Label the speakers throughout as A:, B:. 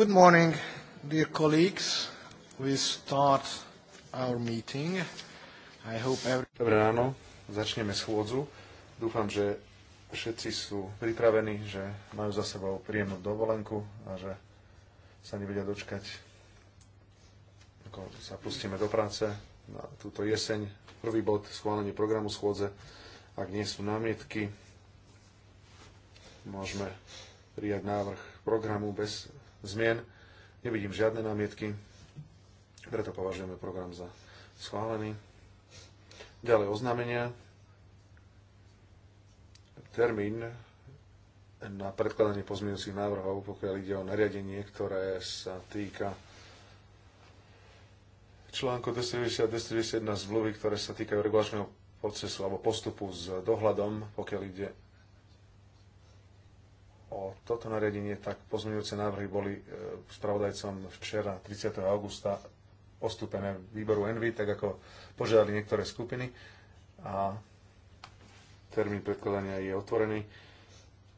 A: Good morning, dear colleagues. We start our meeting. I hope every... Dobré ráno, začneme schôdzu. Dúfam, že všetci sú pripravení, že majú za sebou príjemnú dovolenku a že sa nevedia dočkať, ako sa pustíme do práce na túto jeseň. Prvý bod, schválenie programu schôdze. Ak nie sú námietky, môžeme prijať návrh programu bez zmien. Nevidím žiadne námietky, preto považujeme program za schválený. Ďalej oznámenia. Termín na predkladanie pozmeňujúcich návrhov, pokiaľ ide o nariadenie, ktoré sa týka článku 290 291 zmluvy, ktoré sa týkajú regulačného procesu alebo postupu s dohľadom, pokiaľ ide o toto nariadenie, tak pozmeňujúce návrhy boli e, spravodajcom včera 30. augusta postupené výboru Envy, tak ako požiadali niektoré skupiny a termín predkladania je otvorený.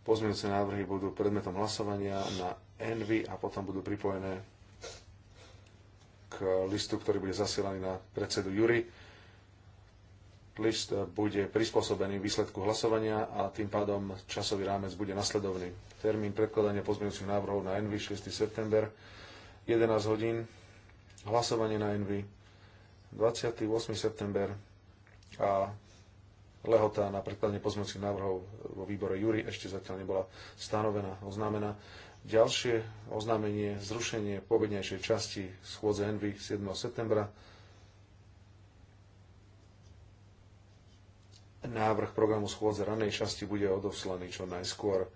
A: Pozmeňujúce návrhy budú predmetom hlasovania na Envy a potom budú pripojené k listu, ktorý bude zasielaný na predsedu Jury list bude prispôsobený výsledku hlasovania a tým pádom časový rámec bude nasledovný. Termín predkladania pozmeňujúcich návrhov na ENVI 6. september 11 hodín, hlasovanie na ENVI 28. september a lehota na predkladanie pozmeňujúcich návrhov vo výbore Júri ešte zatiaľ nebola stanovená, oznámená. Ďalšie oznámenie, zrušenie povednejšej časti schôdze Envy 7. septembra Návrh programu schôdze ranej časti bude odoslaný čo najskôr.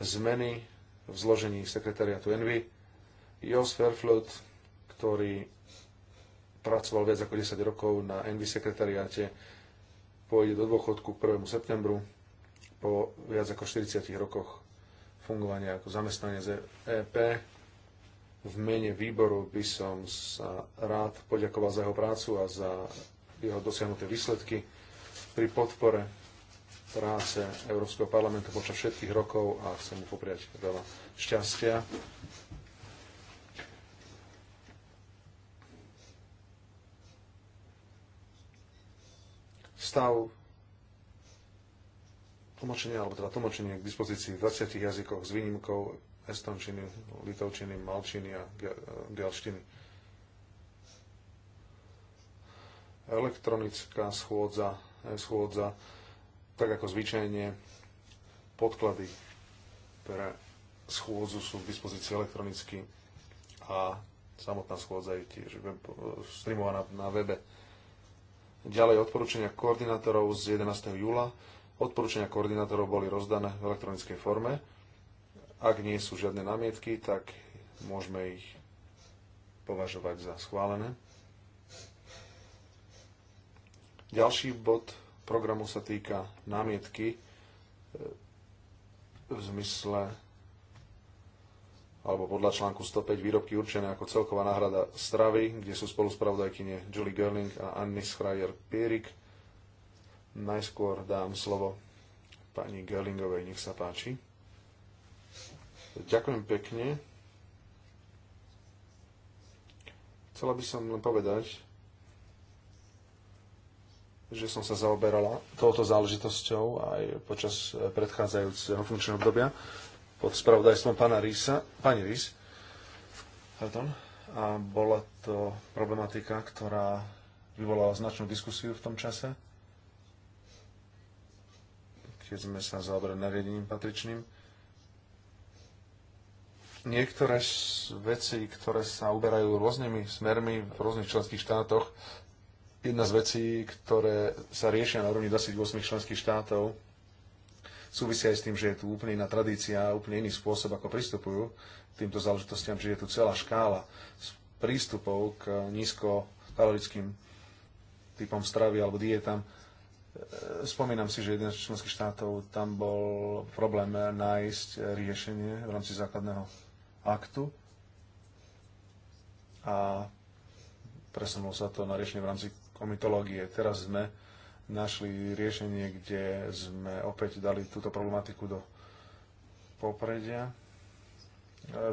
A: Zmeny v zložení sekretariatu Envy. Jos Verflut, ktorý pracoval viac ako 10 rokov na Envy sekretariáte, pôjde do dôchodku k 1. septembru po viac ako 40 rokoch fungovania ako zamestnanie z EP. V mene výboru by som sa rád poďakoval za jeho prácu a za jeho dosiahnuté výsledky pri podpore práce Európskeho parlamentu počas všetkých rokov a chcem mu popriať veľa šťastia. Stav tlmočenia, alebo teda tlmočenie k dispozícii v 20 jazykoch s výnimkou estončiny, litovčiny, malčiny a gelštiny. Elektronická schôdza schôdza, tak ako zvyčajne podklady pre schôdzu sú k dispozícii elektronicky a samotná schôdza je tiež eh, streamovaná na webe. Ďalej odporúčania koordinátorov z 11. júla. Odporúčania koordinátorov boli rozdané v elektronickej forme. Ak nie sú žiadne námietky, tak môžeme ich považovať za schválené. Ďalší bod programu sa týka námietky e, v zmysle alebo podľa článku 105 výrobky určené ako celková náhrada stravy, kde sú spolu spravodajkyne Julie Gerling a Anny Schreier-Pierik. Najskôr dám slovo pani Gerlingovej, nech sa páči. Ďakujem pekne. Chcela by som len povedať, že som sa zaoberala touto záležitosťou aj počas predchádzajúceho funkčného obdobia pod spravodajstvom pána Rísa, pani Rís. A bola to problematika, ktorá vyvolala značnú diskusiu v tom čase, keď sme sa zaoberali nariadením patričným. Niektoré veci, ktoré sa uberajú rôznymi smermi v rôznych členských štátoch, Jedna z vecí, ktoré sa riešia na úrovni 28 členských štátov, súvisia aj s tým, že je tu úplne iná tradícia, úplne iný spôsob, ako pristupujú k týmto záležitostiam, že je tu celá škála prístupov k nízkokalorickým typom stravy alebo dietám. E, spomínam si, že jeden z členských štátov tam bol problém nájsť riešenie v rámci základného aktu a presunulo sa to na riešenie v rámci mytológie. Teraz sme našli riešenie, kde sme opäť dali túto problematiku do popredia. E,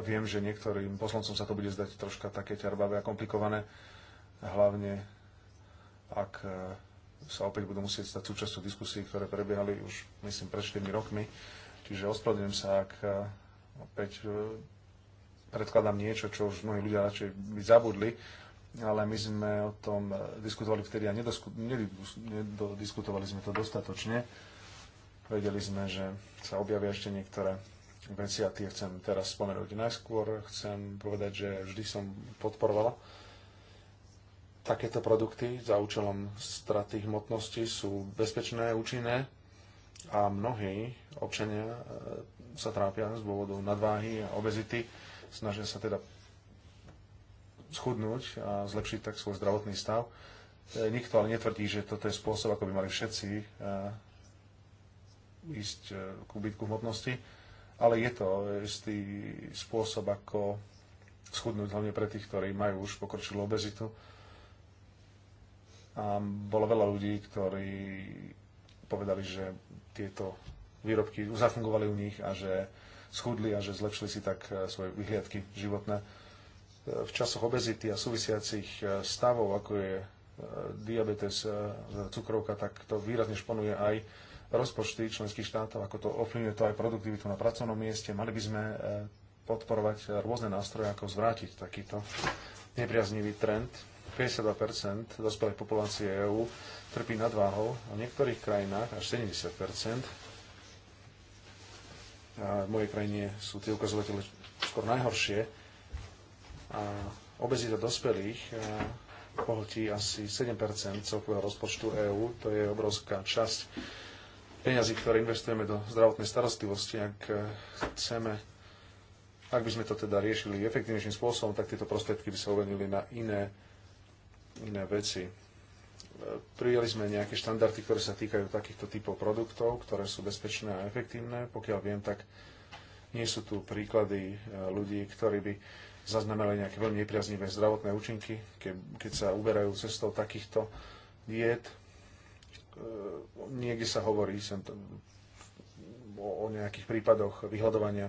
A: viem, že niektorým poslancom sa to bude zdať troška také ťarbavé a komplikované, hlavne ak e, sa opäť budú musieť stať súčasťou diskusí, ktoré prebiehali už, myslím, pred 4 rokmi. Čiže ospravedlňujem sa, ak e, opäť predkladám niečo, čo už mnohí ľudia radšej by zabudli, ale my sme o tom eh, diskutovali vtedy a nediskutovali sme to dostatočne. Vedeli sme, že sa objavia ešte niektoré veci a tie chcem teraz spomenúť. Najskôr chcem povedať, že vždy som podporovala takéto produkty za účelom straty hmotnosti sú bezpečné, účinné a mnohí občania eh, sa trápia z dôvodu nadváhy a obezity. Snažia sa teda schudnúť a zlepšiť tak svoj zdravotný stav. E, nikto ale netvrdí, že toto je spôsob, ako by mali všetci e, ísť e, k bytku hmotnosti, ale je to istý spôsob, ako schudnúť hlavne pre tých, ktorí majú už pokročilú obezitu. A bolo veľa ľudí, ktorí povedali, že tieto výrobky zafungovali u nich a že schudli a že zlepšili si tak svoje vyhliadky životné v časoch obezity a súvisiacich e, stavov, ako je e, diabetes, e, cukrovka, tak to výrazne šponuje aj rozpočty členských štátov, ako to ovplyvňuje to aj produktivitu na pracovnom mieste. Mali by sme podporovať rôzne nástroje, ako zvrátiť takýto nepriaznivý trend. 52% dospelej populácie EÚ trpí nadváhou a v niektorých krajinách až 70 a v mojej krajine sú tie ukazovatele skôr najhoršie a obezita dospelých e, pohltí asi 7 celkového rozpočtu EÚ. To je obrovská časť peňazí, ktoré investujeme do zdravotnej starostlivosti. Ak e, chceme, ak by sme to teda riešili efektívnejším spôsobom, tak tieto prostriedky by sa uvenili na iné, iné veci. E, prijali sme nejaké štandardy, ktoré sa týkajú takýchto typov produktov, ktoré sú bezpečné a efektívne. Pokiaľ viem, tak nie sú tu príklady ľudí, ktorí by zaznamenali nejaké veľmi nepriaznivé zdravotné účinky, ke, keď sa uberajú cestou takýchto diet. E, niekde sa hovorí sem to, o, o nejakých prípadoch vyhľadovania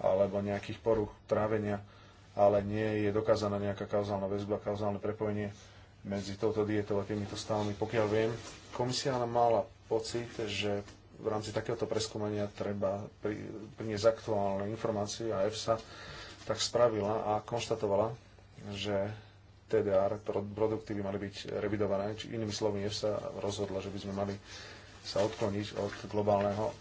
A: alebo nejakých poruch trávenia, ale nie je dokázaná nejaká kauzálna väzba, kauzálne prepojenie medzi touto dietou a týmito stavmi. Pokiaľ viem, komisia mala pocit, že v rámci takéhoto preskúmania treba priniesť aktuálne informácie a EFSA tak spravila a konštatovala, že TDR produkty by mali byť revidované, či inými slovami EFSA rozhodla, že by sme mali sa odkloniť od globálneho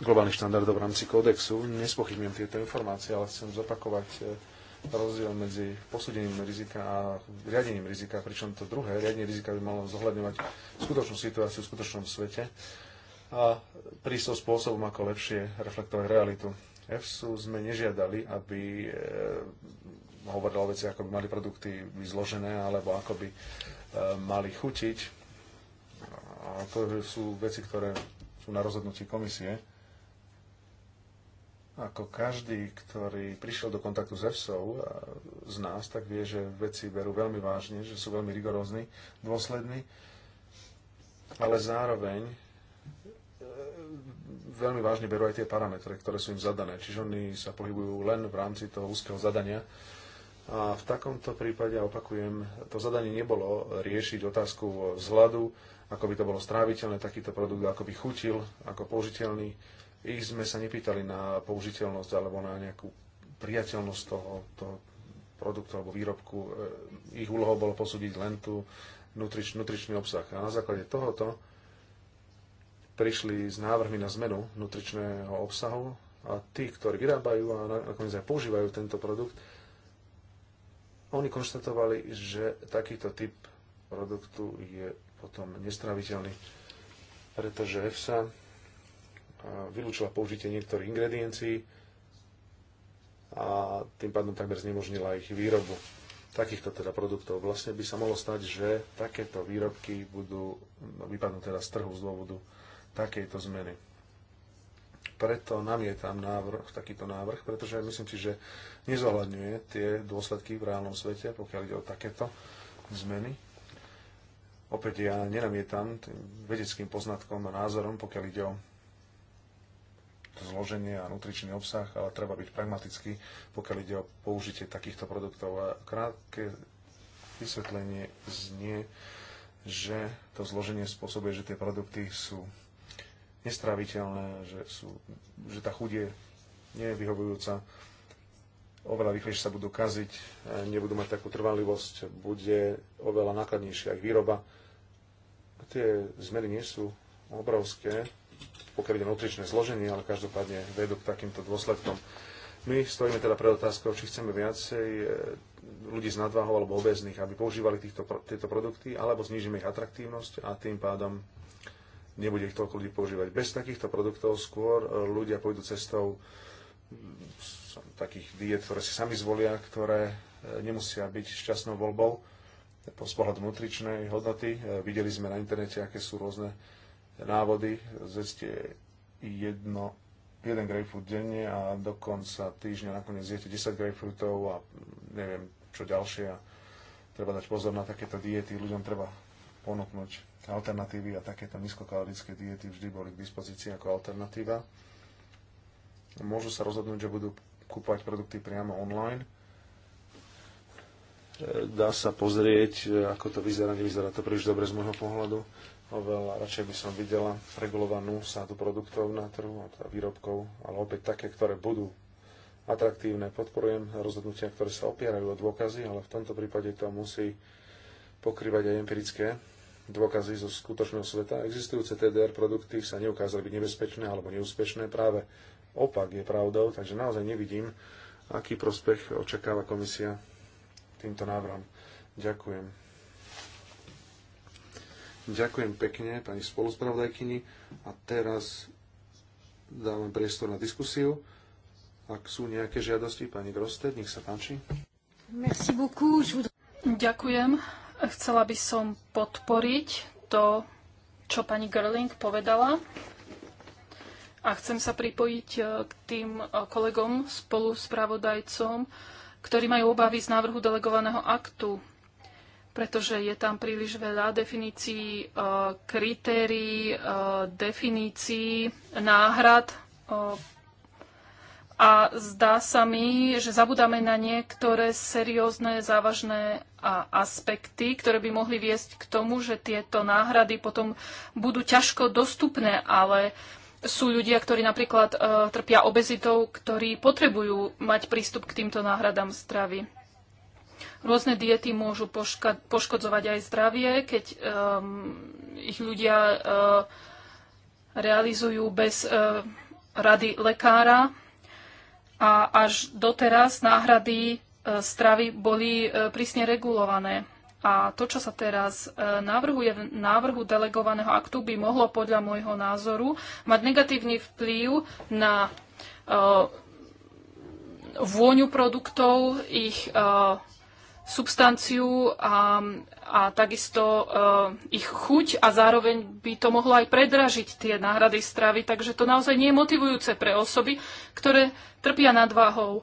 A: globálnych štandardov v rámci kódexu. Nespochybňujem tieto informácie, ale chcem zopakovať eh, rozdiel medzi posúdením rizika a riadením rizika, pričom to druhé, riadenie rizika by malo zohľadňovať skutočnú situáciu v skutočnom svete a prísť so spôsobom, ako lepšie reflektovať realitu. EFSU sme nežiadali, aby eh, hovorilo o veci, ako by mali produkty byť zložené, alebo ako by eh, mali chutiť. A to sú veci, ktoré sú na rozhodnutí komisie. Ako každý, ktorý prišiel do kontaktu s EFSou eh, z nás, tak vie, že veci berú veľmi vážne, že sú veľmi rigorózni, dôslední, ale zároveň veľmi vážne berú aj tie parametre, ktoré sú im zadané. Čiže oni sa pohybujú len v rámci toho úzkeho zadania. A v takomto prípade, opakujem, to zadanie nebolo riešiť otázku vzhľadu, ako by to bolo stráviteľné, takýto produkt, ako by chutil, ako použiteľný. Ich sme sa nepýtali na použiteľnosť alebo na nejakú priateľnosť toho, toho produktu alebo výrobku. E, ich úlohou bolo posúdiť len tú nutrič, nutričný obsah. A na základe tohoto prišli s návrhmi na zmenu nutričného obsahu a tí, ktorí vyrábajú a nakoniec aj používajú tento produkt, oni konštatovali, že takýto typ produktu je potom nestraviteľný, pretože EFSA vylúčila použitie niektorých ingrediencií a tým pádom takmer znemožnila ich výrobu takýchto teda produktov. Vlastne by sa mohlo stať, že takéto výrobky budú, no, vypadnú teda z trhu z dôvodu takejto zmeny. Preto namietam návrh, takýto návrh, pretože myslím si, že nezohľadňuje tie dôsledky v reálnom svete, pokiaľ ide o takéto zmeny. Opäť ja nenamietam tým vedeckým poznatkom a názorom, pokiaľ ide o zloženie a nutričný obsah, ale treba byť pragmatický, pokiaľ ide o použitie takýchto produktov. A krátke vysvetlenie znie, že to zloženie spôsobuje, že tie produkty sú Nestraviteľné, že, sú, že tá chudie nie je vyhovujúca, oveľa rýchlejšie sa budú kaziť, eh, nebudú mať takú trvanlivosť, bude oveľa nákladnejšia ich výroba. A tie zmeny nie sú obrovské, pokiaľ ide nutričné zloženie, ale každopádne vedú k takýmto dôsledkom. My stojíme teda pred otázkou, či chceme viacej eh, ľudí s nadváhou alebo obezných, aby používali týchto, tieto produkty, alebo znížime ich atraktívnosť a tým pádom nebude ich toľko ľudí používať. Bez takýchto produktov skôr e, ľudia pôjdu cestou takých diet, ktoré si sami zvolia, ktoré e, nemusia byť šťastnou voľbou z pohľadu nutričnej hodnoty. E, videli sme na internete, aké sú rôzne návody. Zjedzte jedno, jeden grapefruit denne a do konca týždňa nakoniec zjete 10 grapefruitov a neviem čo ďalšie. A treba dať pozor na takéto diety. Ľuďom treba ponúknuť alternatívy a takéto nízkokalorické diety vždy boli k dispozícii ako alternatíva. Môžu sa rozhodnúť, že budú kúpať produkty priamo online. E, dá sa pozrieť, e, ako to vyzerá. Nevyzerá to príliš dobre z môjho pohľadu. Oveľa radšej by som videla regulovanú sádu produktov na trhu, a výrobkov, ale opäť také, ktoré budú atraktívne. Podporujem rozhodnutia, ktoré sa opierajú o dôkazy, ale v tomto prípade to musí pokrývať aj empirické dôkazy zo skutočného sveta. Existujúce TDR produkty sa neukázali byť nebezpečné alebo neúspešné. Práve opak je pravdou, takže naozaj nevidím, aký prospech očakáva komisia týmto návrhom. Ďakujem. Ďakujem pekne pani spoluspravodajkyni a teraz dávam priestor na diskusiu. Ak sú nejaké žiadosti, pani Grosted, nech sa páči.
B: Merci beaucoup. Ďakujem. Chcela by som podporiť to, čo pani Gerling povedala. A chcem sa pripojiť e, k tým e, kolegom, spolu s pravodajcom, ktorí majú obavy z návrhu delegovaného aktu, pretože je tam príliš veľa definícií, e, kritérií, definícií, náhrad a zdá sa mi, že zabudáme na niektoré seriózne, závažné aspekty, ktoré by mohli viesť k tomu, že tieto náhrady potom budú ťažko dostupné, ale sú ľudia, ktorí napríklad uh, trpia obezitou, ktorí potrebujú mať prístup k týmto náhradám stravy. Rôzne diety môžu poška- poškodzovať aj zdravie, keď um, ich ľudia uh, realizujú bez uh, rady lekára a až doteraz náhrady e, stravy boli e, prísne regulované. A to, čo sa teraz e, navrhuje v návrhu delegovaného aktu, by mohlo podľa môjho názoru mať negatívny vplyv na vôňu produktov, ich substanciu a, a takisto e, ich chuť a zároveň by to mohlo aj predražiť tie náhrady stravy, takže to naozaj nie je motivujúce pre osoby, ktoré trpia nadváhou.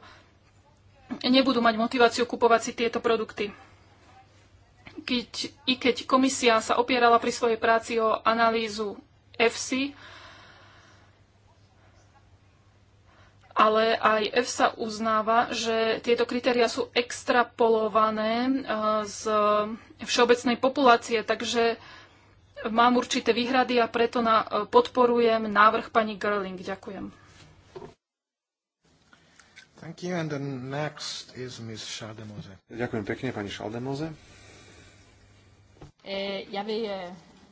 B: Nebudú mať motiváciu kupovať si tieto produkty. Keď, I keď komisia sa opierala pri svojej práci o analýzu EFSI, ale aj EFSA uznáva, že tieto kritéria sú extrapolované eh, z všeobecnej populácie, takže mám určité výhrady a preto na, eh, podporujem návrh pani Gerling. Ďakujem.
A: Thank you. And the next is Ms. Schaldemose. Ďakujem pekne, pani Schaldemose.
B: Eh, ja by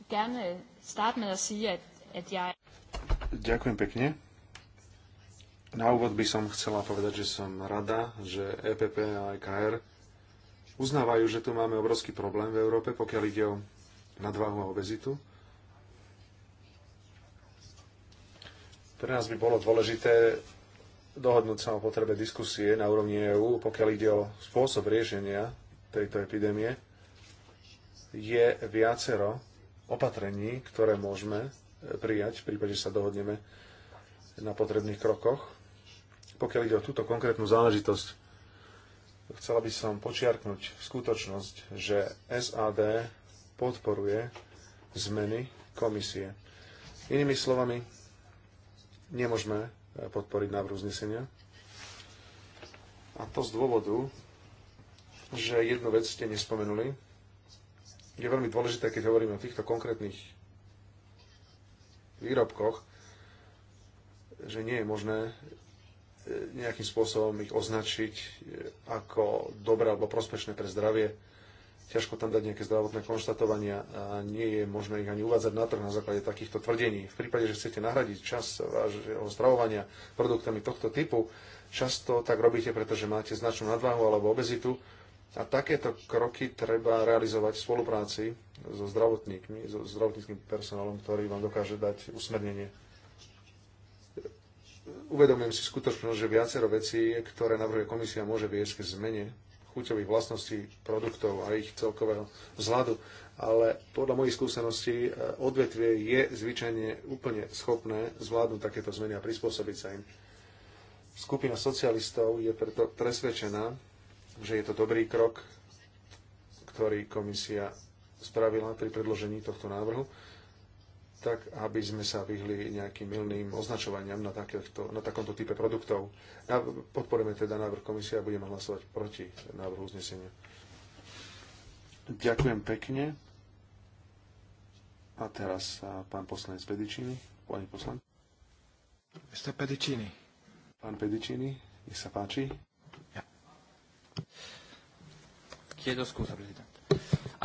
B: gerne start med at sige, at, at jeg...
A: Ďakujem pekne. Na úvod by som chcela povedať, že som rada, že EPP a EKR uznávajú, že tu máme obrovský problém v Európe, pokiaľ ide o nadváhu a obezitu. Pre nás by bolo dôležité dohodnúť sa o potrebe diskusie na úrovni EÚ, pokiaľ ide o spôsob riešenia tejto epidémie. Je viacero opatrení, ktoré môžeme prijať v prípade, že sa dohodneme na potrebných krokoch pokiaľ ide o túto konkrétnu záležitosť, chcela by som počiarknúť skutočnosť, že SAD podporuje zmeny komisie. Inými slovami, nemôžeme podporiť návrh uznesenia. A to z dôvodu, že jednu vec ste nespomenuli. Je veľmi dôležité, keď hovoríme o týchto konkrétnych výrobkoch, že nie je možné E, nejakým spôsobom ich označiť e, ako dobré alebo prospešné pre zdravie. Ťažko tam dať nejaké zdravotné konštatovania a nie je možné ich ani uvádzať na trh na základe takýchto tvrdení. V prípade, že chcete nahradiť čas vášho stravovania produktami tohto typu, často tak robíte, pretože máte značnú nadvahu alebo obezitu a takéto kroky treba realizovať v spolupráci so zdravotníkmi, so zdravotníckým personálom, ktorý vám dokáže dať usmernenie uvedomujem si skutočnosť, že viacero vecí, ktoré navrhuje komisia, môže viesť k zmene chuťových vlastností produktov a ich celkového vzhľadu. Ale podľa mojich skúseností e, odvetvie je zvyčajne úplne schopné zvládnuť takéto zmeny a prispôsobiť sa im. Skupina socialistov je preto presvedčená, že je to dobrý krok, ktorý komisia spravila pri predložení tohto návrhu tak aby sme sa vyhli nejakým milným označovaniam na, takéto, na takomto type produktov. Podporujeme teda návrh komisie a budeme hlasovať proti návrhu uznesenia. Ďakujem pekne. A teraz pán poslanec Pedičiny. Pani poslanec. Mr. Pedičiny. Pán Pedicini, nech sa páči. Ja.
C: Chiedo scusa, prezident.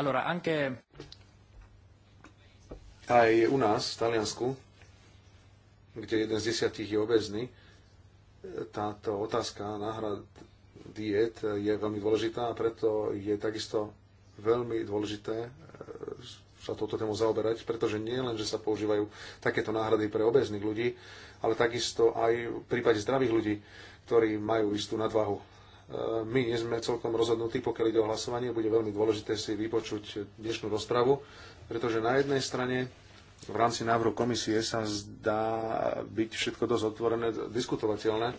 B: Allora, anche
A: aj u nás, v Taliansku, kde jeden z desiatich je obezný, táto otázka náhrad diet je veľmi dôležitá a preto je takisto veľmi dôležité e, sa touto tému zaoberať, pretože nie len, že sa používajú takéto náhrady pre obezných ľudí, ale takisto aj v prípade zdravých ľudí, ktorí majú istú nadvahu. E, my nie sme celkom rozhodnutí, pokiaľ ide o hlasovanie, bude veľmi dôležité si vypočuť dnešnú rozpravu pretože na jednej strane v rámci návrhu komisie sa zdá byť všetko dosť otvorené, diskutovateľné. E,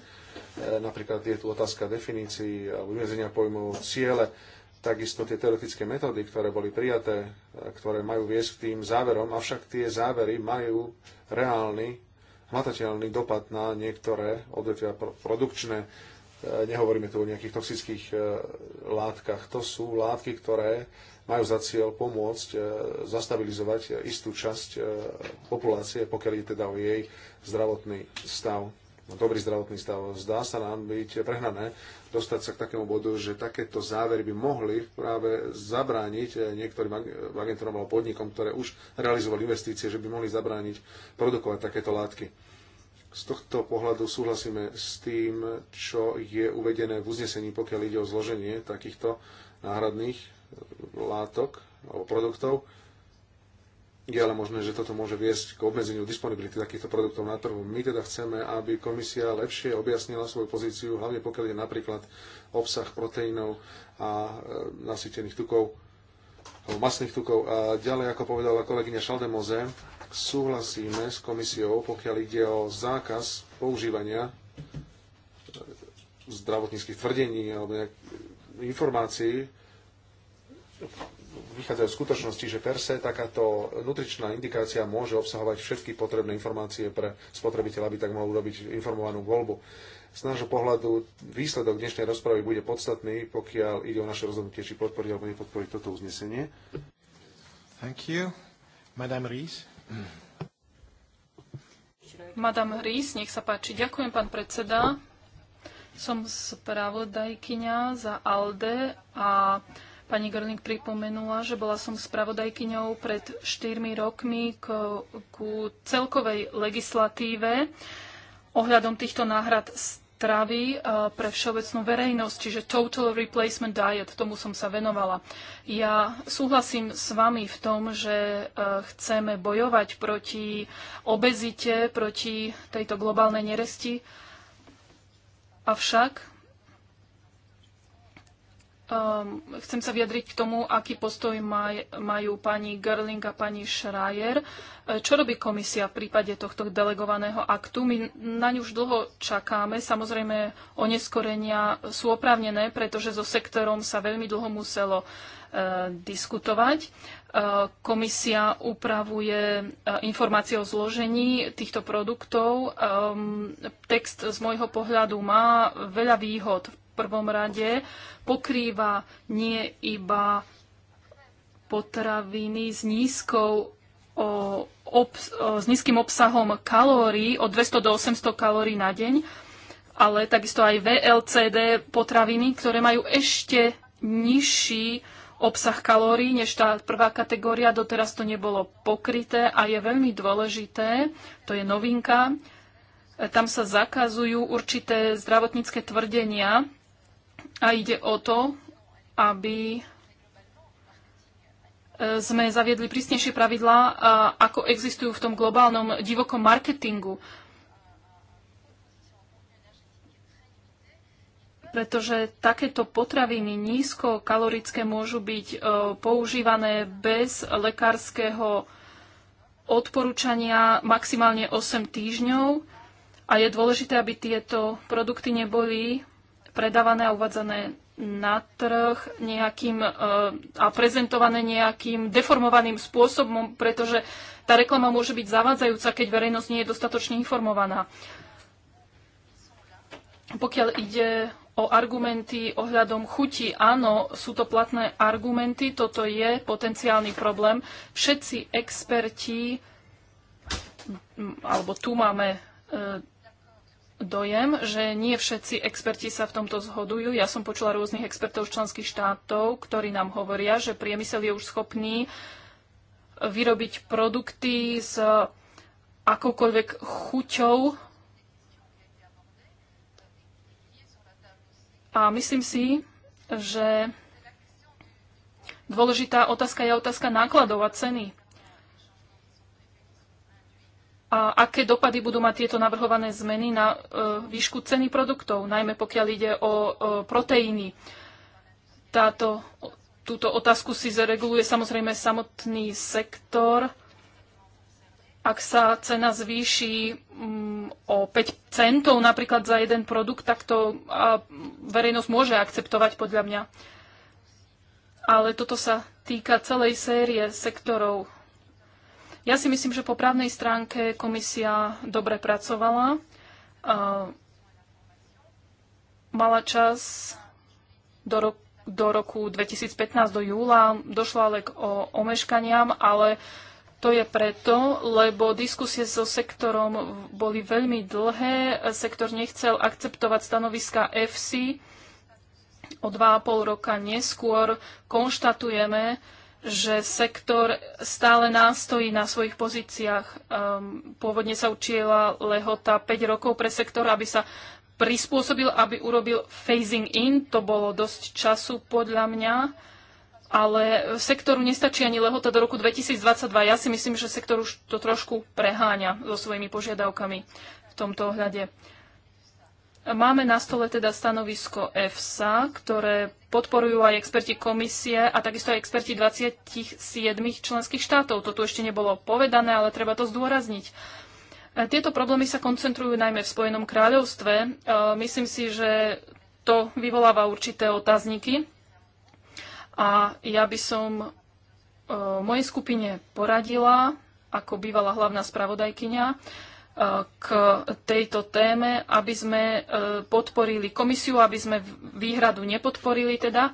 A: napríklad je tu otázka definícií a vymedzenia pojmov ciele, takisto tie teoretické metódy, ktoré boli prijaté, e, ktoré majú viesť k tým záverom, avšak tie závery majú reálny, hmatateľný dopad na niektoré odvetvia produkčné, Nehovoríme tu o nejakých toxických e, látkach. To sú látky, ktoré majú za cieľ pomôcť e, zastabilizovať istú časť e, populácie, pokiaľ je teda o jej zdravotný stav, no, dobrý zdravotný stav. Zdá sa nám byť prehnané dostať sa k takému bodu, že takéto závery by mohli práve zabrániť niektorým agentom alebo podnikom, ktoré už realizovali investície, že by mohli zabrániť produkovať takéto látky. Z tohto pohľadu súhlasíme s tým, čo je uvedené v uznesení, pokiaľ ide o zloženie takýchto náhradných eh, látok alebo produktov. Je ale možné, že toto môže viesť k obmedzeniu disponibility takýchto produktov na trhu. My teda chceme, aby komisia lepšie objasnila svoju pozíciu, hlavne pokiaľ je napríklad obsah proteínov a eh, nasýtených tukov, alebo masných tukov. A ďalej, ako povedala kolegyňa Šaldemoze, súhlasíme s komisiou, pokiaľ ide o zákaz používania eh, zdravotníckých tvrdení alebo eh, informácií vychádzajú z skutočnosti, že per se takáto nutričná indikácia môže obsahovať všetky potrebné informácie pre spotrebiteľa, aby tak mohol urobiť informovanú voľbu. Z nášho pohľadu výsledok dnešnej rozpravy bude podstatný, pokiaľ ide o naše rozhodnutie, či podporiť alebo nepodporiť toto uznesenie. Thank you. Madame
B: Rís, nech sa páči. Ďakujem, pán predseda. Som spravodajkyňa za ALDE a pani Grlink pripomenula, že bola som spravodajkyňou pred 4 rokmi ku celkovej legislatíve ohľadom týchto náhrad stravy eh, pre všeobecnú verejnosť, čiže Total Replacement Diet, tomu som sa venovala. Ja súhlasím s vami v tom, že eh, chceme bojovať proti obezite, proti tejto globálnej neresti, avšak Um, chcem sa vyjadriť k tomu, aký postoj maj, majú pani Gerling a pani Schreier. Ehm, čo robí komisia v prípade tohto delegovaného aktu? My na ňu už dlho čakáme. Samozrejme, oneskorenia sú oprávnené, pretože so sektorom sa veľmi dlho muselo uh, diskutovať. Uh, komisia upravuje uh, informácie o zložení týchto produktov. Um, text z môjho pohľadu má veľa výhod prvom rade pokrýva nie iba potraviny s nízkou o, ob, o, s nízkym obsahom kalórií od 200 do 800 kalórií na deň, ale takisto aj VLCD potraviny, ktoré majú ešte nižší obsah kalórií než tá prvá kategória. Doteraz to nebolo pokryté a je veľmi dôležité, to je novinka, tam sa zakazujú určité zdravotnícke tvrdenia, a ide o to, aby e, sme zaviedli prísnejšie pravidlá, e, ako existujú v tom globálnom divokom marketingu. pretože takéto potraviny nízkokalorické môžu byť e, používané bez lekárskeho odporúčania maximálne 8 týždňov a je dôležité, aby tieto produkty neboli predávané a uvádzané na trh nejakým, e, a prezentované nejakým deformovaným spôsobom, pretože tá reklama môže byť zavádzajúca, keď verejnosť nie je dostatočne informovaná. Pokiaľ ide o argumenty ohľadom chuti, áno, sú to platné argumenty, toto je potenciálny problém. Všetci experti, alebo tu máme uh, dojem, že nie všetci experti sa v tomto zhodujú. Ja som počula rôznych expertov z členských štátov, ktorí nám hovoria, že priemysel je už schopný vyrobiť produkty s akoukoľvek chuťou. A myslím si, že dôležitá otázka je otázka nákladov a ceny a aké dopady budú mať tieto navrhované zmeny na e, výšku ceny produktov, najmä pokiaľ ide o e, proteíny. Táto, túto otázku si zareguluje samozrejme samotný sektor. Ak sa cena zvýši mm, o 5 centov napríklad za jeden produkt, tak to verejnosť môže akceptovať podľa mňa. Ale toto sa týka celej série sektorov ja si myslím, že po právnej stránke komisia dobre pracovala. Mala čas do roku do roku 2015, do júla. Došlo ale k omeškaniam, ale to je preto, lebo diskusie so sektorom boli veľmi dlhé. Sektor nechcel akceptovať stanoviska EFSI. O dva a pol roka neskôr konštatujeme, že sektor stále nástojí na svojich pozíciách. Um, pôvodne sa učila lehota 5 rokov pre sektor, aby sa prispôsobil, aby urobil phasing in. To bolo dosť času podľa mňa. Ale sektoru nestačí ani lehota do roku 2022. Ja si myslím, že sektor už to trošku preháňa so svojimi požiadavkami v tomto ohľade. Uh, Máme na stole teda stanovisko EFSA, ktoré podporujú aj experti komisie a takisto aj experti 27 členských štátov. To tu ešte nebolo povedané, ale treba to zdôrazniť. E, tieto problémy sa koncentrujú najmä v Spojenom kráľovstve. E, myslím si, že to vyvoláva určité otázniky. A ja by som e, mojej skupine poradila, ako bývala hlavná spravodajkyňa, k tejto téme, aby sme e, podporili komisiu, aby sme výhradu nepodporili teda.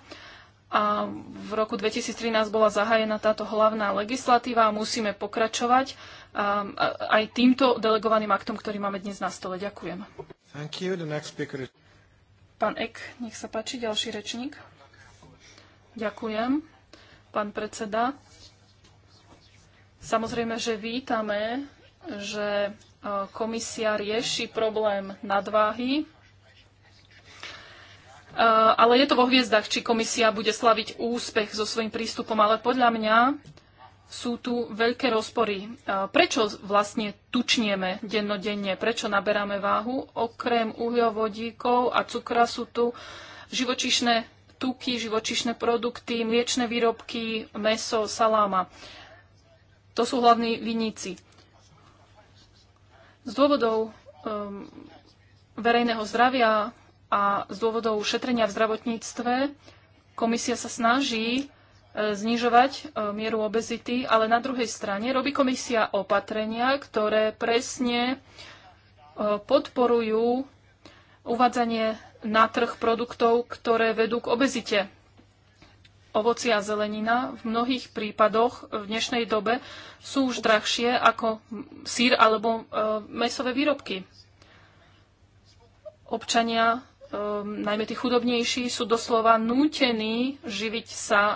B: A v roku 2013 bola zahájená táto hlavná legislatíva a musíme pokračovať aj týmto delegovaným aktom, ktorý máme dnes na stole. Ďakujem. Is... Pán Ek, nech sa páči, ďalší rečník. Ďakujem, pán predseda. Samozrejme, že vítame, že E, komisia rieši problém nadváhy, e, ale je to vo hviezdach, či komisia bude slaviť úspech so svojím prístupom, ale podľa mňa sú tu veľké rozpory. E, prečo vlastne tučnieme dennodenne? Prečo naberáme váhu? Okrem uhľovodíkov a cukra sú tu živočišné tuky, živočišné produkty, mliečne výrobky, meso, saláma. To sú hlavní viníci. Z dôvodov um, verejného zdravia a z dôvodov šetrenia v zdravotníctve komisia sa snaží e, znižovať e, mieru obezity, ale na druhej strane robí komisia opatrenia, ktoré presne e, podporujú uvádzanie na trh produktov, ktoré vedú k obezite ovoci a zelenina v mnohých prípadoch v dnešnej dobe sú už drahšie ako sír alebo e, mesové výrobky. Občania, e, najmä tí chudobnejší, sú doslova nútení živiť sa e,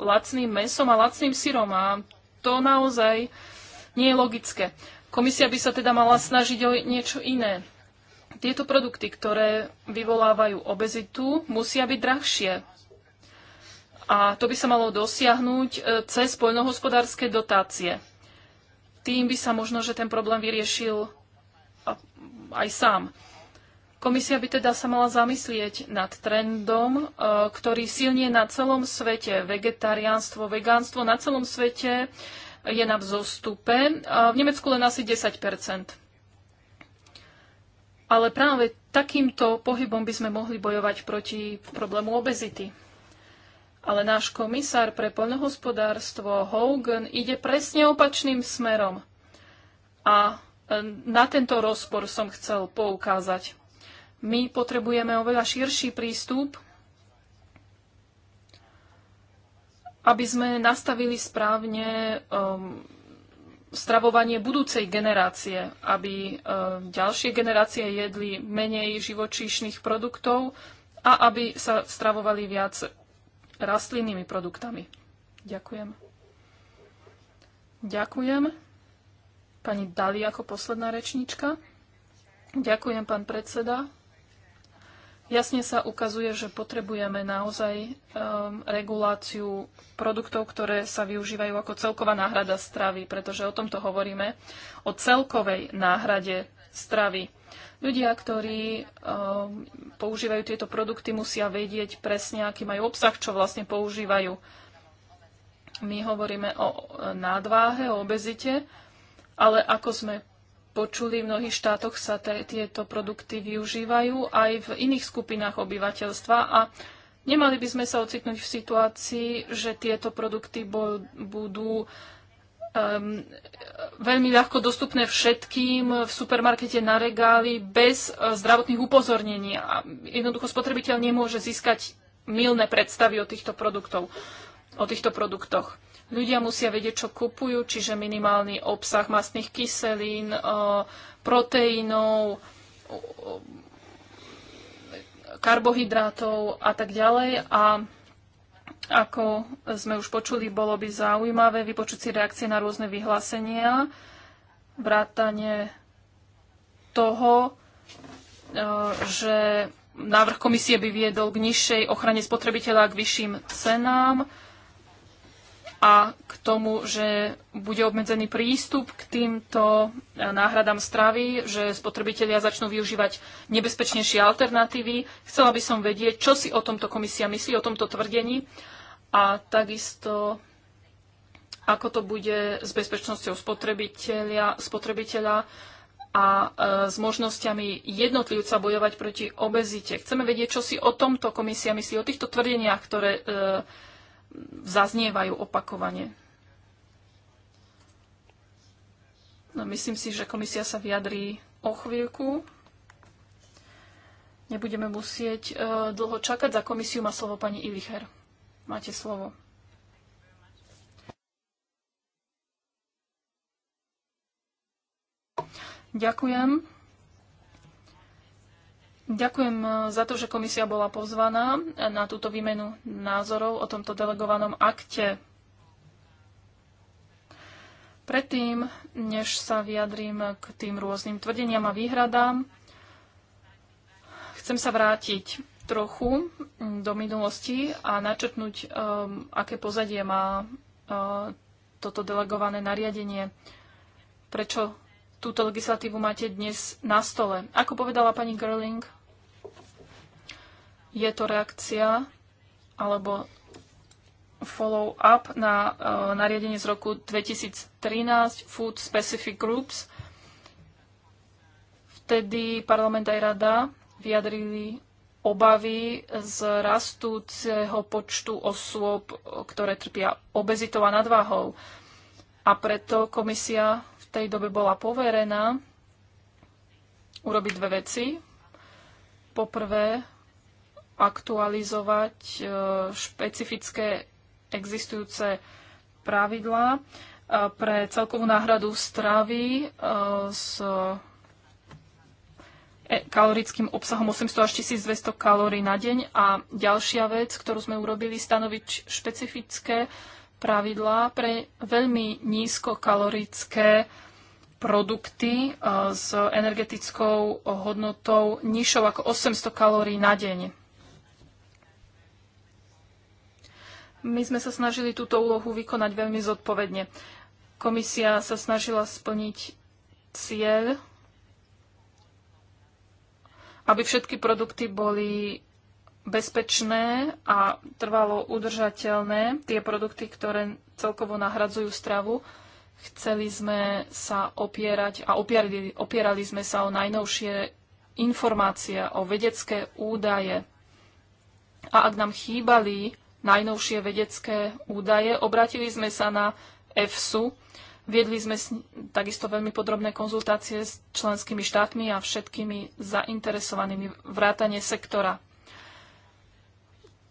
B: lacným mesom a lacným sírom a to naozaj nie je logické. Komisia by sa teda mala snažiť o niečo iné. Tieto produkty, ktoré vyvolávajú obezitu, musia byť drahšie a to by sa malo dosiahnuť e, cez poľnohospodárske dotácie. Tým by sa možno, že ten problém vyriešil aj sám. Komisia by teda sa mala zamyslieť nad trendom, e, ktorý silne na celom svete, vegetariánstvo, vegánstvo, na celom svete je na vzostupe. V Nemecku len asi 10 Ale práve takýmto pohybom by sme mohli bojovať proti problému obezity. Ale náš komisár pre poľnohospodárstvo Hogan ide presne opačným smerom. A e, na tento rozpor som chcel poukázať. My potrebujeme oveľa širší prístup, aby sme nastavili správne um, stravovanie budúcej generácie, aby um, ďalšie generácie jedli menej živočíšnych produktov a aby sa stravovali viac rastlinnými produktami. Ďakujem. Ďakujem. Pani Dali ako posledná rečníčka. Ďakujem, pán predseda. Jasne sa ukazuje, že potrebujeme naozaj um, reguláciu produktov, ktoré sa využívajú ako celková náhrada stravy, pretože o tomto hovoríme, o celkovej náhrade stravy. Ľudia, ktorí um, používajú tieto produkty, musia vedieť presne, aký majú obsah, čo vlastne používajú. My hovoríme o e, nadváhe, o obezite, ale ako sme počuli, v mnohých štátoch sa tieto produkty využívajú aj v iných skupinách obyvateľstva a nemali by sme sa ocitnúť v situácii, že tieto produkty budú uh, um, veľmi ľahko dostupné všetkým v supermarkete na regáli bez e, zdravotných upozornení. A jednoducho spotrebiteľ nemôže získať milné predstavy o týchto, produktov, o týchto produktoch. Ľudia musia vedieť, čo kupujú, čiže minimálny obsah mastných kyselín, e, proteínov, e, karbohydrátov a tak ďalej. A ako sme už počuli, bolo by zaujímavé vypočuť si reakcie na rôzne vyhlásenia, vrátanie toho, e, že návrh komisie by viedol k nižšej ochrane spotrebiteľa, k vyšším cenám, a k tomu, že bude obmedzený prístup k týmto e, náhradám stravy, že spotrebitelia začnú využívať nebezpečnejšie alternatívy. Chcela by som vedieť, čo si o tomto komisia myslí, o tomto tvrdení a takisto ako to bude s bezpečnosťou spotrebiteľa, spotrebiteľa a e, s možnosťami jednotlivca bojovať proti obezite. Chceme vedieť, čo si o tomto komisia myslí, o týchto tvrdeniach, ktoré e, zaznievajú opakovane. No, myslím si, že komisia sa vyjadrí o chvíľku. Nebudeme musieť e, dlho čakať. Za komisiu má slovo pani Ilicher. Máte slovo. Ďakujem. Ďakujem eh, za to, že komisia bola pozvaná na túto výmenu názorov o tomto delegovanom akte. Predtým, než sa vyjadrím k tým rôznym tvrdeniam a výhradám, chcem sa vrátiť trochu do minulosti a načrtnúť, um, aké pozadie má uh, toto delegované nariadenie. Prečo túto legislatívu máte dnes na stole? Ako povedala pani Gerling, je to reakcia alebo follow-up na uh, nariadenie z roku 2013 Food Specific Groups. Vtedy parlament aj rada vyjadrili obavy z rastúceho počtu osôb, ktoré trpia obezitou a nadváhou. A preto komisia v tej dobe bola poverená urobiť dve veci. Poprvé, aktualizovať e, špecifické existujúce pravidlá e, pre celkovú náhradu stravy e, s kalorickým obsahom 800 až 1200 kalórií na deň. A ďalšia vec, ktorú sme urobili, stanoviť špecifické pravidlá pre veľmi nízkokalorické produkty s energetickou hodnotou nižšou ako 800 kalórií na deň. My sme sa snažili túto úlohu vykonať veľmi zodpovedne. Komisia sa snažila splniť cieľ, aby všetky produkty boli bezpečné a trvalo udržateľné, tie produkty, ktoré celkovo nahradzujú stravu. Chceli sme sa opierať a opierali, opierali sme sa o najnovšie informácie, o vedecké údaje. A ak nám chýbali najnovšie vedecké údaje. Obratili sme sa na EFSU, viedli sme takisto veľmi podrobné konzultácie s členskými štátmi a všetkými zainteresovanými vrátane sektora.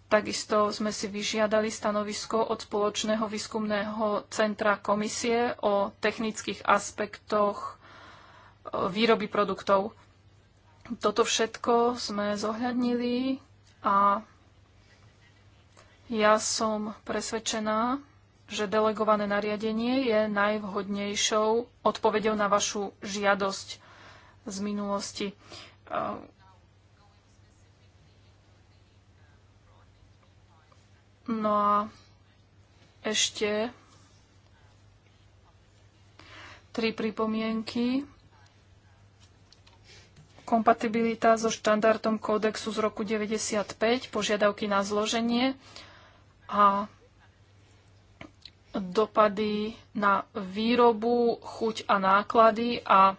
B: Takisto sme si vyžiadali stanovisko od spoločného výskumného centra komisie o technických aspektoch e, výroby produktov. Toto všetko sme zohľadnili a ja som presvedčená, že delegované nariadenie je najvhodnejšou odpovedou na vašu žiadosť z minulosti. No a ešte tri pripomienky. Kompatibilita so štandardom kódexu z roku 95, požiadavky na zloženie, a dopady na výrobu, chuť a náklady a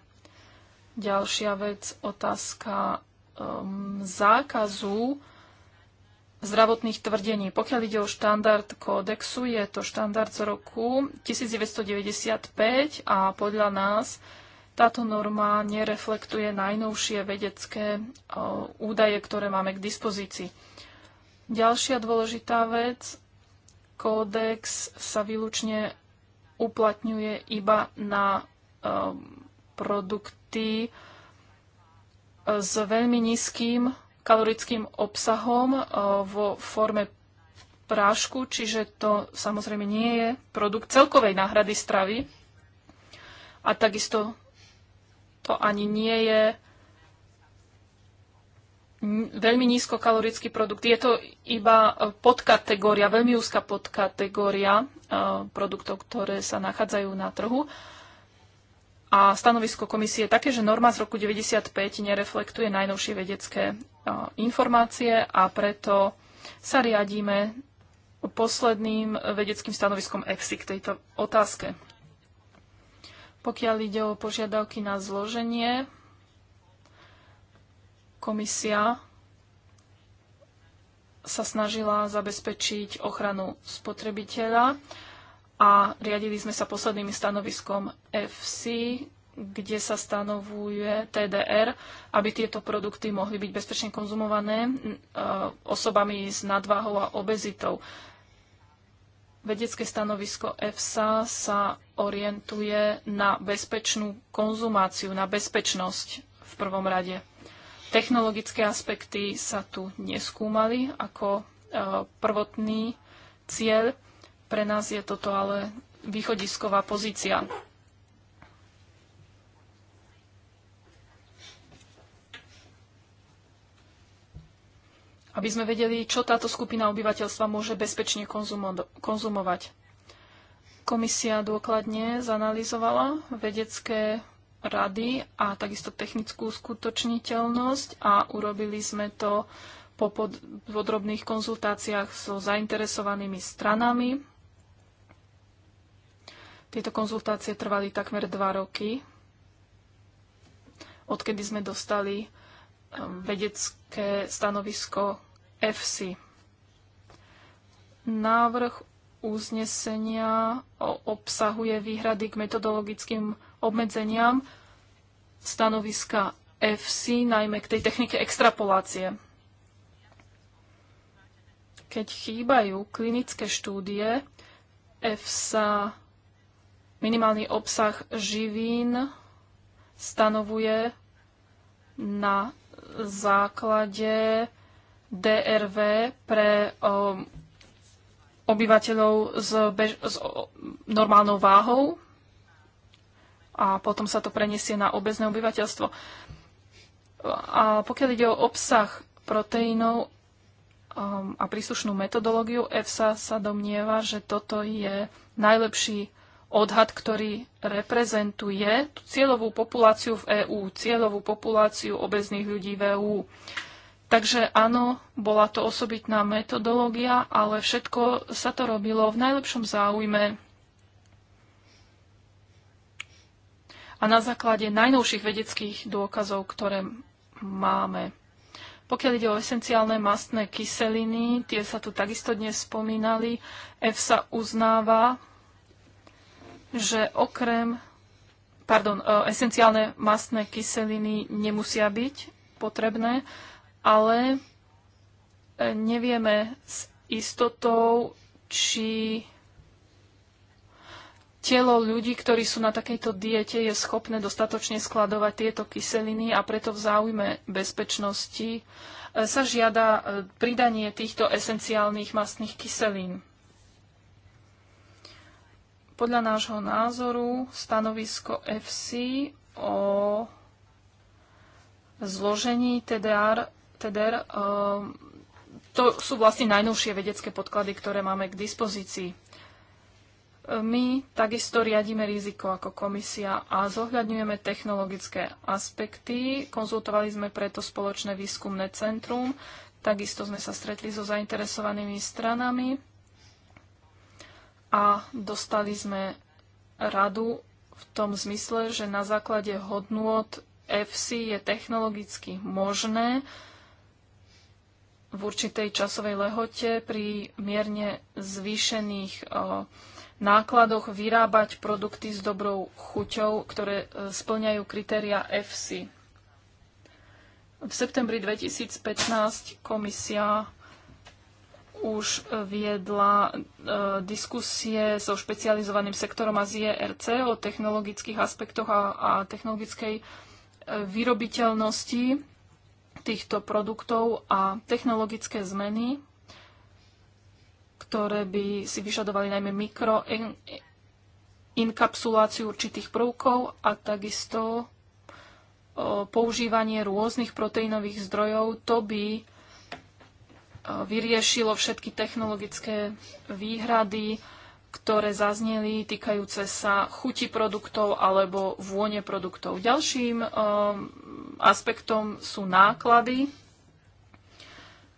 B: ďalšia vec, otázka um, zákazu zdravotných tvrdení. Pokiaľ ide o štandard kódexu, je to štandard z roku 1995 a podľa nás táto norma nereflektuje najnovšie vedecké uh, údaje, ktoré máme k dispozícii. Ďalšia dôležitá vec, kódex sa výlučne uplatňuje iba na um, produkty e, s veľmi nízkym kalorickým obsahom e, vo forme prášku, čiže to samozrejme nie je produkt celkovej náhrady stravy. A takisto to ani nie je veľmi nízkokalorický produkt. Je to iba e, podkategória, veľmi úzka podkategória e, produktov, ktoré sa nachádzajú na trhu. A stanovisko komisie je také, že norma z roku 95 nereflektuje najnovšie vedecké e, informácie a preto sa riadíme posledným vedeckým stanoviskom EFSI k tejto otázke. Pokiaľ ide o požiadavky na zloženie Komisia sa snažila zabezpečiť ochranu spotrebiteľa a riadili sme sa posledným stanoviskom FC, kde sa stanovuje TDR, aby tieto produkty mohli byť bezpečne konzumované e, osobami s nadváhou a obezitou. Vedecké stanovisko EFSA sa orientuje na bezpečnú konzumáciu, na bezpečnosť v prvom rade. Technologické aspekty sa tu neskúmali ako e, prvotný cieľ. Pre nás je toto ale východisková pozícia. aby sme vedeli, čo táto skupina obyvateľstva môže bezpečne konzumovať. Komisia dôkladne zanalizovala vedecké rady a takisto technickú skutočniteľnosť a urobili sme to po podrobných konzultáciách so zainteresovanými stranami. Tieto konzultácie trvali takmer dva roky, odkedy sme dostali e, vedecké stanovisko EFSI. Návrh uznesenia obsahuje výhrady k metodologickým obmedzeniam stanoviska FC, najmä k tej technike extrapolácie. Keď chýbajú klinické štúdie, EFSA minimálny obsah živín stanovuje na základe DRV pre um, obyvateľov s, bež- s normálnou váhou a potom sa to preniesie na obezné obyvateľstvo. A pokiaľ ide o obsah proteínov um, a príslušnú metodológiu, EFSA sa domnieva, že toto je najlepší odhad, ktorý reprezentuje cieľovú populáciu v EÚ, cieľovú populáciu obezných ľudí v EÚ. Takže áno, bola to osobitná metodológia, ale všetko sa to robilo v najlepšom záujme a na základe najnovších vedeckých dôkazov, ktoré máme. Pokiaľ ide o esenciálne mastné kyseliny, tie sa tu takisto dnes spomínali, EFSA uznáva, že okrem pardon, e, esenciálne mastné kyseliny nemusia byť potrebné, ale e, nevieme s istotou, či telo ľudí, ktorí sú na takejto diete, je schopné dostatočne skladovať tieto kyseliny a preto v záujme bezpečnosti e, sa žiada e, pridanie týchto esenciálnych mastných kyselín. Podľa nášho názoru stanovisko FC o zložení TDR TEDER. Ehm, to sú vlastne najnovšie vedecké podklady, ktoré máme k dispozícii. Ehm, my takisto riadíme riziko ako komisia a zohľadňujeme technologické aspekty. Konzultovali sme preto spoločné výskumné centrum. Takisto sme sa stretli so zainteresovanými stranami a dostali sme radu v tom zmysle, že na základe hodnôt FC je technologicky možné v určitej časovej lehote pri mierne zvýšených e, nákladoch vyrábať produkty s dobrou chuťou, ktoré e, splňajú kritéria FC. V septembri 2015 komisia už viedla e, diskusie so špecializovaným sektorom a ZRC o technologických aspektoch a, technologickej vyrobiteľnosti týchto produktov a technologické zmeny, ktoré by si vyžadovali najmä mikro inkapsuláciu určitých prvkov a takisto používanie rôznych proteínových zdrojov, to by vyriešilo všetky technologické výhrady, ktoré zazneli týkajúce sa chuti produktov alebo vône produktov. Ďalším um, aspektom sú náklady.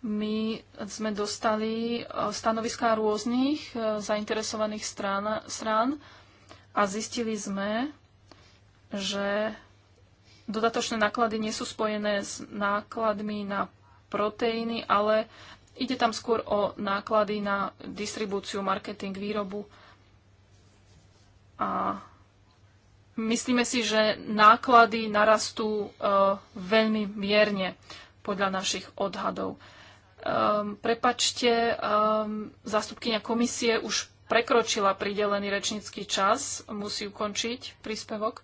B: My sme dostali eh, stanoviská rôznych eh, zainteresovaných strán, strán a zistili sme, že dodatočné náklady nie sú spojené s nákladmi na proteíny, ale ide tam skôr o náklady na distribúciu, marketing, výrobu a Myslíme si, že náklady narastú e, veľmi mierne podľa našich odhadov. Um, prepačte, um, zástupkynia komisie už prekročila pridelený rečnícky čas, musí ukončiť príspevok.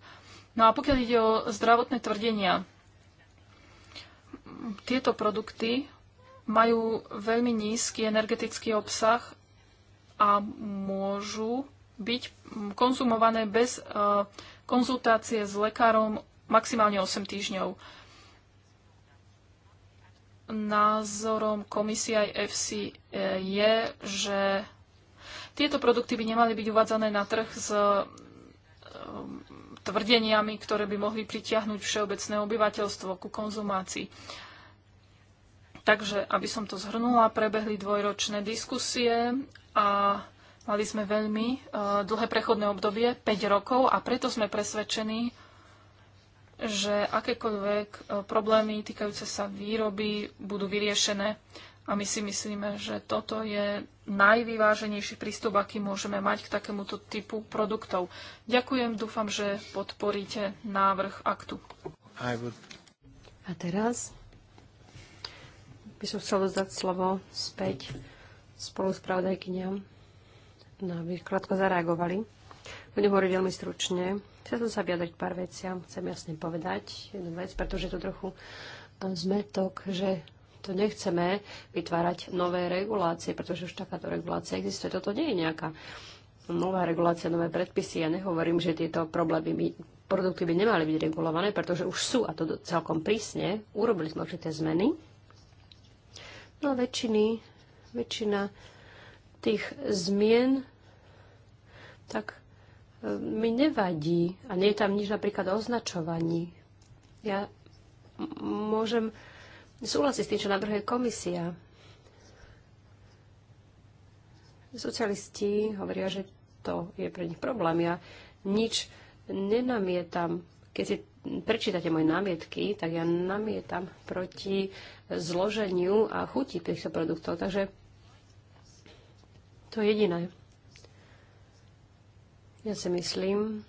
B: No a pokiaľ ide o zdravotné tvrdenia, tieto produkty majú veľmi nízky energetický obsah a môžu byť konzumované bez uh, konzultácie s lekárom maximálne 8 týždňov. Názorom komisie aj FC eh, je, že tieto produkty by nemali byť uvádzané na trh s eh, tvrdeniami, ktoré by mohli pritiahnuť všeobecné obyvateľstvo ku konzumácii. Takže, aby som to zhrnula, prebehli dvojročné diskusie a Mali sme veľmi e, dlhé prechodné obdobie, 5 rokov, a preto sme presvedčení, že akékoľvek e, problémy týkajúce sa výroby budú vyriešené. A my si myslíme, že toto je najvyváženejší prístup, aký môžeme mať k takémuto typu produktov. Ďakujem, dúfam, že podporíte návrh aktu.
C: A teraz by som chcel dať slovo späť spolu s pravdajkyňam na aby krátko zareagovali. Budem hovoriť veľmi stručne. Chcem som sa vyjadriť pár veciam. Chcem jasne povedať jednu vec, pretože to trochu zmetok, že to nechceme vytvárať nové regulácie, pretože už takáto regulácia existuje. Toto nie je nejaká nová regulácia, nové predpisy. Ja nehovorím, že tieto problémy by, produkty by nemali byť regulované, pretože už sú, a to celkom prísne. Urobili sme určité zmeny. No a väčšiny, väčšina tých zmien, tak e, mi nevadí a nie je tam nič napríklad o označovaní. Ja môžem súhlasiť s tým, čo navrhuje komisia. Socialisti hovoria, že to je pre nich problém. Ja nič nenamietam. Keď si prečítate moje námietky, tak ja namietam proti zloženiu a chuti týchto produktov. Takže to je jediné. Ja si myslím,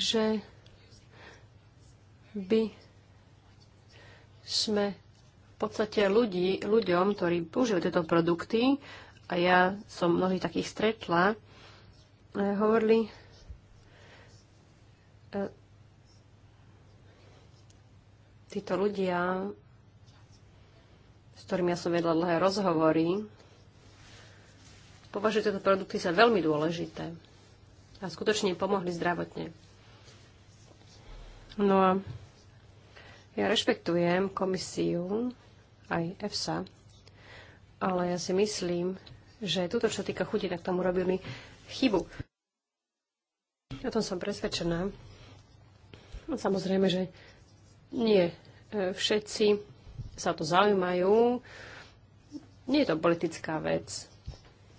C: že by sme v podstate ľudí, ľuďom, ktorí používajú tieto produkty, a ja som mnohých takých stretla, e, hovorili, e, títo ľudia, s ktorými ja som vedla dlhé rozhovory, považujú tieto produkty za veľmi dôležité a skutočne pomohli zdravotne. No a ja rešpektujem komisiu aj EFSA, ale ja si myslím, že tuto, čo týka chuti, k tomu robili chybu. O tom som presvedčená. No, samozrejme, že nie e, všetci sa to zaujímajú. Nie je to politická vec.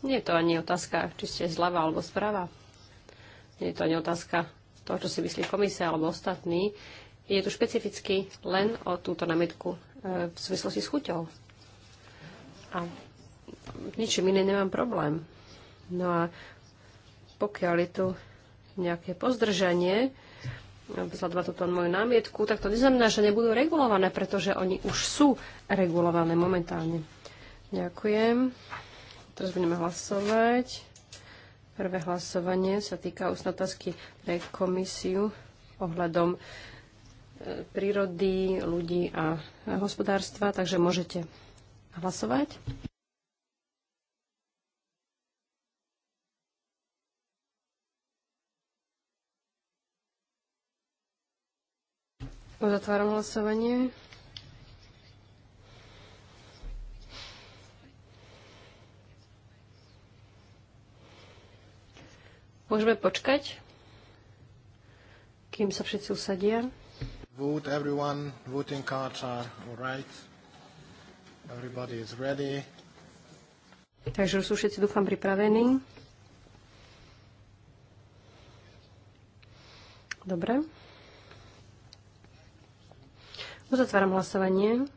C: Nie je to ani otázka, či ste zľava alebo zprava. Nie je to ani otázka toho, čo si myslí komisia alebo ostatní. Je tu špecificky len o túto námietku e, v súvislosti s chuťou. A ničím iným nemám problém. No a pokiaľ je tu nejaké pozdržanie, vzhľadom na túto moju námietku, tak to neznamená, že nebudú regulované, pretože oni už sú regulované momentálne. Ďakujem. Teraz budeme hlasovať. Prvé hlasovanie sa týka ústnej pre komisiu ohľadom e, prírody, ľudí a hospodárstva, takže môžete hlasovať. Uzatváram hlasovanie. Môžeme počkať, kým sa všetci usadia. Vote everyone. Voting cards are all right. Everybody is ready. Takže sú všetci, dúfam, pripravení. Dobre. Uzatváram hlasovanie.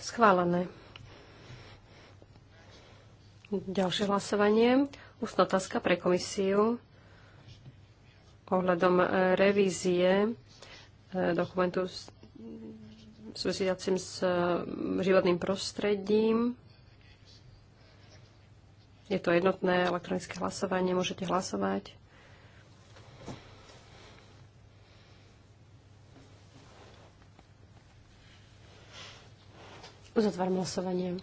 C: Schválené. Ďalšie hlasovanie. Ústna otázka pre komisiu ohľadom e, revízie e, dokumentu súvisiacim s e, životným prostredím. Je to jednotné elektronické hlasovanie, môžete hlasovať. Uzatváram hlasovanie.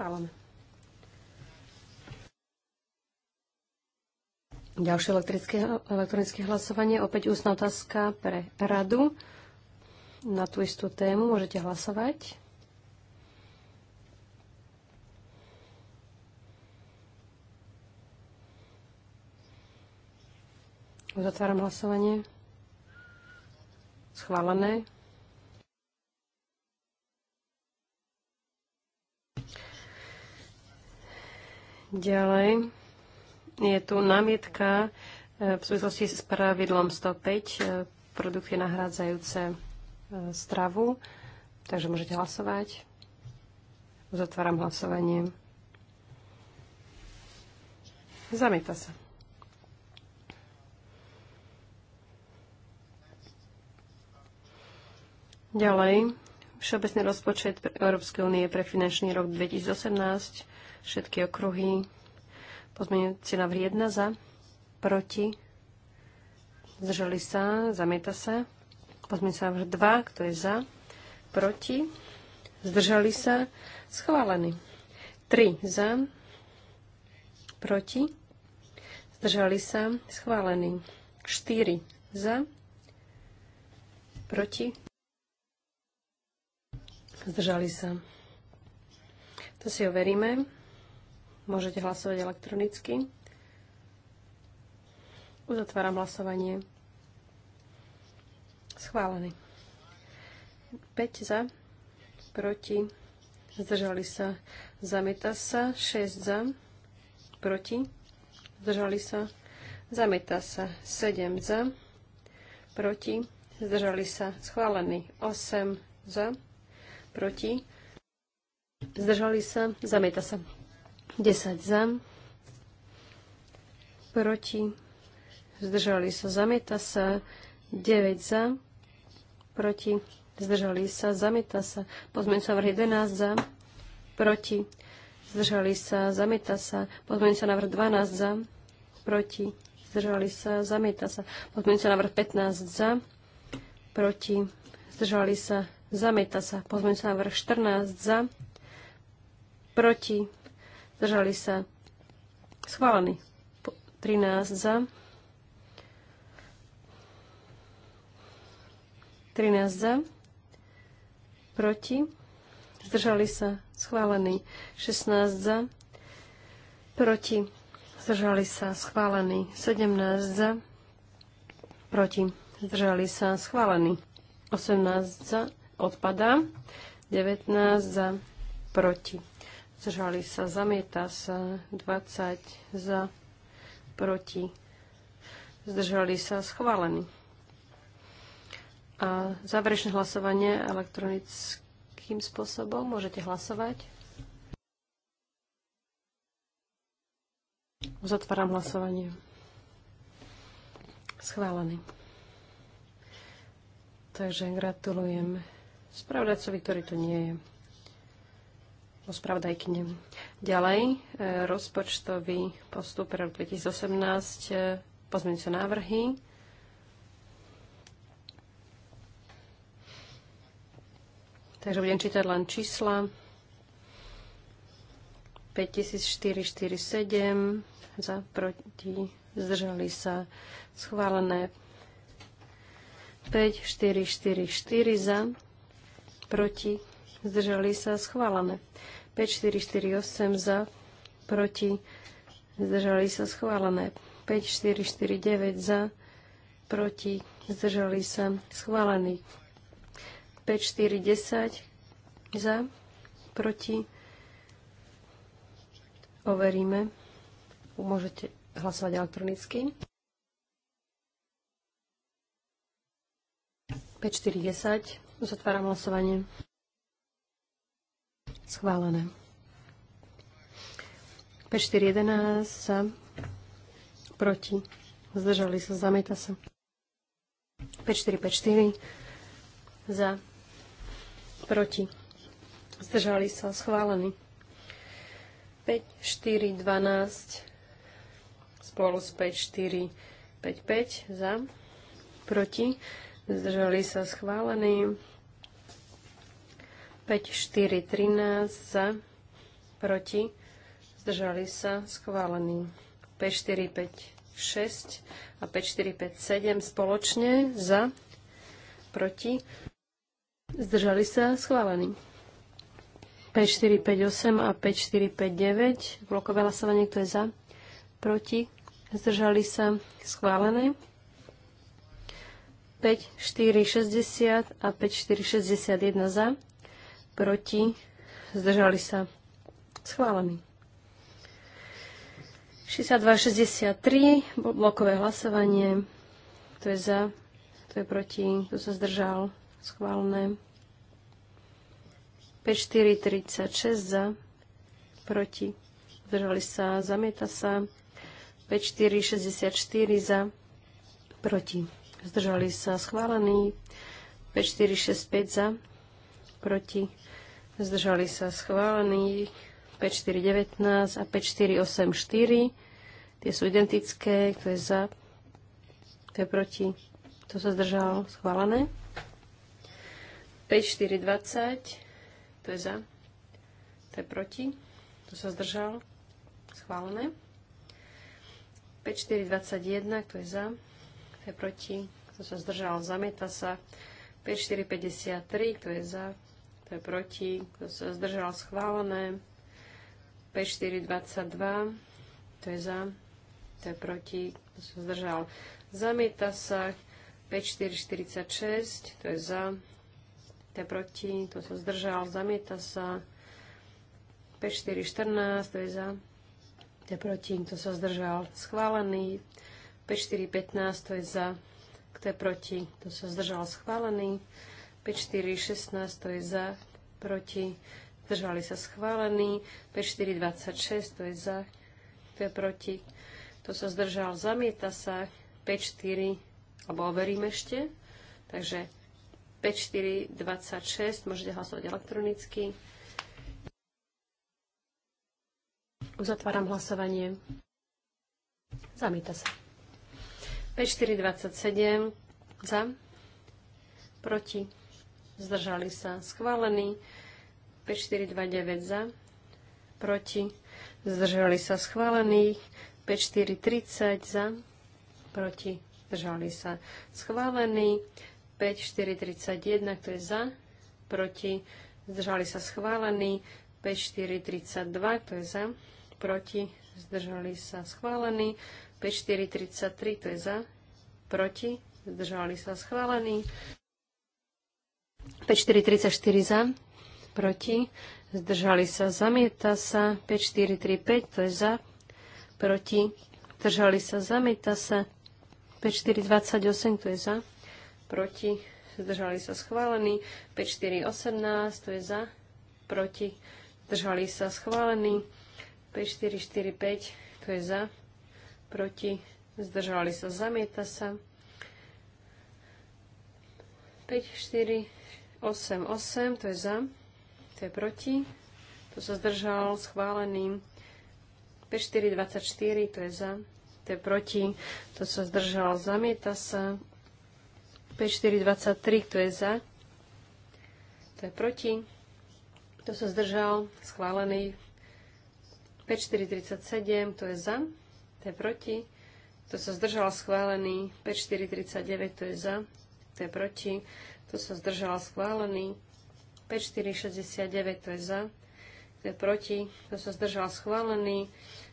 C: Schválené. Ďalšie elektronické hlasovanie. Opäť ústna otázka pre radu na tú istú tému. Môžete hlasovať. Uzatváram hlasovanie. Schválené. Ďalej je tu námietka e, v súvislosti s pravidlom 105 e, produkty nahrádzajúce e, stravu. Takže môžete hlasovať. Uzatváram hlasovanie. Zamieta sa. Ďalej, Všeobecný rozpočet Európskej únie pre finančný rok 2018 všetky okruhy. Pozmeňujúci návrh 1 za, proti, zdržali sa, zamieta sa. Pozmeňujúci návrh 2, kto je za, proti, zdržali sa, schválený. 3 za, proti, zdržali sa, schválený. 4 za, proti, zdržali sa. To si overíme. Môžete hlasovať elektronicky. Uzatváram hlasovanie. Schválený. 5 za, proti, zdržali sa, zamieta sa, 6 za, proti, zdržali sa, zamieta sa, 7 za, proti, zdržali sa, schválený, 8 za, proti, zdržali sa, zamieta sa. 10 za, proti, zdržali sa, zamieta sa, 9 za, proti, zdržali sa, zamieta sa, sa návrh 11 za, proti, zdržali sa, zamieta sa, sa navrh 12 za, proti, zdržali sa, zamieta sa, sa navrh 15 za, proti, zdržali sa, zamieta sa, sa navrh 14 za, proti, Zdržali sa. Schválený. 13 za. 13 za. Proti. Zdržali sa. Schválený. 16 za. Proti. Zdržali sa. Schválený. 17 za. Proti. Zdržali sa. Schválený. 18 za. Odpadá. 19 za. Proti zdržali sa, zamieta sa, 20 za, proti, zdržali sa, schválený. A záverečné hlasovanie elektronickým spôsobom môžete hlasovať. Zatváram hlasovanie. Schválený. Takže gratulujem spravodajcovi, ktorý tu nie je ospravodajkyne. Ďalej, e, rozpočtový postup pre rok 2018, e, pozmeňujúce návrhy. Takže budem čítať len čísla. 5447 za, proti, zdržali sa schválené 5444 za, proti, zdržali sa schválené. 5448 za, proti, zdržali sa schválené. 5449 za, proti, zdržali sa schválený. 5410 za, proti, overíme. Môžete hlasovať elektronicky. 5410. Zatváram hlasovanie. Schválené. 5411 za. Proti. Zdržali sa. Zamieta sa. 5454 za. Proti. Zdržali sa. Schválený. 5412 spolu s 5455 za. Proti. Zdržali sa. Schválený. 5, 4, 13 za, proti, zdržali sa, schválený. 5, 4, 5, 6 a 5, 4, 5, 7 spoločne za, proti, zdržali sa, schválený. 5, 4, 5, 8 a 5, 4, 5, 9. Blokové hlasovanie, kto je za, proti, zdržali sa, schválené. 5, 4, 60 a 5, 4, 61 za proti, zdržali sa schválený. 62-63, blokové hlasovanie, to je za, to je proti, to sa zdržal, schválené. 5-4-36 za, proti, zdržali sa, zamieta sa. 5-4-64 za, proti, zdržali sa, schválený. 5-4-65 za, proti, zdržali sa schválení 5419 a 5484. Tie sú identické, kto je za, kto je proti, kto sa zdržal, schválené. 5420, kto je za, kto je proti, kto sa zdržal, schválené. 5421, kto je za, kto je proti, kto sa zdržal, zamieta sa. 5453, kto je za, kto je proti, kto sa zdržal schválené. p P422, kto je za, kto je proti, kto sa zdržal. Zamieta sa 446 kto je za, kto je proti, kto sa zdržal. Zamieta sa P414, kto je za, kto je proti, kto sa zdržal. Schválený P415, kto je za, kto je proti, kto sa zdržal. Schválený 16, to je za, proti, zdržali sa schválení, 26, to je za, to je proti, to sa zdržal, zamieta sa, 4 alebo overím ešte, takže 26, môžete hlasovať elektronicky. Uzatváram hlasovanie. Zamieta sa. 27, za, proti, zdržali sa schválený, 5429 za, proti, zdržali sa schválený, 5430 za, proti, zdržali sa schválený, 5431, kto je za, proti, zdržali sa schválený, 5432, kto je za, proti, zdržali sa schválený, 5433, kto je za, proti, zdržali sa schválený, 5434 za, proti, zdržali sa, zamieta sa, 5435, to je za, proti, zdržali sa, zamieta sa, 5428, to je za, proti, zdržali sa, schválený, 5418, to je za, proti, zdržali sa, schválený, 5445, to je za, proti, zdržali sa, zamieta sa, 5, 4, 8-8, to je za, to je proti, to sa zdržal schválený. 24, to je za, to je proti, to sa zdržal, zamieta sa. 23, to je za, to je proti, to sa zdržal, schválený. 37, to je za, to je proti, to sa zdržal, schválený. 39, to je za, to je proti, to sa zdržal schválený. 5469, to je za, to je proti, kto sa zdržal schválený.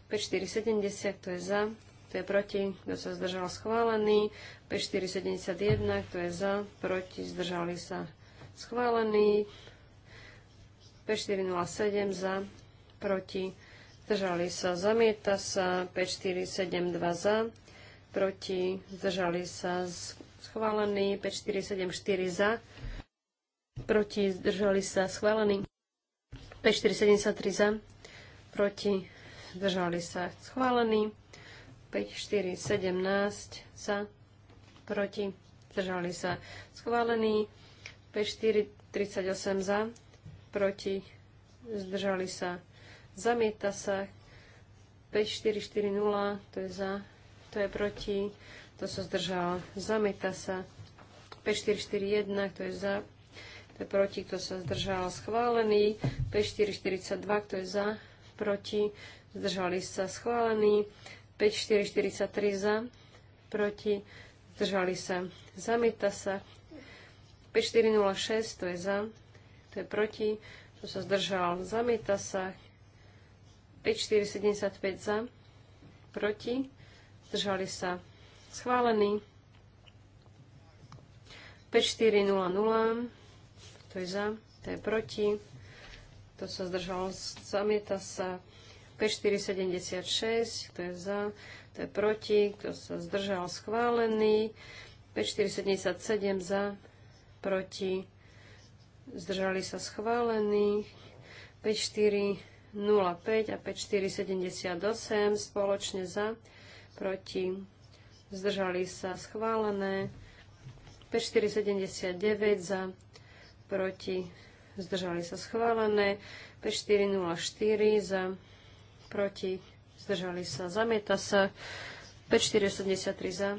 C: 5470, to je za, to je proti, kto sa zdržal schválený. 5471, to je za, proti, zdržali sa schválený. 5407 za, proti, zdržali sa, zamieta sa, 5472 za, proti, zdržali sa, schválený, 5474 za, proti, zdržali sa, schválený, 5473 za, proti, zdržali sa, schválený, 5417 za, proti, zdržali sa, schválený, 5438 za, proti, zdržali sa, zamieta sa, 5440, to je za, to je proti, to sa zdržal, Zameta sa. 5441, kto je za, kto je proti, kto sa zdržal, schválený. 5442, kto je za, proti, zdržali sa, schválený. 5443 za, proti, zdržali sa, Zameta sa. 5406, to je za, to je proti, to sa zdržal, Zameta sa. 5475 za, proti, zdržali sa, Schválený. 5400. To je za, to je proti. To sa zdržalo, zamieta sa. 5476, to je za, to je proti, to sa zdržal schválený. 5477 za, proti, zdržali sa schválení. 5405 a 5478 spoločne za, proti, zdržali sa schválené, 5479 za, proti, zdržali sa schválené, 5404 za, proti, zdržali sa, zamieta sa, 5483 za,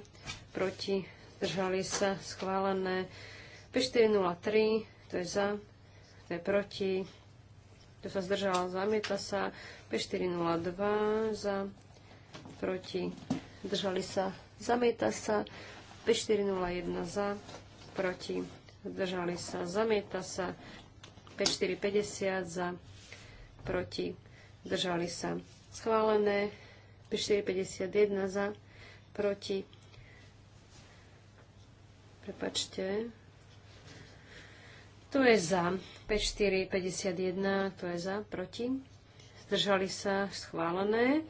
C: proti, zdržali sa, schválené, 5403, to je za, to je proti, to sa zdržalo zamieta sa, 5402 za, proti, zdržali sa, zamieta sa. P401 za, proti, zdržali sa, zamieta sa. P450 za, proti, zdržali sa. Schválené. P451 za, proti. Prepačte. To je za. P451, to je za, proti. Zdržali sa schválené.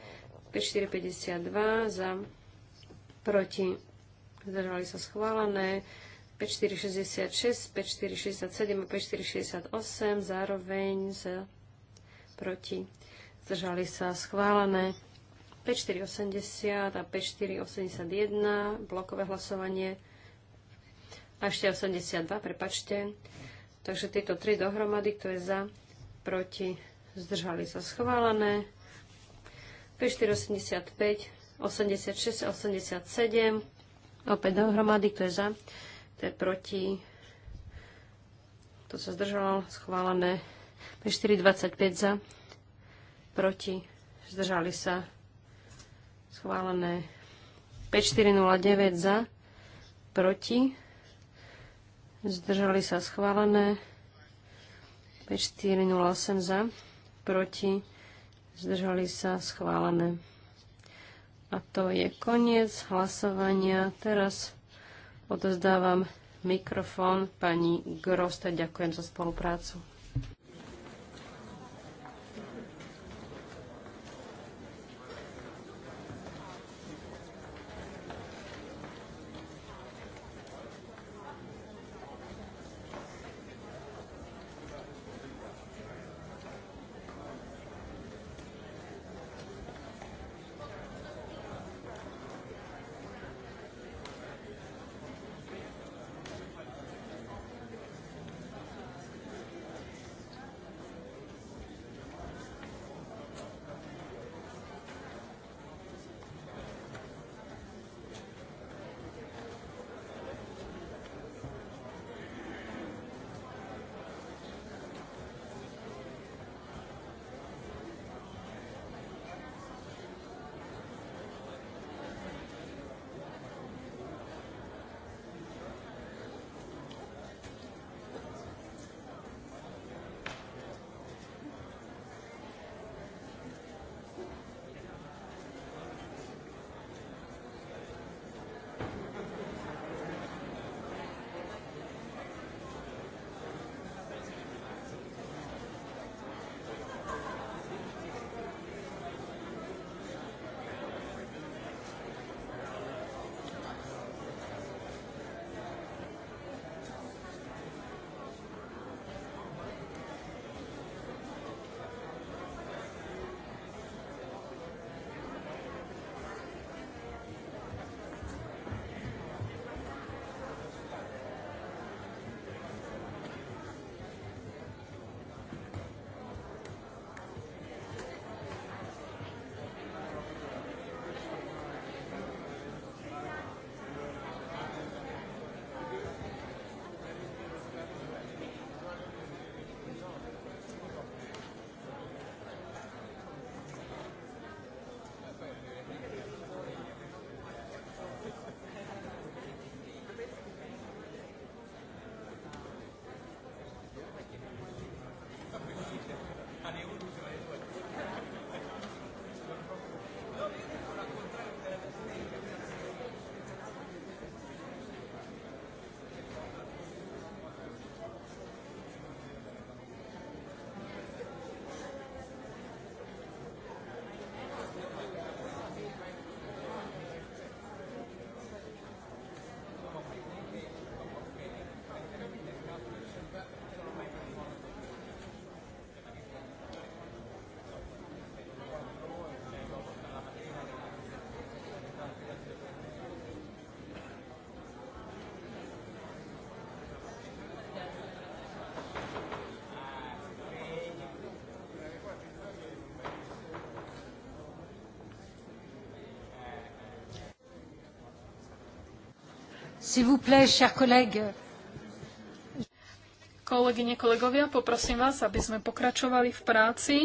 C: P452 za, proti, zdržali sa schválené, 5466, 5467 a 5468 zároveň z proti. Zdržali sa schválené 5480 a 5481 blokové hlasovanie a ešte 82, prepačte. Takže tieto tri dohromady, kto je za, proti, zdržali sa schválené. 5485 86 a 87. Opäť dohromady, kto je za, kto je proti. To sa zdržalo, schválené. 25 za, proti, zdržali sa, schválené. 5409 za, proti, zdržali sa, schválené. 5408 za, proti, zdržali sa, schválené. A to je koniec hlasovania. Teraz odozdávam mikrofón pani Grosta. Ďakujem za spoluprácu. S'il vous plaît, chers collègues.
B: Kolegyne, kolegovia, poprosím vás, aby sme pokračovali v práci,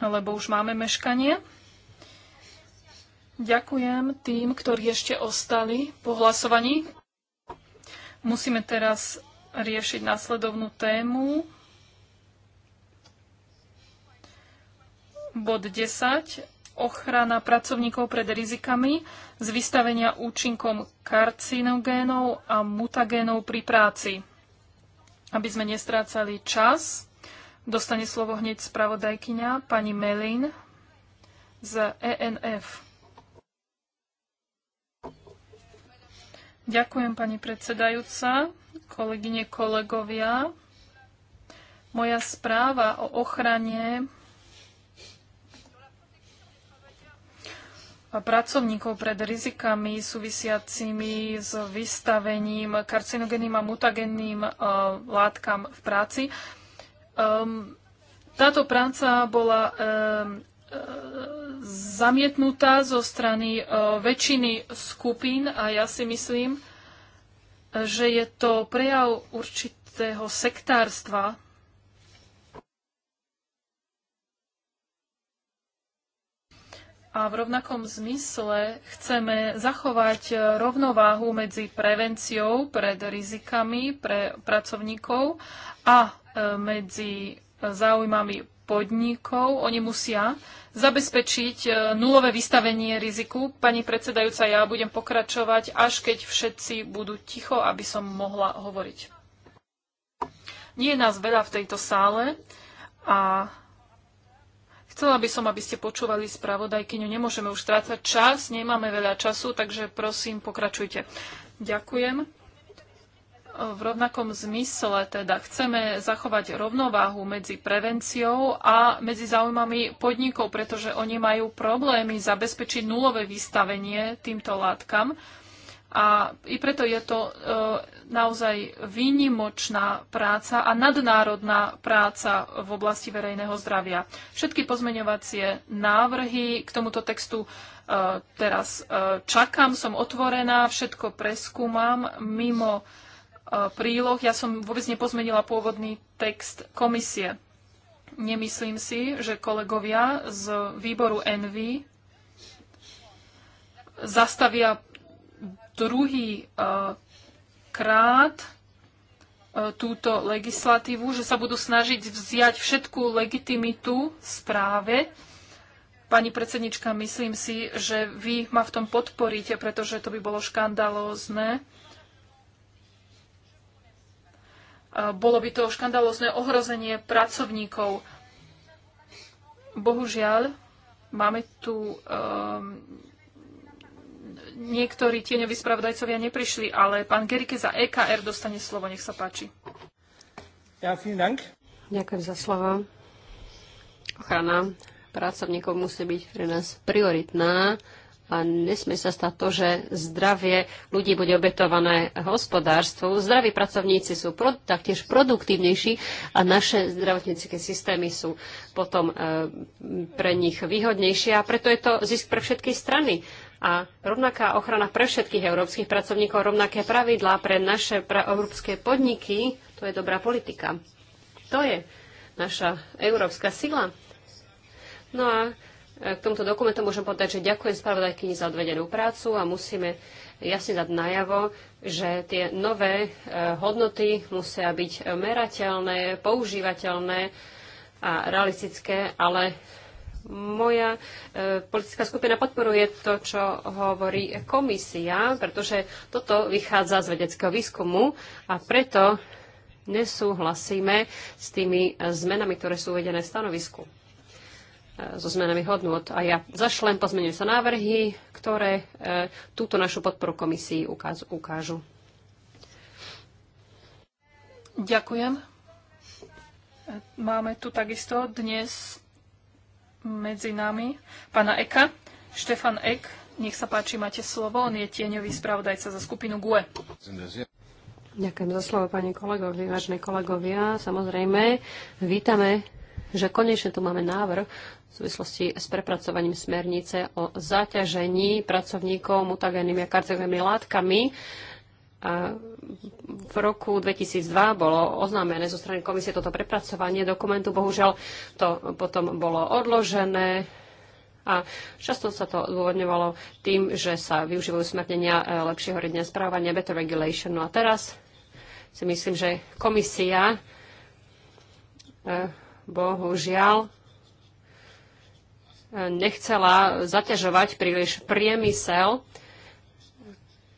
B: lebo už máme meškanie. Ďakujem tým, ktorí ešte ostali po hlasovaní. Musíme teraz riešiť následovnú tému. Bod 10 ochrana pracovníkov pred rizikami z vystavenia účinkom karcinogénov a mutagénov pri práci. Aby sme nestrácali čas, dostane slovo hneď spravodajkyňa pani Melin z ENF. Ďakujem, pani predsedajúca, kolegyne, kolegovia. Moja správa o ochrane pracovníkov pred rizikami súvisiacimi s vystavením karcinogenným a mutagenným e, látkam v práci. Ehm, táto práca bola ehm, e, zamietnutá zo strany e, väčšiny skupín a ja si myslím, že je to prejav určitého sektárstva A v rovnakom zmysle chceme zachovať e, rovnováhu medzi prevenciou pred rizikami pre pracovníkov a e, medzi e, záujmami podnikov. Oni musia zabezpečiť nulové vystavenie riziku. Pani predsedajúca, ja budem pokračovať, až keď všetci budú ticho, aby som mohla hovoriť. Nie je nás veľa v tejto sále a Chcela by som, aby ste počúvali spravodajkyňu. Nemôžeme už strácať čas, nemáme veľa času, takže prosím, pokračujte. Ďakujem. V rovnakom zmysle teda chceme zachovať rovnováhu medzi prevenciou a medzi záujmami podnikov, pretože oni majú problémy zabezpečiť nulové vystavenie týmto látkam a i preto je to e, naozaj výnimočná práca a nadnárodná práca v oblasti verejného zdravia. Všetky pozmeňovacie návrhy k tomuto textu e, teraz e, čakám, som otvorená, všetko preskúmam mimo e, príloh. Ja som vôbec nepozmenila pôvodný text komisie. Nemyslím si, že kolegovia z výboru NV zastavia druhý e, krát e, túto legislatívu, že sa budú snažiť vziať všetkú legitimitu správe. Pani predsednička, myslím si, že vy ma v tom podporíte, pretože to by bolo škandalózne. E, bolo by to škandalózne ohrozenie pracovníkov. Bohužiaľ, máme tu um, niektorí tieňoví spravodajcovia neprišli, ale pán Gerike za EKR dostane slovo. Nech sa páči.
C: Ja, vielen Dank. Ďakujem za slovo. Ochrana pracovníkov musí byť pre nás prioritná a nesmie sa stať to, že zdravie ľudí bude obetované hospodárstvu. Zdraví pracovníci sú pro, taktiež produktívnejší a naše zdravotnícke systémy sú potom e, pre nich výhodnejšie a preto je to zisk pre všetky strany a rovnaká ochrana pre všetkých európskych pracovníkov, rovnaké pravidlá pre naše pra- európske podniky, to je dobrá politika. To je naša európska sila. No a e, k tomuto dokumentu môžem povedať, že ďakujem spravodajkyni za odvedenú prácu a musíme jasne dať najavo, že tie nové e, hodnoty musia byť merateľné, používateľné a realistické, ale moja e, politická skupina podporuje to, čo hovorí komisia, pretože toto vychádza z vedeckého výskumu a preto nesúhlasíme s tými zmenami, ktoré sú uvedené v stanovisku e, so zmenami hodnot. A ja zašlem sa návrhy, ktoré e, túto našu podporu komisii ukážu. Ďakujem.
B: Máme tu takisto dnes medzi nami pána Eka. Štefan Ek, nech sa páči, máte slovo. On je tieňový spravodajca za skupinu GUE.
C: Ďakujem za slovo, pani kolegovi, vážne kolegovia. Samozrejme, vítame, že konečne tu máme návrh v súvislosti s prepracovaním smernice o zaťažení pracovníkov mutagénnymi a karcinogénnymi látkami v roku 2002 bolo oznámené zo strany komisie toto prepracovanie dokumentu. Bohužiaľ to potom bolo odložené a často sa to zdôvodňovalo tým, že sa využívajú smernenia e, lepšieho riadenia správania, better regulation. No a teraz si myslím, že komisia e, bohužiaľ e, nechcela zaťažovať príliš priemysel,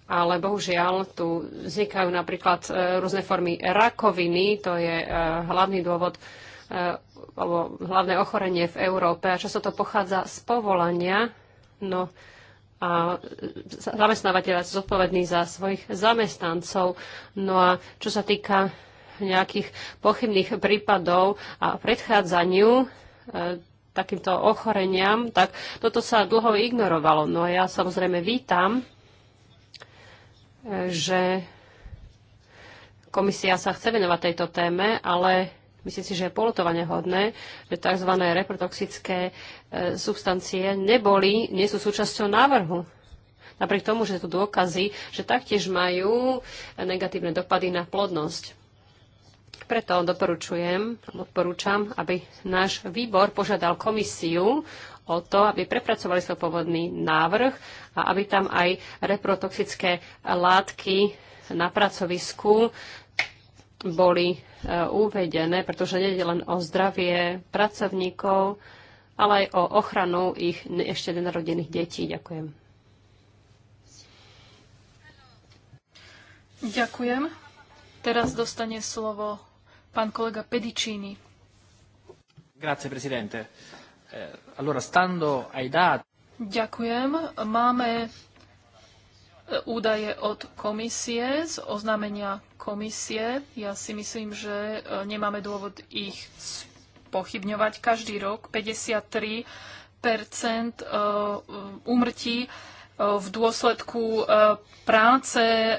C: ale bohužiaľ tu vznikajú napríklad e, rôzne formy rakoviny, to je e, hlavný dôvod e, alebo hlavné ochorenie v Európe a často to pochádza z povolania. No a zamestnávateľ sú zodpovední za svojich zamestnancov. No a čo sa týka nejakých pochybných prípadov a predchádzaniu, takýmto ochoreniam, tak toto sa dlho ignorovalo. No a ja samozrejme vítam že komisia sa chce venovať tejto téme, ale myslím si, že je polotovane hodné, že tzv. reprotoxické e, substancie neboli, nie sú súčasťou návrhu. Napriek tomu, že tu dôkazy, že taktiež majú negatívne dopady na plodnosť. Preto doporučujem, odporúčam, aby náš výbor požiadal komisiu o to, aby prepracovali svoj pôvodný návrh a aby tam aj reprotoxické látky na pracovisku boli e, uvedené, pretože nie len o zdravie pracovníkov, ale aj o ochranu ich ešte nenarodených detí. Ďakujem.
B: Ďakujem. Teraz dostane slovo pán kolega Pedicini. Grazie, presidente. Eh, allora, stando ai dati... Ďakujem. Máme e, údaje od komisie, z oznámenia komisie. Ja si myslím, že e, nemáme dôvod ich pochybňovať. Každý rok 53 e, úmrtí E, v dôsledku e, práce e,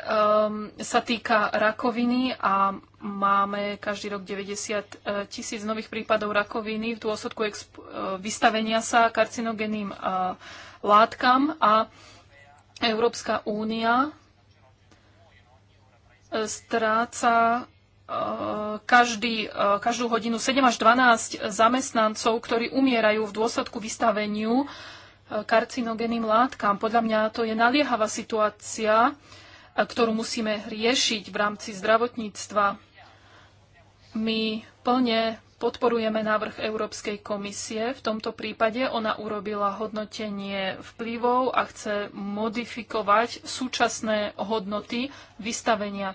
B: sa týka rakoviny a máme každý rok 90 tisíc nových prípadov rakoviny v dôsledku vystavenia sa karcinogenným látkam a Európska únia stráca každý, každú hodinu 7 až 12 zamestnancov, ktorí umierajú v dôsledku vystaveniu karcinogénnym látkam. Podľa mňa to je naliehavá situácia, ktorú musíme riešiť v rámci zdravotníctva. My plne podporujeme návrh Európskej komisie. V tomto prípade ona urobila hodnotenie vplyvov a chce modifikovať súčasné hodnoty vystavenia.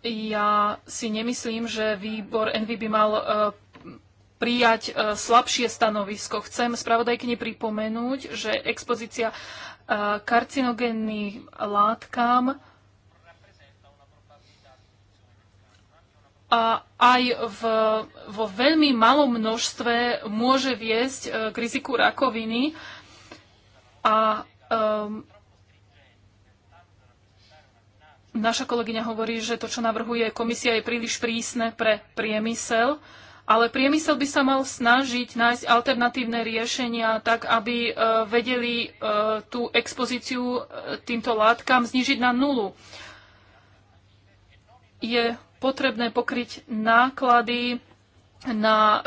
B: Ja si nemyslím, že výbor Envy by mal e, prijať e, slabšie stanovisko. Chcem spravodajkyni pripomenúť, že expozícia e, karcinogénnym látkam a aj v, vo veľmi malom množstve môže viesť e, k riziku rakoviny a um, naša kolegyňa hovorí, že to, čo navrhuje komisia, je príliš prísne pre priemysel. Uh, ale priemysel by sa mal snažiť nájsť alternatívne riešenia, tak aby e, vedeli e, tú expozíciu e, týmto látkam znižiť na nulu. Je potrebné pokryť náklady na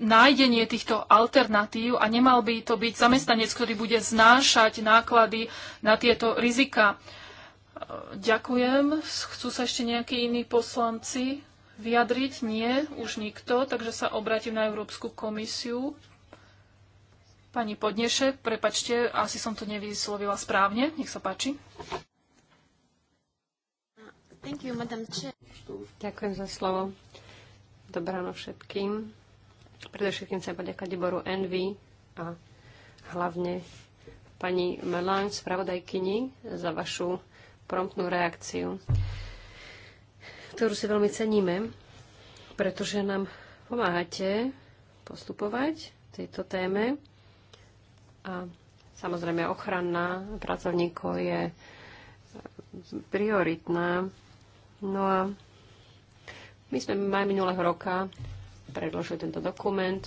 B: nájdenie týchto alternatív a nemal by to byť zamestnanec, ktorý bude znášať náklady na tieto rizika. Ďakujem. Chcú sa ešte nejakí iní poslanci vyjadriť? Nie, už nikto, takže sa obratím na Európsku komisiu. Pani podneše, prepačte, asi som to
C: nevyslovila správne. Nech sa páči. You, Ďakujem za slovo. Dobrano všetkým. Predovšetkým sa poďakať Iboru Envy a hlavne pani Melan, spravodajkyni, za vašu promptnú reakciu ktorú si veľmi ceníme, pretože nám pomáhate postupovať v tejto téme. A samozrejme ochrana pracovníkov je prioritná. No a my sme maj minulého roka predložili tento dokument,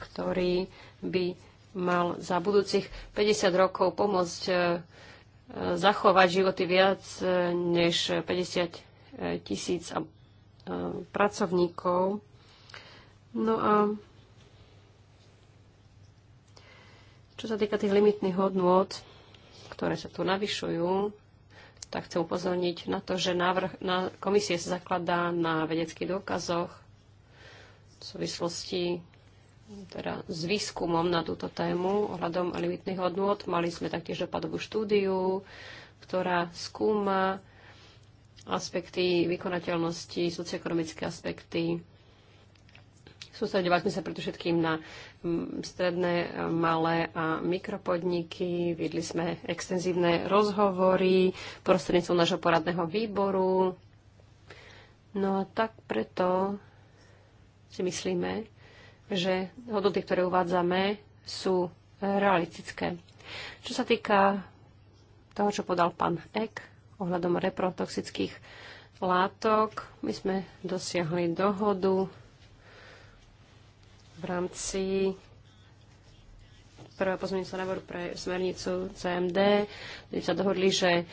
C: ktorý by mal za budúcich 50 rokov pomôcť e, e, zachovať životy viac e, než 50 tisíc e, pracovníkov. No a čo sa týka tých limitných hodnôt, ktoré sa tu navyšujú, tak chcem upozorniť na to, že návrh na komisie sa zakladá na vedeckých dôkazoch v súvislosti teda s výskumom na túto tému ohľadom limitných hodnôt. Mali sme taktiež dopadovú štúdiu, ktorá skúma aspekty vykonateľnosti, socioekonomické aspekty. Sústredovali sme sa všetkým na mm, stredné, malé a mikropodniky. Viedli sme extenzívne rozhovory prostredníctvom nášho poradného výboru. No a tak preto si myslíme, že hodnoty, ktoré uvádzame, sú realistické. Čo sa týka toho, čo podal pán Ek, ohľadom reprotoxických látok. My sme dosiahli dohodu v rámci prvého pozmeňujúceho návrhu pre smernicu CMD, kde sa dohodli, že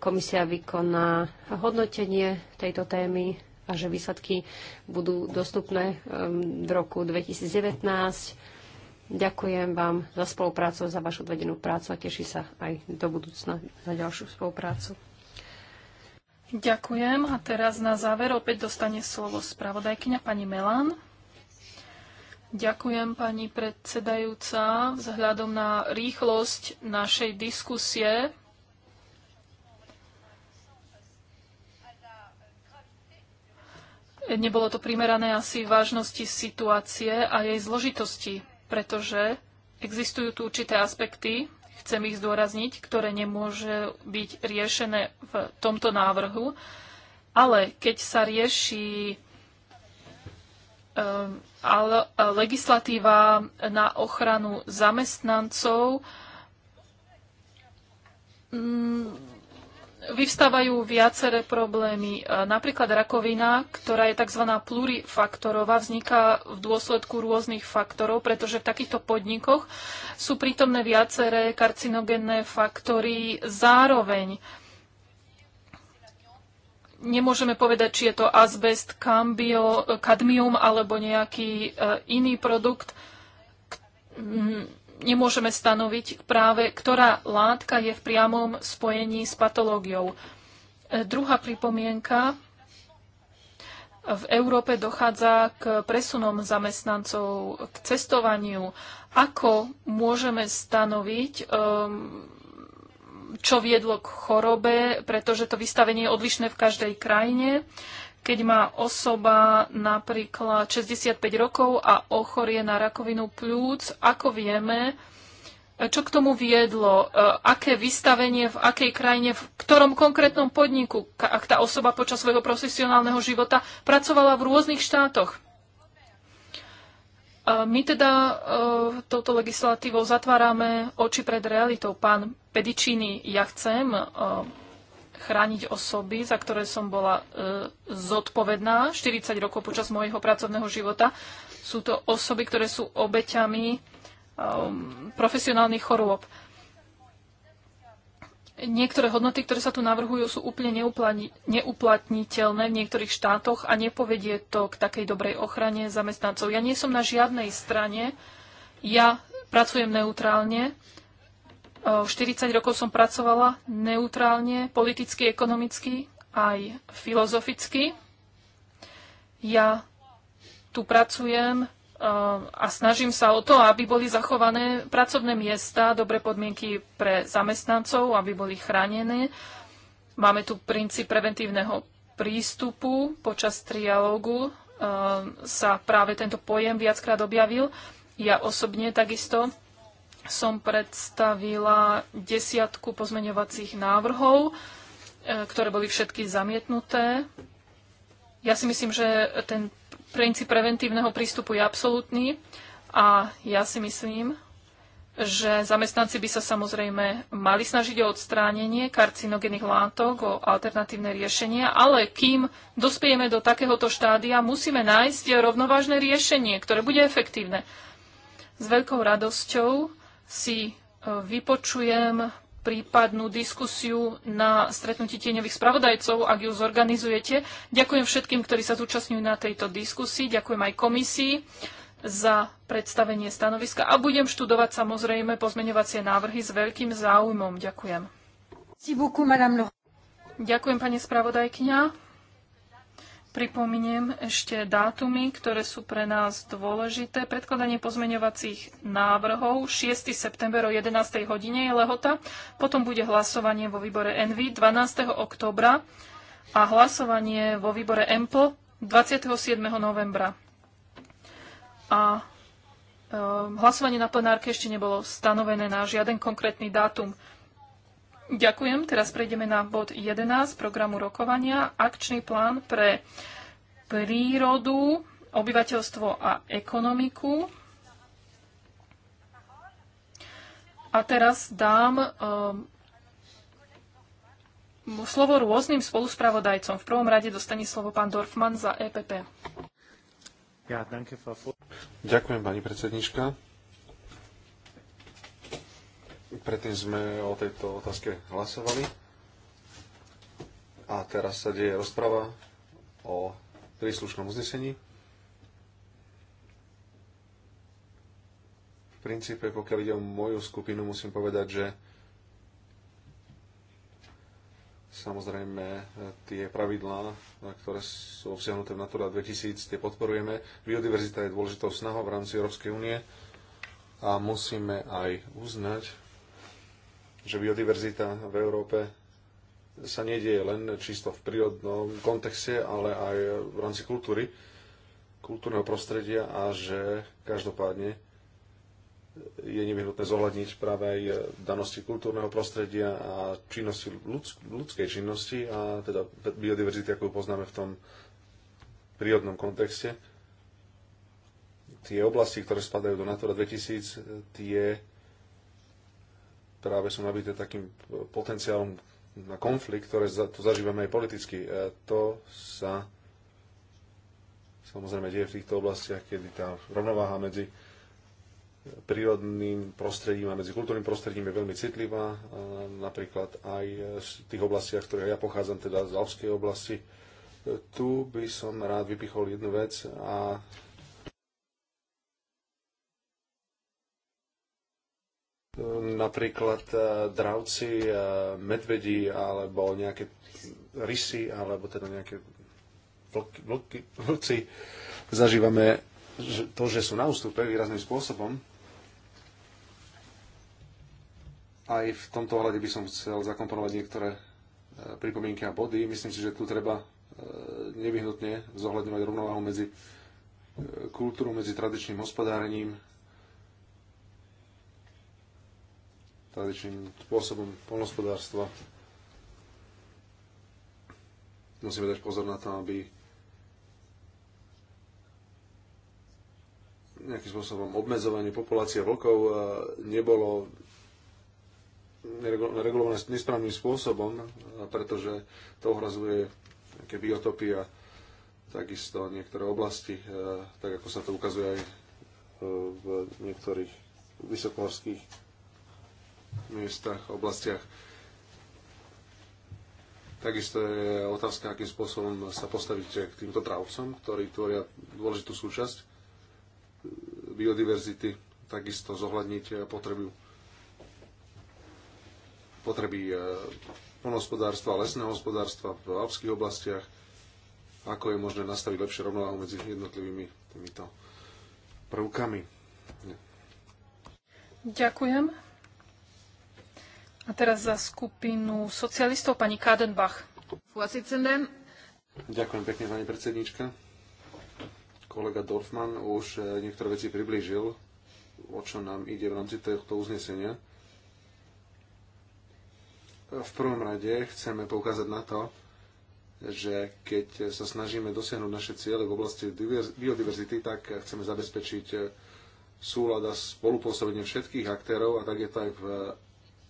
C: komisia vykoná hodnotenie tejto témy a že výsledky budú dostupné um, v roku 2019. Ďakujem vám za spoluprácu, za vašu odvedenú prácu a teší sa aj do budúcna na ďalšiu spoluprácu.
B: Ďakujem. A teraz na záver opäť dostane slovo spravodajkyňa pani Melan. Ďakujem pani predsedajúca. Vzhľadom na rýchlosť našej diskusie nebolo to primerané asi vážnosti situácie a jej zložitosti, pretože existujú tu určité aspekty, chcem ich zdôrazniť, ktoré nemôže byť riešené v tomto návrhu. Ale keď sa rieši ehm, ale e, legislatíva na ochranu zamestnancov, mm, vyvstávajú viaceré problémy. E, napríklad rakovina, ktorá je tzv. plurifaktorová, vzniká v dôsledku rôznych faktorov, pretože v takýchto podnikoch sú prítomné viaceré karcinogenné faktory zároveň. Nemôžeme povedať, či je to azbest, kambio, e, kadmium alebo nejaký e, iný produkt nemôžeme stanoviť práve, ktorá látka je v priamom spojení s patológiou. E, druhá pripomienka. V Európe dochádza k presunom zamestnancov, k cestovaniu. Ako môžeme stanoviť, ehm, čo viedlo k chorobe, pretože to vystavenie je odlišné v každej krajine keď má osoba napríklad 65 rokov a ochorie na rakovinu plúc, ako vieme, čo k tomu viedlo, e, aké vystavenie v akej krajine, v ktorom konkrétnom podniku, ak tá osoba počas svojho profesionálneho života pracovala v rôznych štátoch. E, my teda e, touto legislatívou zatvárame oči pred realitou. Pán Pedičiny, ja chcem chrániť osoby, za ktoré som bola e, zodpovedná 40 rokov počas môjho pracovného života. Sú to osoby, ktoré sú obeťami um, profesionálnych chorôb. Niektoré hodnoty, ktoré sa tu navrhujú, sú úplne neuplatniteľné v niektorých štátoch a nepovedie to k takej dobrej ochrane zamestnancov. Ja nie som na žiadnej strane, ja pracujem neutrálne 40 rokov som pracovala neutrálne, politicky, ekonomicky, aj filozoficky. Ja tu pracujem e, a snažím sa o to, aby boli zachované pracovné miesta, dobré podmienky pre zamestnancov, aby boli chránené. Máme tu princíp preventívneho prístupu. Počas trialógu e, sa práve tento pojem viackrát objavil. Ja osobne takisto som predstavila desiatku pozmeňovacích návrhov, e, ktoré boli všetky zamietnuté. Ja si myslím, že ten princíp preventívneho prístupu je absolútny a ja si myslím, že zamestnanci by sa samozrejme mali snažiť o odstránenie karcinogénnych látok, o alternatívne riešenia, ale kým dospiejeme do takéhoto štádia, musíme nájsť rovnovážne riešenie, ktoré bude efektívne. S veľkou radosťou si e, vypočujem prípadnú diskusiu na stretnutí tieňových spravodajcov, ak ju zorganizujete. Ďakujem všetkým, ktorí sa zúčastňujú na tejto diskusii. Ďakujem aj komisii za predstavenie stanoviska a budem študovať samozrejme pozmeňovacie návrhy s veľkým záujmom. Ďakujem. Ďakujem, pani spravodajkňa. Pripomeniem ešte dátumy, ktoré sú pre nás dôležité. Predkladanie pozmeňovacích návrhov 6. september o 11. hodine je lehota. Potom bude hlasovanie vo výbore ENVY 12. oktobra a hlasovanie vo výbore EMPL 27. novembra. A e, hlasovanie na plenárke ešte nebolo stanovené na žiaden konkrétny dátum. Ďakujem. Teraz prejdeme na bod 11 programu rokovania. Akčný plán pre prírodu, obyvateľstvo a ekonomiku. A teraz dám um, slovo rôznym spoluspravodajcom. V prvom rade dostane slovo pán Dorfman za EPP. Ja, danke,
A: Ďakujem, pani predsednička. Predtým sme o tejto otázke hlasovali a teraz sa deje rozprava o príslušnom uznesení. V princípe, pokiaľ ide o moju skupinu, musím povedať, že samozrejme tie pravidlá, ktoré sú obsiahnuté v Natura 2000, tie podporujeme. Biodiverzita je dôležitou snahou v rámci Európskej únie a musíme aj uznať, že biodiverzita v Európe sa nedieje len čisto v prírodnom kontexte, ale aj v rámci kultúry, kultúrneho prostredia a že každopádne je nevyhnutné zohľadniť práve aj danosti kultúrneho prostredia a činnosti, ľudsk- ľudskej činnosti a teda biodiverzity, ako ju poznáme v tom prírodnom kontexte. Tie oblasti, ktoré spadajú do Natura 2000, tie práve sú nabité takým potenciálom na konflikt, ktoré to zažívame aj politicky. E, to sa samozrejme deje v týchto oblastiach, kedy tá rovnováha medzi prírodným prostredím a medzi kultúrnym prostredím je veľmi citlivá. E, napríklad aj v tých oblastiach, ktoré ja pochádzam, teda z Alpskej oblasti. E, tu by som rád vypichol jednu vec a napríklad e, dravci, e, medvedi alebo nejaké rysy alebo teda nejaké vlky, vlky, vlci. Zažívame to, že sú na ústupe výrazným spôsobom. Aj v tomto ohľade by som chcel zakomponovať niektoré e, pripomienky a body. Myslím si, že tu treba nevyhnutne zohľadňovať rovnováhu medzi kultúrou, medzi tradičným hospodárením, tradičným spôsobom polnospodárstva. Musíme dať pozor na to, aby nejakým spôsobom obmedzovanie populácie vlkov eh, nebolo regulované nesprávnym spôsobom, eh, pretože to ohrazuje nejaké biotopy a takisto niektoré oblasti, eh, tak ako sa to ukazuje aj v niektorých vysokohorských miestach, oblastiach. Takisto je otázka, akým spôsobom sa postaviť k týmto dravcom, ktorí tvoria dôležitú súčasť biodiverzity, takisto zohľadniť potreby, potreby eh, ponospodárstva, lesného hospodárstva v alpských oblastiach, ako je možné nastaviť lepšie rovnováhu medzi jednotlivými týmito prvkami.
B: Ďakujem. A teraz za skupinu socialistov pani Kadenbach. Ďakujem
A: pekne, pani predsednička. Kolega Dorfman už eh, niektoré veci priblížil, o čo nám ide v rámci tohto uznesenia. V prvom rade chceme poukázať na to, že keď sa snažíme dosiahnuť naše ciele v oblasti biodiverzity, tak chceme zabezpečiť eh, súlad a spolupôsobenie všetkých aktérov a tak je to aj v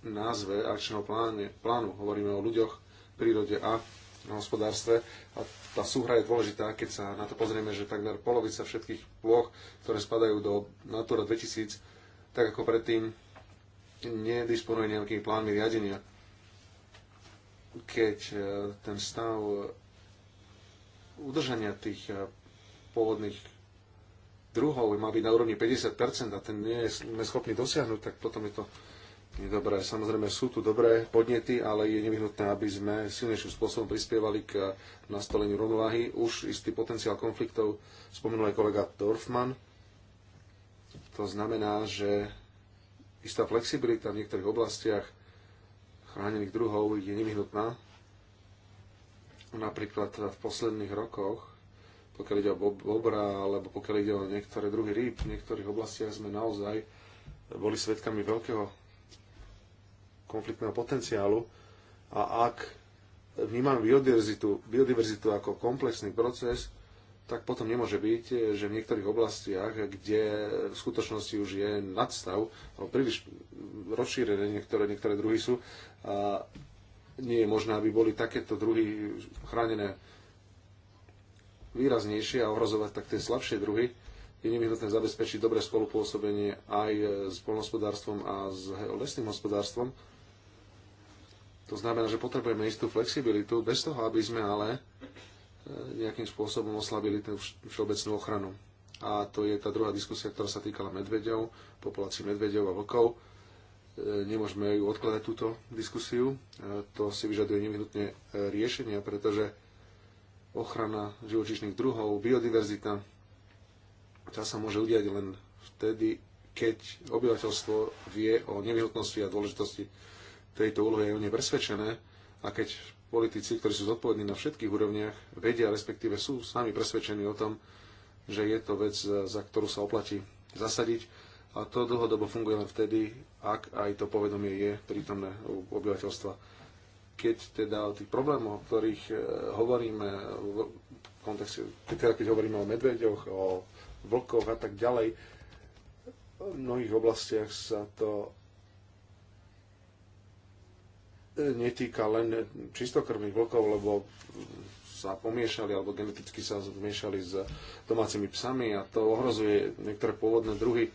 A: názve akčného pláne, plánu. Hovoríme o ľuďoch, prírode a hospodárstve. A tá súhra je dôležitá, keď sa na to pozrieme, že takmer polovica všetkých ploch, ktoré spadajú do Natura 2000, tak ako predtým, nedisponuje nejakými plánmi riadenia. Keď e, ten stav e, udržania tých e, pôvodných druhov má byť na úrovni 50% a ten nie sme schopní dosiahnuť, tak potom je to je dobré. Samozrejme sú tu dobré podnety, ale je nevyhnutné, aby sme silnejším spôsobom prispievali k nastoleniu rovnováhy. Už istý potenciál konfliktov spomenul aj kolega Dorfman. To znamená, že istá flexibilita v niektorých oblastiach chránených druhov je nevyhnutná. Napríklad v posledných rokoch, pokiaľ ide o bobra, alebo pokiaľ ide o niektoré druhy rýb, v niektorých oblastiach sme naozaj boli svedkami veľkého konfliktného potenciálu a ak vnímam biodiverzitu, biodiverzitu ako komplexný proces, tak potom nemôže byť, že v niektorých oblastiach, kde v skutočnosti už je nadstav, alebo príliš rozšírené niektoré, niektoré druhy sú, a nie je možné, aby boli takéto druhy chránené výraznejšie a ohrozovať tak tie slabšie druhy, je nevyhnutné zabezpečiť dobré spolupôsobenie aj s polnospodárstvom a s lesným hospodárstvom, to znamená, že potrebujeme istú flexibilitu, bez toho, aby sme ale e, nejakým spôsobom oslabili tú všeobecnú ochranu. A to je tá druhá diskusia, ktorá sa týkala medveďov, populácií medveďov a vlkov. E, nemôžeme ju odkladať túto diskusiu. E, to si vyžaduje nevyhnutne riešenia, pretože ochrana živočíšnych druhov, biodiverzita, tá sa môže udiať len vtedy, keď obyvateľstvo vie o nevyhnutnosti a dôležitosti tejto úlohe je o nej presvedčené a keď politici, ktorí sú zodpovední na všetkých úrovniach, vedia, respektíve sú s nami presvedčení o tom, že je to vec, za ktorú sa oplatí zasadiť a to dlhodobo funguje len vtedy, ak aj to povedomie je prítomné u obyvateľstva. Keď teda o tých problémoch, o ktorých e, hovoríme v kontexte, teda keď hovoríme o medveďoch, o vlkoch a tak ďalej, v mnohých oblastiach sa to netýka len čistokrvných vlkov, lebo sa pomiešali alebo geneticky sa zmiešali s domácimi psami a to ohrozuje niektoré pôvodné druhy.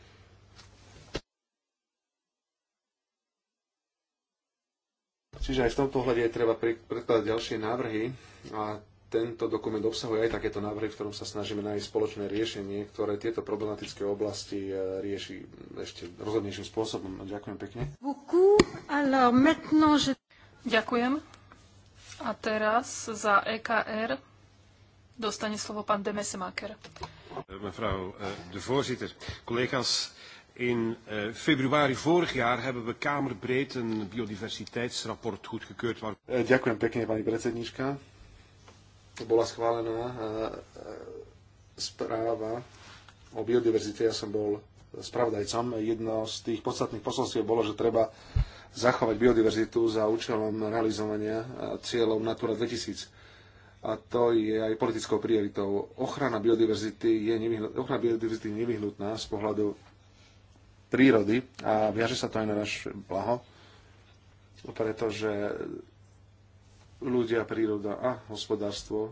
A: Čiže aj v tomto ohľade je treba predkladať ďalšie návrhy a tento dokument obsahuje aj takéto návrhy, v ktorom sa snažíme nájsť spoločné riešenie, ktoré tieto problematické oblasti e, rieši ešte rozhodnejším spôsobom. Ďakujem pekne.
B: Ďakujem. A teraz za EKR dostane slovo pán Demesemaker.
A: Mevrouw eh, de voorzitter, collega's, in eh, februari vorig jaar hebben we kamerbreed een biodiversiteitsrapport goedgekeurd. Waar... Eh, ďakujem pekne, pani predsednička. Bola schválená správa o biodiverzite. Ja som bol spravodajcom. Jedno z tých podstatných posolstiev bolo, že treba zachovať biodiverzitu za účelom realizovania cieľov Natura 2000. A to je aj politickou prioritou. Ochrana biodiverzity je, nevyhnutná, ochrana biodiverzity je nevyhnutná z pohľadu prírody a viaže sa to aj na naše blaho, pretože ľudia, príroda a hospodárstvo e,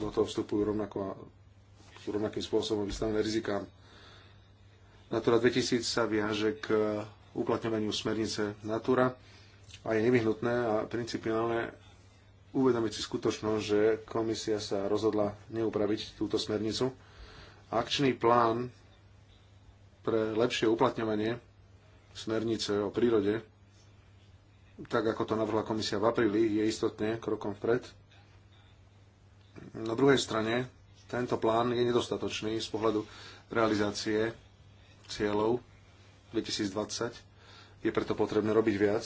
A: do toho vstupujú rovnako a sú rovnakým spôsobom vystavené rizikám. Natura 2000 sa viaže k uplatňovaniu smernice Natura a je nevyhnutné a principiálne uvedomiť si skutočnosť, že komisia sa rozhodla neupraviť túto smernicu. Akčný plán pre lepšie uplatňovanie smernice o prírode, tak ako to navrhla komisia v apríli, je istotne krokom vpred. Na druhej strane, tento plán je nedostatočný z pohľadu realizácie cieľov 2020. Je preto potrebné robiť viac.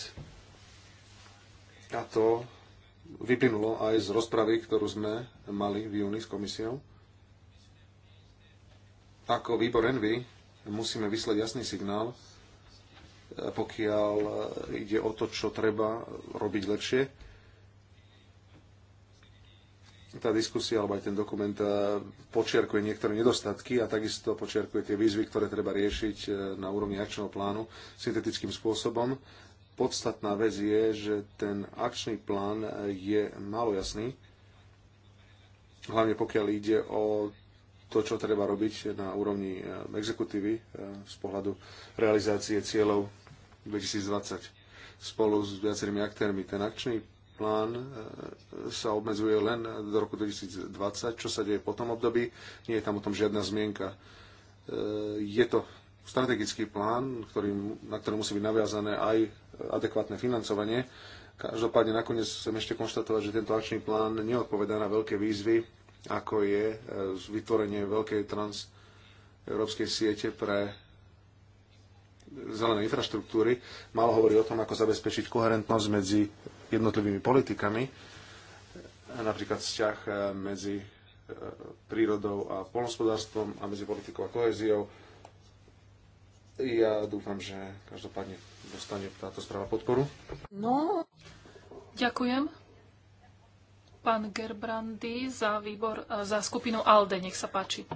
A: A to vyplynulo aj z rozpravy, ktorú sme mali v júni s komisiou. Ako výbor Envy musíme vyslať jasný signál, eh, pokiaľ eh, ide o to, čo treba robiť lepšie tá diskusia alebo aj ten dokument e, počiarkuje niektoré nedostatky a takisto počiarkuje tie výzvy, ktoré treba riešiť e, na úrovni akčného plánu syntetickým spôsobom. Podstatná vec je, že ten akčný plán e, je málo jasný, hlavne pokiaľ ide o to, čo treba robiť na úrovni exekutívy z pohľadu realizácie cieľov 2020 spolu s viacerými aktérmi. Ten akčný plán e, sa obmedzuje len do roku 2020. Čo sa deje po tom období? Nie je tam o tom žiadna zmienka. E, je to strategický plán, ktorý, na ktorý musí byť naviazané aj adekvátne financovanie. Každopádne nakoniec chcem ešte konštatovať, že tento akčný plán neodpovedá na veľké výzvy, ako je e, vytvorenie veľkej trans európskej siete pre zelené infraštruktúry. Malo hovorí o tom, ako zabezpečiť koherentnosť medzi jednotlivými politikami, napríklad vzťah e, medzi e, prírodou a polnospodárstvom a medzi politikou a koheziou. Ja dúfam, že každopádne dostane táto správa podporu.
B: No, ďakujem. Pán Gerbrandy za výbor, e, za skupinu ALDE, nech sa páči.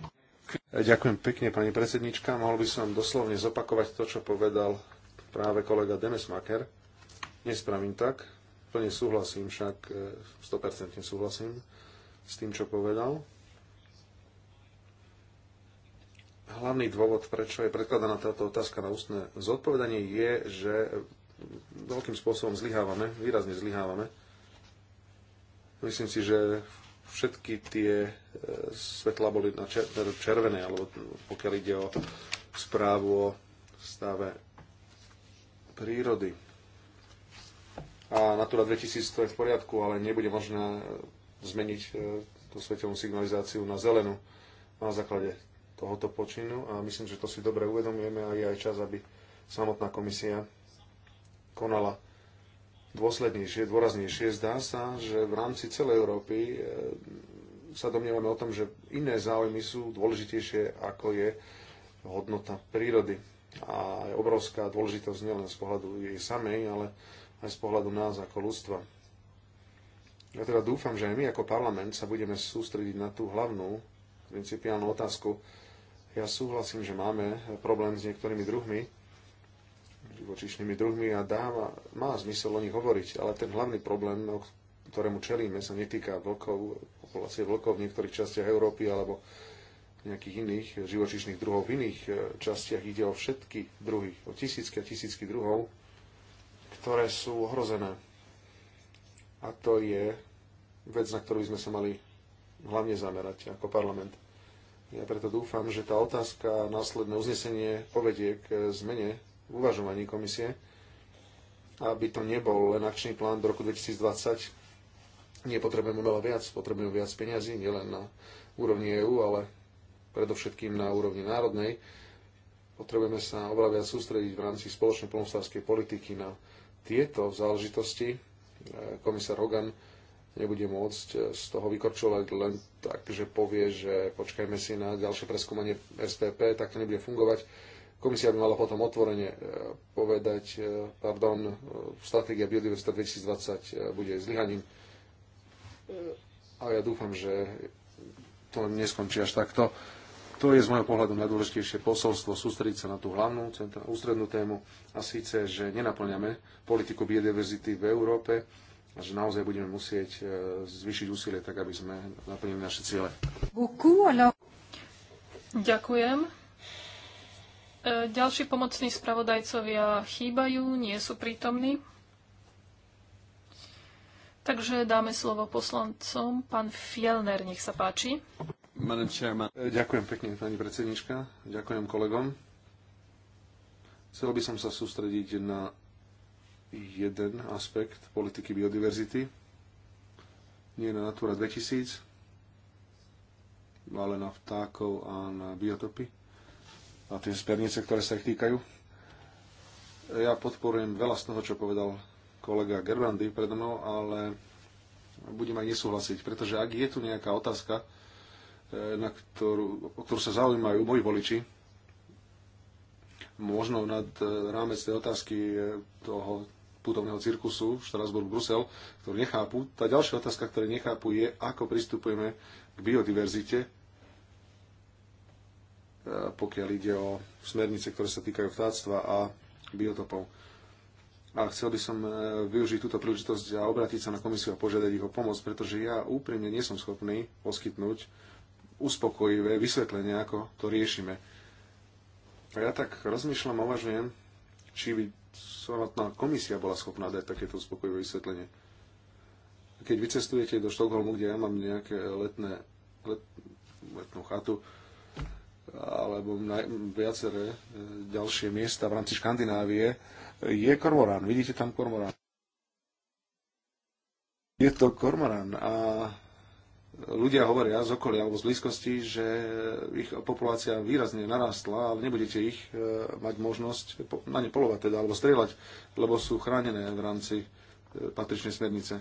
A: Ďakujem pekne, pani predsednička. Mohol by som doslovne zopakovať to, čo povedal práve kolega Demesmaker. Nespravím tak, Plne súhlasím, však 100% e, súhlasím s tým, čo povedal. Hlavný dôvod, prečo je predkladaná táto otázka na ústne zodpovedanie, je, že veľkým spôsobom zlyhávame, výrazne zlyhávame. Myslím si, že všetky tie e, svetla boli na červené, alebo pokiaľ ide o správu o stave prírody a Natura 2000 to je v poriadku, ale nebude možné e, zmeniť e, tú svetelnú signalizáciu na zelenú na základe tohoto počinu a myslím, že to si dobre uvedomujeme a je aj čas, aby samotná komisia konala dôslednejšie, dôraznejšie. Zdá sa, že v rámci celej Európy e, sa domnievame o tom, že iné záujmy sú dôležitejšie, ako je hodnota prírody. A je obrovská dôležitosť nielen z pohľadu jej samej, ale aj z pohľadu nás ako ľudstva. Ja teda dúfam, že aj my ako parlament sa budeme sústrediť na tú hlavnú principiálnu otázku. Ja súhlasím, že máme problém s niektorými druhmi, živočíšnymi druhmi a dáva, má zmysel o nich hovoriť, ale ten hlavný problém, o ktorému čelíme, sa netýka vlkov, populácie vlkov v niektorých častiach Európy alebo nejakých iných živočíšnych druhov v iných e, častiach. Ide o všetky druhy, o tisícky a tisícky druhov, ktoré sú ohrozené. A to je vec, na ktorú by sme sa mali hlavne zamerať ako parlament. Ja preto dúfam, že tá otázka a následné uznesenie povedie k zmene v uvažovaní komisie, aby to nebol len akčný plán do roku 2020. nepotrebujeme potrebujeme veľa viac, potrebujeme viac peniazy, nielen na úrovni EÚ, ale predovšetkým na úrovni národnej. Potrebujeme sa oveľa viac sústrediť v rámci spoločnej plnohospodárskej politiky na tieto záležitosti e, komisár Hogan nebude môcť e, z toho vykorčovať len tak, že povie, že počkajme si na ďalšie preskúmanie SPP, tak to nebude fungovať. Komisia by mala potom otvorene e, povedať, pardon, stratégia biodiverzita 2020 bude zlyhaním. A ja dúfam, že to neskončí až takto to je z môjho pohľadu najdôležitejšie posolstvo, sústrediť sa na tú hlavnú, centra, ústrednú tému a síce, že nenaplňame politiku biodiverzity v Európe a že naozaj budeme musieť e, zvýšiť úsilie tak, aby sme naplnili naše ciele.
B: Ďakujem. E, ďalší pomocní spravodajcovia chýbajú, nie sú prítomní. Takže dáme slovo poslancom. Pán Fielner, nech sa páči.
A: E, ďakujem pekne, pani predsednička. Ďakujem kolegom. Chcel by som sa sústrediť na jeden aspekt politiky biodiverzity. Nie na Natura 2000, ale na vtákov a na biotopy a tie spernice, ktoré sa ich týkajú. Ja podporujem veľa z toho, čo povedal kolega Gerbrandy predo mnou, ale budem aj nesúhlasiť, pretože ak je tu nejaká otázka, E, na ktorú, o ktorú sa zaujímajú moji voliči, možno nad e, rámec tej otázky e, toho putovného cirkusu Štrasburg, Brusel, ktorú nechápu. Tá ďalšia otázka, ktorú nechápu, je, ako pristupujeme k biodiverzite, pokiaľ ide o smernice, ktoré sa týkajú vtáctva a biotopov. A chcel by som využiť túto príležitosť a obrátiť sa na komisiu a požiadať ich o pomoc, pretože ja úprimne nie som schopný poskytnúť uspokojivé vysvetlenie, ako to riešime. A ja tak rozmýšľam, uvažujem, či by samotná komisia bola schopná dať takéto uspokojivé vysvetlenie. Keď vycestujete do Štokholmu, kde ja mám nejaké letné, let, letnú chatu, alebo naj, viaceré e, ďalšie miesta v rámci Škandinávie, je kormorán. Vidíte tam kormorán? Je to kormorán a ľudia hovoria z okolia alebo z blízkosti, že ich populácia výrazne narastla, ale nebudete ich e, mať možnosť na ne polovať teda, alebo strieľať, lebo sú chránené v rámci e, patričnej smernice.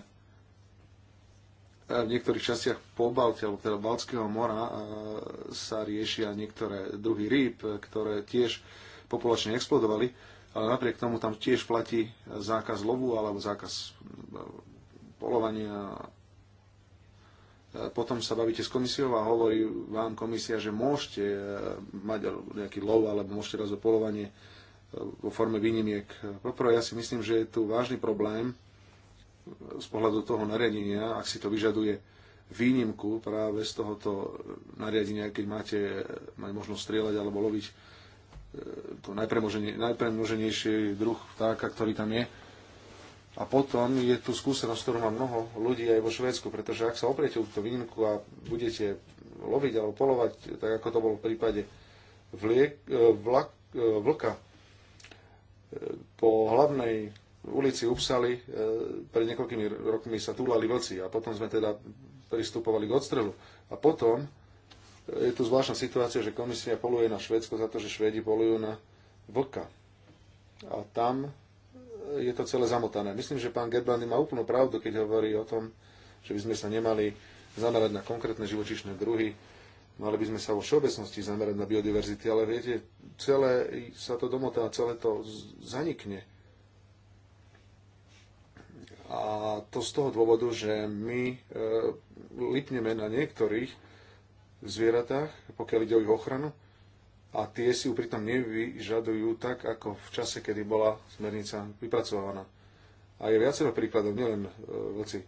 A: E, v niektorých častiach po Balti, alebo teda Baltského mora sa riešia niektoré druhy rýb, ktoré tiež populačne explodovali, ale napriek tomu tam tiež platí zákaz lovu alebo zákaz polovania potom sa bavíte s komisiou a hovorí vám komisia, že môžete eh, mať nejaký lov alebo môžete raz opolovanie eh, vo forme výnimiek. Poprvé, ja si myslím, že je tu vážny problém eh, z pohľadu toho nariadenia, ak si to vyžaduje výnimku práve z tohoto nariadenia, keď máte mať možnosť strieľať alebo loviť to najpremnoženejší druh vtáka, ktorý tam je. A potom je tu skúsenosť, ktorú má mnoho ľudí aj vo Švédsku, pretože ak sa opriete túto výnimku a budete loviť alebo polovať, tak ako to bolo v prípade vliek, e, vlak, e, vlka e, po hlavnej ulici Upsali pred niekoľkými rokmi sa túlali vlci a potom sme teda pristupovali k odstrelu. A potom je tu zvláštna situácia, že komisia poluje na Švédsko za to, že Švédi polujú na vlka. A tam je to celé zamotané. Myslím, že pán Gerbrandy má úplnú pravdu, keď hovorí o tom, že by sme sa nemali zamerať na konkrétne živočišné druhy, mali by sme sa vo všeobecnosti zamerať na biodiverzity, ale viete, celé sa to domotá, celé to zanikne. A to z toho dôvodu, že my e, lipneme na niektorých zvieratách, pokiaľ ide o ich ochranu, a tie si ju pritom nevyžadujú tak, ako v čase, kedy bola smernica vypracovaná. A je viacero príkladov, nielen e, vlci.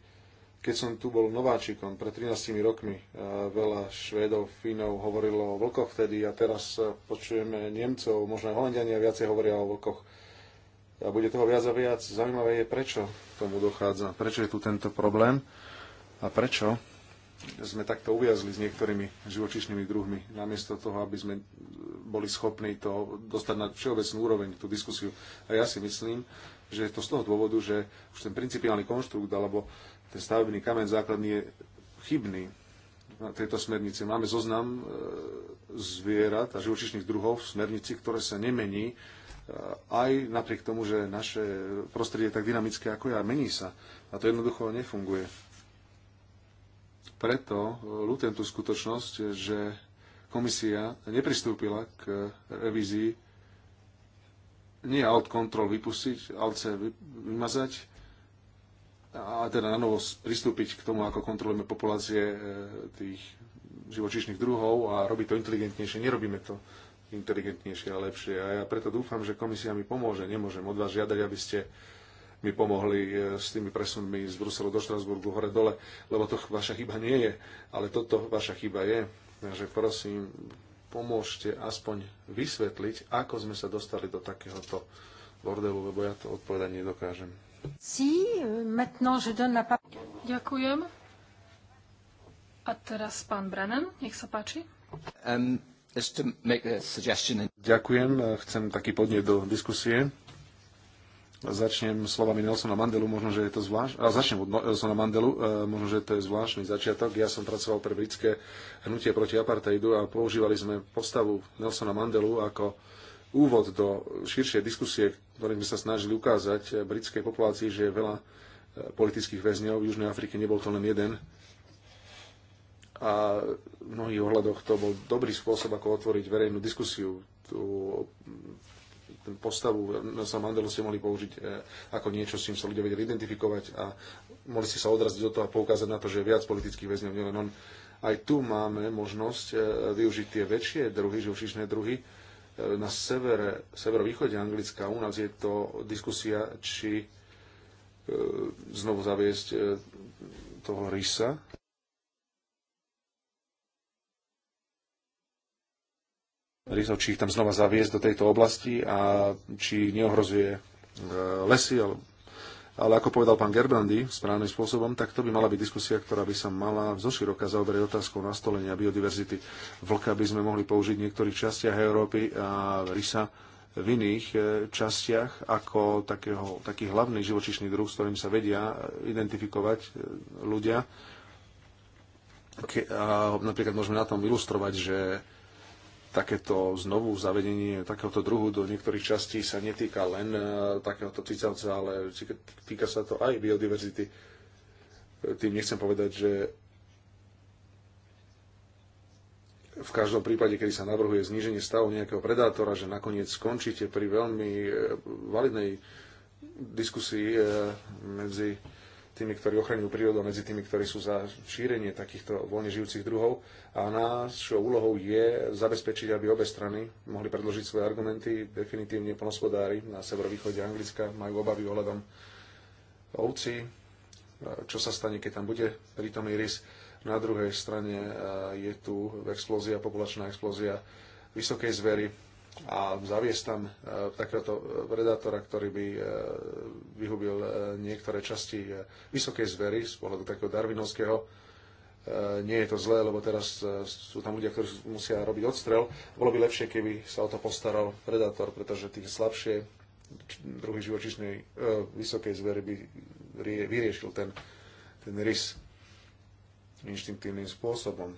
A: Keď som tu bol nováčikom pred 13 rokmi, e, veľa Švédov, Fínov hovorilo o vlkoch vtedy a teraz e, počujeme Nemcov, možno aj Holandiania viacej hovoria o vlkoch. A bude toho viac a viac. Zaujímavé je, prečo tomu dochádza, prečo je tu tento problém a prečo sme takto uviazli s niektorými živočíšnymi druhmi, namiesto toho, aby sme boli schopní to dostať na všeobecnú úroveň, tú diskusiu. A ja si myslím, že je to z toho dôvodu, že už ten principiálny konštrukt alebo ten stavebný kamen základný je chybný na tejto smernice. Máme zoznam e, zvierat a živočíšnych druhov v smernici, ktoré sa nemení, e, aj napriek tomu, že naše prostredie je tak dynamické ako ja, mení sa. A to jednoducho nefunguje preto ľutujem eh, tú skutočnosť, že komisia nepristúpila k revízii nie alt control vypustiť, alt C vymazať a teda na novo pristúpiť k tomu, ako kontrolujeme populácie eh, tých živočíšnych druhov a robí to inteligentnejšie. Nerobíme to inteligentnejšie a lepšie. A ja preto dúfam, že komisia mi pomôže. Nemôžem od vás žiadať, aby ste mi pomohli e, s tými presunmi z Bruselu do Štrasburgu hore-dole, lebo to vaša chyba nie je, ale toto vaša chyba je. Takže prosím, pomôžte aspoň vysvetliť, ako sme sa dostali do takéhoto bordelu, lebo ja to odpovedať nedokážem.
B: Si, e, maintenant je donne la Ďakujem. A teraz pán Brennan, nech sa páči. Um, Ďakujem,
A: chcem taký podnieť do diskusie. Začnem slovami Nelsona Mandelu, možno, že je to zvlášť, a začnem od no- Nelsona Mandelu, e, možno, že to je zvláštny začiatok. Ja som pracoval pre britské hnutie proti apartheidu a používali sme postavu Nelsona Mandelu ako úvod do širšej diskusie, ktorým sme sa snažili ukázať britskej populácii, že je veľa e, politických väzňov. V Južnej Afrike nebol to len jeden. A v mnohých ohľadoch to bol dobrý spôsob, ako otvoriť verejnú diskusiu tu postavu Nelsona Mandelu ste mohli použiť e, ako niečo, s čím sa ľudia vedeli identifikovať a mohli ste sa odraziť do toho a poukázať na to, že je viac politických väzňov, nielen on. Aj tu máme možnosť e, využiť tie väčšie druhy, živočíšne druhy. E, na severe, severovýchode Anglická u nás je to diskusia, či znovu zaviesť toho rysa, rizov, či ich tam znova zaviesť do tejto oblasti a či neohrozuje e, lesy. Ale, ale ako povedal pán Gerbrandy správnym spôsobom, tak to by mala byť diskusia, ktorá by sa mala zoširoka zaoberať otázkou nastolenia biodiverzity vlka, by sme mohli použiť v niektorých častiach Európy a rysa v iných e, častiach ako takého, taký hlavný živočišný druh, s ktorým sa vedia identifikovať e, ľudia. a napríklad môžeme na tom ilustrovať, že takéto znovu zavedenie takéhoto druhu do niektorých častí sa netýka len e, takéhoto cicavca, ale týka sa to aj biodiverzity. E, tým nechcem povedať, že v každom prípade, kedy sa navrhuje zníženie stavu nejakého predátora, že nakoniec skončíte pri veľmi e, validnej diskusii medzi tými, ktorí ochraňujú prírodu a medzi tými, ktorí sú za šírenie takýchto voľne žijúcich druhov. A našou úlohou je zabezpečiť, aby obe strany mohli predložiť svoje argumenty. Definitívne ponospodári na severovýchode Anglicka majú obavy ohľadom ovci, čo sa stane, keď tam bude prítomný rys. Na druhej strane eh, je tu explózia, populačná explózia vysokej zvery, a zaviesť tam e, takéhoto e, predátora, ktorý by e, vyhubil niektoré časti vysokej zvery z pohľadu takého darvinovského. Nie je to zlé, lebo teraz sú tam ľudia, ktorí musia robiť odstrel. Bolo by lepšie, keby sa o to postaral predátor, pretože tých slabšie druhy živočišnej vysokej zvery by vyriešil ten, ten rys inštinktívnym spôsobom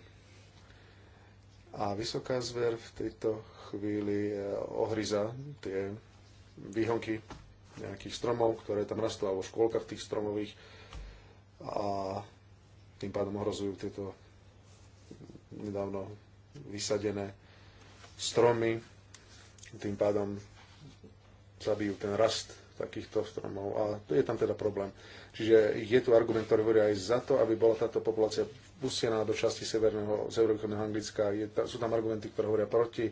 A: a vysoká zver v tejto chvíli e, ohryza tie výhonky nejakých stromov, ktoré tam rastú, alebo v tých stromových a tým pádom ohrozujú tieto nedávno vysadené stromy, tým pádom zabijú ten rast takýchto stromov a je tam teda problém. Čiže je tu argument, ktorý hovorí aj za to, aby bola táto populácia pustená do časti severného, severovýchodného Anglicka. Je, ta, sú tam argumenty, ktoré hovoria proti,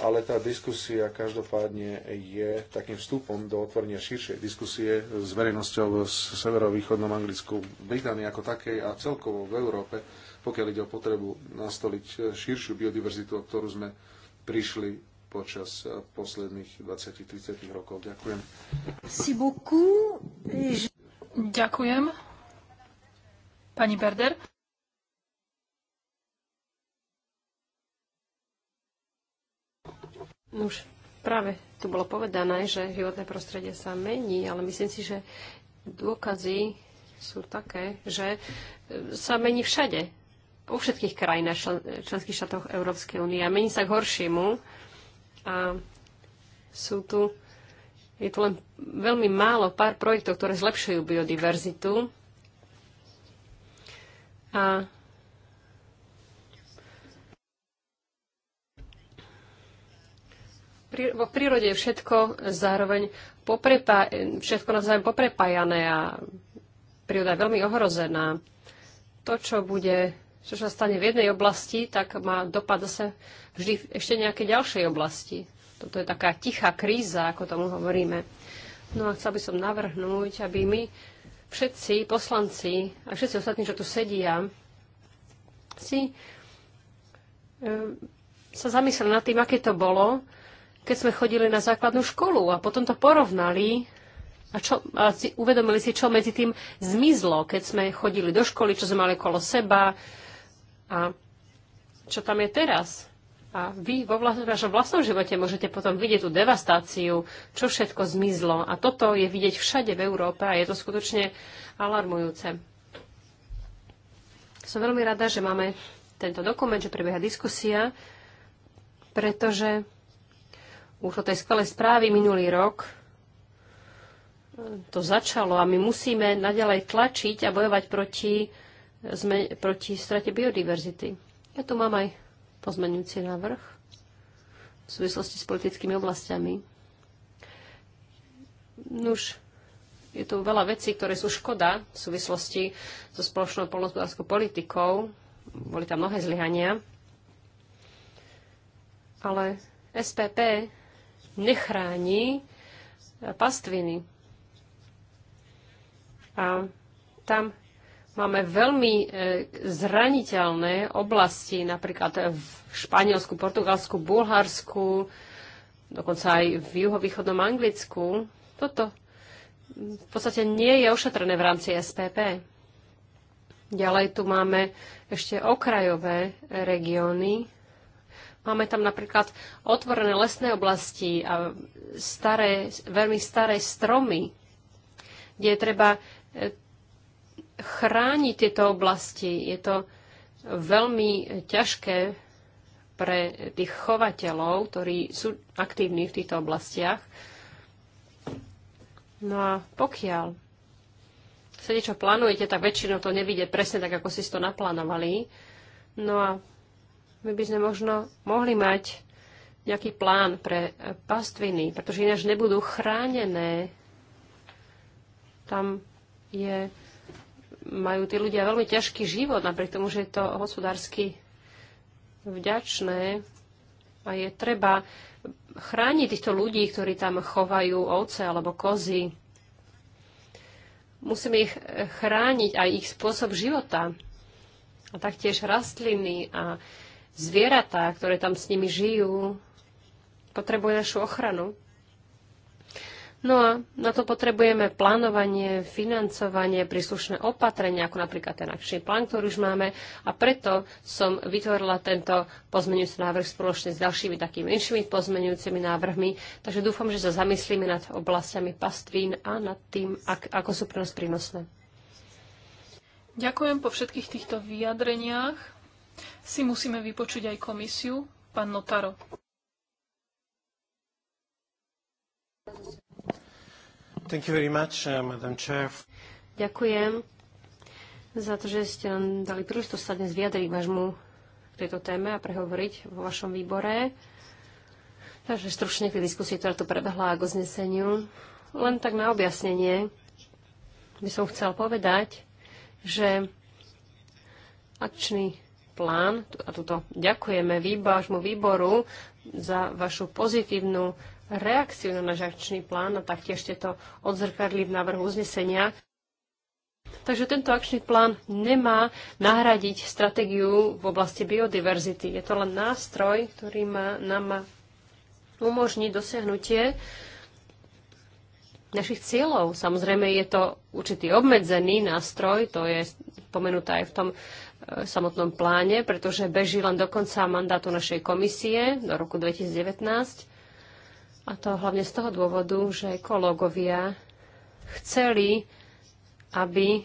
A: ale tá diskusia každopádne je takým vstupom do otvorenia širšej diskusie s verejnosťou v severovýchodnom Anglicku, Británii ako takej a celkovo v Európe, pokiaľ ide o potrebu nastoliť širšiu biodiverzitu, o ktorú sme prišli počas posledných 20-30 rokov. Ďakujem.
B: Ďakujem. Pani Berder?
C: No už práve tu bolo povedané, že životné prostredie sa mení, ale myslím si, že dôkazy sú také, že e, sa mení všade. Vo všetkých krajinách, člen, členských štátoch Európskej únie. A mení sa k horšiemu. A sú tu, je tu len veľmi málo pár projektov, ktoré zlepšujú biodiverzitu a vo prírode je všetko zároveň poprepa, všetko navzájom poprepájané a príroda je veľmi ohrozená. To, čo bude, čo sa stane v jednej oblasti, tak má dopad zase vždy v ešte nejakej ďalšej oblasti. Toto je taká tichá kríza, ako tomu hovoríme. No a chcel by som navrhnúť, aby my všetci poslanci a všetci ostatní, čo tu sedia, si e, sa zamysleli nad tým, aké to bolo, keď sme chodili na základnú školu a potom to porovnali a, čo, a si, uvedomili si, čo medzi tým zmizlo, keď sme chodili do školy, čo sme mali kolo seba a čo tam je teraz. A vy vo vašom vlastnom živote môžete potom vidieť tú devastáciu, čo všetko zmizlo. A toto je vidieť všade v Európe a je to skutočne alarmujúce. Som veľmi rada, že máme tento dokument, že prebieha diskusia, pretože už o tej skvelej správy minulý rok to začalo a my musíme naďalej tlačiť a bojovať proti, proti strate biodiverzity. Ja tu mám aj pozmenujúci návrh v súvislosti s politickými oblastiami. Nuž, je tu veľa vecí, ktoré sú škoda v súvislosti so spoločnou polnospodárskou politikou. Boli tam mnohé zlyhania. Ale SPP nechráni pastviny. A tam Máme veľmi e, zraniteľné oblasti, napríklad v Španielsku, Portugalsku, Bulharsku, dokonca aj v juhovýchodnom Anglicku. Toto v podstate nie je ošetrené v rámci SPP. Ďalej tu máme ešte okrajové regióny. Máme tam napríklad otvorené lesné oblasti a staré, veľmi staré stromy, kde je treba e, chrániť tieto oblasti. Je to veľmi ťažké pre tých chovateľov, ktorí sú aktívni v týchto oblastiach. No a pokiaľ sa niečo plánujete, tak väčšinou to nevidie presne tak, ako si to naplánovali. No a my by sme možno mohli mať nejaký plán pre pastviny, pretože ináč nebudú chránené. Tam je majú tí ľudia veľmi ťažký život, napriek tomu, že je to hospodársky vďačné a je treba chrániť týchto ľudí, ktorí tam chovajú ovce alebo kozy. Musíme ich chrániť aj ich spôsob života a taktiež rastliny a zvieratá, ktoré tam s nimi žijú, potrebujú našu ochranu. No a na to potrebujeme plánovanie, financovanie, príslušné opatrenia, ako napríklad ten akčný plán, ktorý už máme. A preto som vytvorila tento pozmenujúci návrh spoločne s ďalšími takými inšími pozmenujúcimi návrhmi. Takže dúfam, že sa zamyslíme nad oblastiami pastvín a nad tým, ako sú pre nás prínosné.
B: Ďakujem po všetkých týchto vyjadreniach. Si musíme vypočuť aj komisiu. Pán Notaro.
C: Thank you very much, uh, Madam Chair. Ďakujem za to, že ste nám dali príležitosť sa dnes vyjadriť vášmu tejto téme a prehovoriť vo vašom výbore. Takže stručne k diskusii, ktorá tu prebehla k uzneseniu. Len tak na objasnenie by som chcel povedať, že akčný plán, a tuto ďakujeme vášmu výboru za vašu pozitívnu reakciu na náš akčný plán a taktiež ste to odzrkadli v návrhu uznesenia. Takže tento akčný plán nemá nahradiť stratégiu v oblasti biodiverzity. Je to len nástroj, ktorý má, nám umožní dosiahnutie našich cieľov. Samozrejme je to určitý obmedzený nástroj, to je pomenuté aj v tom e, samotnom pláne, pretože beží len do konca mandátu našej komisie do roku 2019. A to hlavne z toho dôvodu, že ekológovia chceli, aby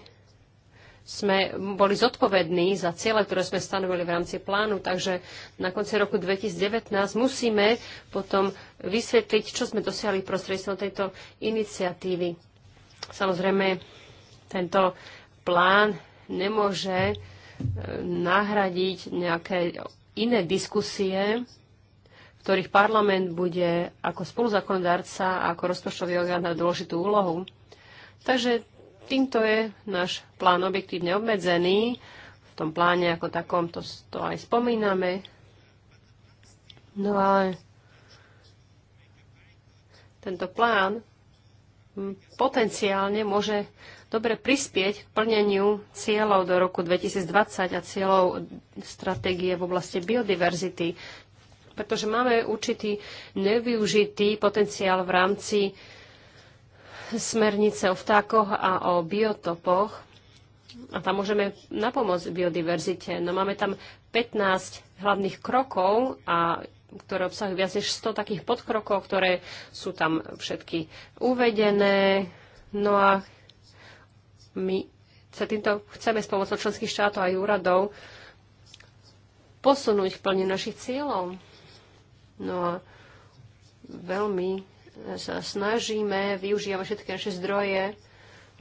C: sme boli zodpovední za cieľe, ktoré sme stanovili v rámci plánu, takže na konci roku 2019 musíme potom vysvetliť, čo sme dosiahli prostredstvom tejto iniciatívy. Samozrejme, tento plán nemôže eh, nahradiť nejaké iné diskusie ktorých parlament bude ako spoluzákonodárca a ako rozpočtový orgán na dôležitú úlohu. Takže týmto je náš plán objektívne obmedzený. V tom pláne ako takom to, to aj spomíname. No a tento plán potenciálne môže dobre prispieť k plneniu cieľov do roku 2020 a cieľov stratégie v oblasti biodiverzity pretože máme určitý nevyužitý potenciál v rámci smernice o vtákoch a o biotopoch. A tam môžeme napomôcť biodiverzite. No máme tam 15 hlavných krokov, a, ktoré obsahujú viac než 100 takých podkrokov, ktoré sú tam všetky uvedené. No a my sa týmto chceme s pomocou členských štátov aj úradov posunúť k plne našich cieľov. No a veľmi sa snažíme využívať všetky naše zdroje,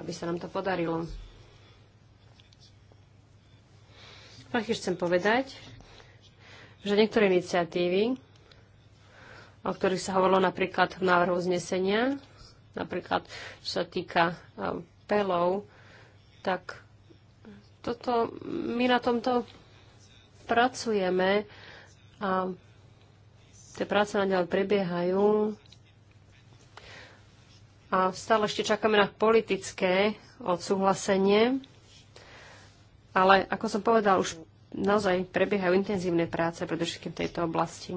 C: aby sa nám to podarilo. Taktiež chcem povedať, že niektoré iniciatívy, o ktorých sa hovorilo napríklad v návrhu znesenia, napríklad čo sa týka e, pelov, tak toto, my na tomto pracujeme a Tie práce naďalej prebiehajú a stále ešte čakáme na politické odsúhlasenie, ale ako som povedal, už naozaj prebiehajú intenzívne práce, predovšetkým v tejto oblasti.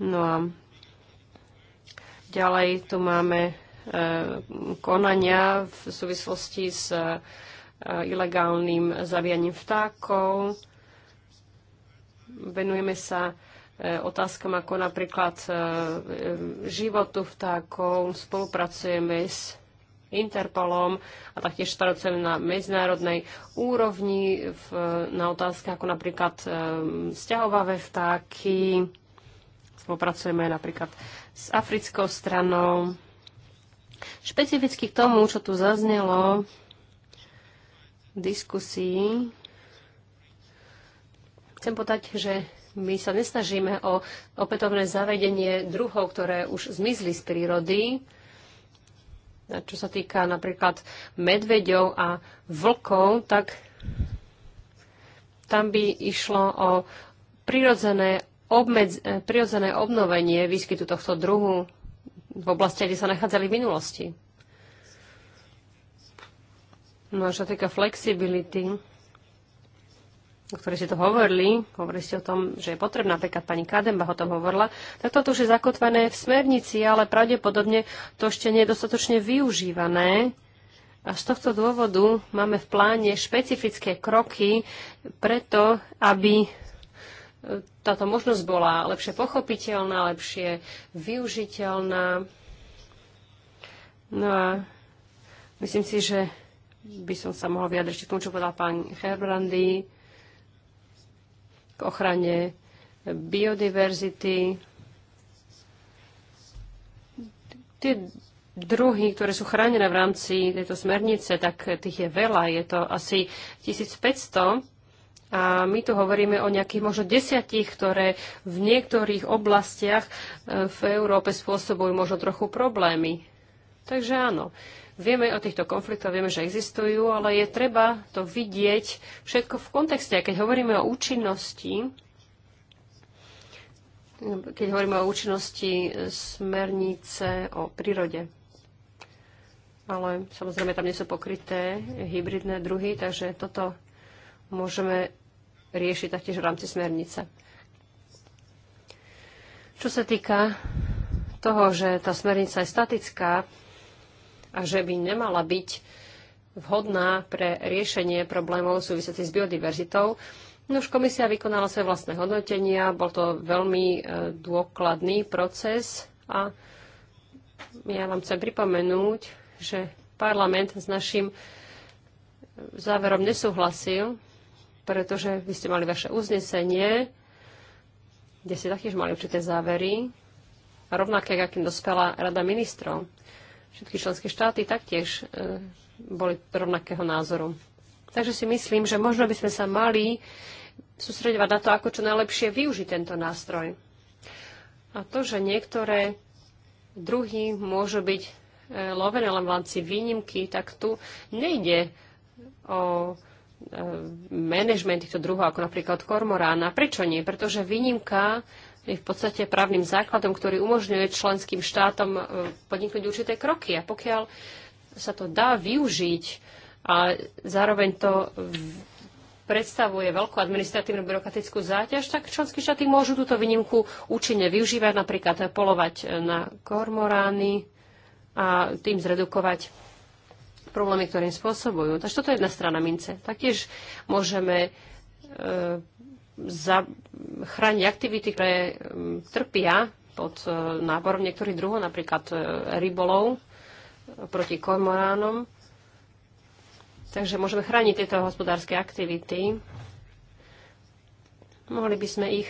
C: No a ďalej tu máme e, konania v súvislosti s e, ilegálnym zavianím vtákov. Venujeme sa E, otázkam ako napríklad e, e, životu vtákov. Spolupracujeme s Interpolom a taktiež starocujeme na medzinárodnej úrovni v, na otázky ako napríklad vzťahovavé vtáky. Spolupracujeme napríklad s africkou stranou. Špecificky k tomu, čo tu zaznelo v diskusii, chcem povedať, že my sa nesnažíme o opätovné zavedenie druhov, ktoré už zmizli z prírody. Čo sa týka napríklad medveďov a vlkov, tak tam by išlo o prirodzené, obmedz- eh, prirodzené obnovenie výskytu tohto druhu v oblasti, kde sa nachádzali v minulosti. No a čo týka flexibility, o ktorej ste to hovorili, hovorili ste o tom, že je potrebná, napríklad pani Kadenbach o tom hovorila, tak toto už je zakotvené v smernici, ale pravdepodobne to ešte nie je dostatočne využívané. A z tohto dôvodu máme v pláne špecifické kroky preto, aby e, táto možnosť bola lepšie pochopiteľná, lepšie využiteľná. No a myslím si, že by som sa mohla vyjadriť k tomu, čo povedal pán Herbrandy k ochrane biodiverzity. Tie druhy, ktoré sú chránené v rámci tejto smernice, tak tých je veľa. Je to asi 1500 a my tu hovoríme o nejakých možno desiatich, ktoré v niektorých oblastiach e, v Európe spôsobujú možno trochu problémy. Takže áno, Vieme o týchto konfliktoch, vieme, že existujú, ale je treba to vidieť všetko v kontexte. A keď hovoríme o účinnosti, keď hovoríme o účinnosti e, smernice o prírode, ale samozrejme tam nie sú pokryté hybridné druhy, takže toto môžeme riešiť taktiež v rámci smernice. Čo sa týka toho, že tá smernica je statická, a že by nemala byť vhodná pre riešenie problémov súvisiacich s biodiverzitou. Nož komisia vykonala svoje vlastné hodnotenia, bol to veľmi e, dôkladný proces a ja vám chcem pripomenúť, že parlament s našim e, záverom nesúhlasil, pretože vy ste mali vaše uznesenie, kde ste taktiež mali určité závery, rovnaké, akým dospela Rada ministrov. Všetky členské štáty taktiež e, boli rovnakého názoru. Takže si myslím, že možno by sme sa mali sústredovať na to, ako čo najlepšie využiť tento nástroj. A to, že niektoré druhy môžu byť e, lovené len v rámci výnimky, tak tu nejde o e, manažment týchto druhov, ako napríklad kormorána. Prečo nie? Pretože výnimka je v podstate právnym základom, ktorý umožňuje členským štátom e, podniknúť určité kroky. A pokiaľ sa to dá využiť a zároveň to predstavuje veľkú administratívnu byrokratickú záťaž, tak členské štáty môžu túto výnimku účinne využívať, napríklad polovať e, na kormorány a tým zredukovať problémy, im spôsobujú. Takže toto je jedna strana mince. Taktiež môžeme e, zachrániť aktivity, ktoré mm, trpia pod e, náborom niektorých druhov, napríklad e, rybolov e, proti kormoránom. Takže môžeme chrániť tieto hospodárske aktivity. Mohli by sme ich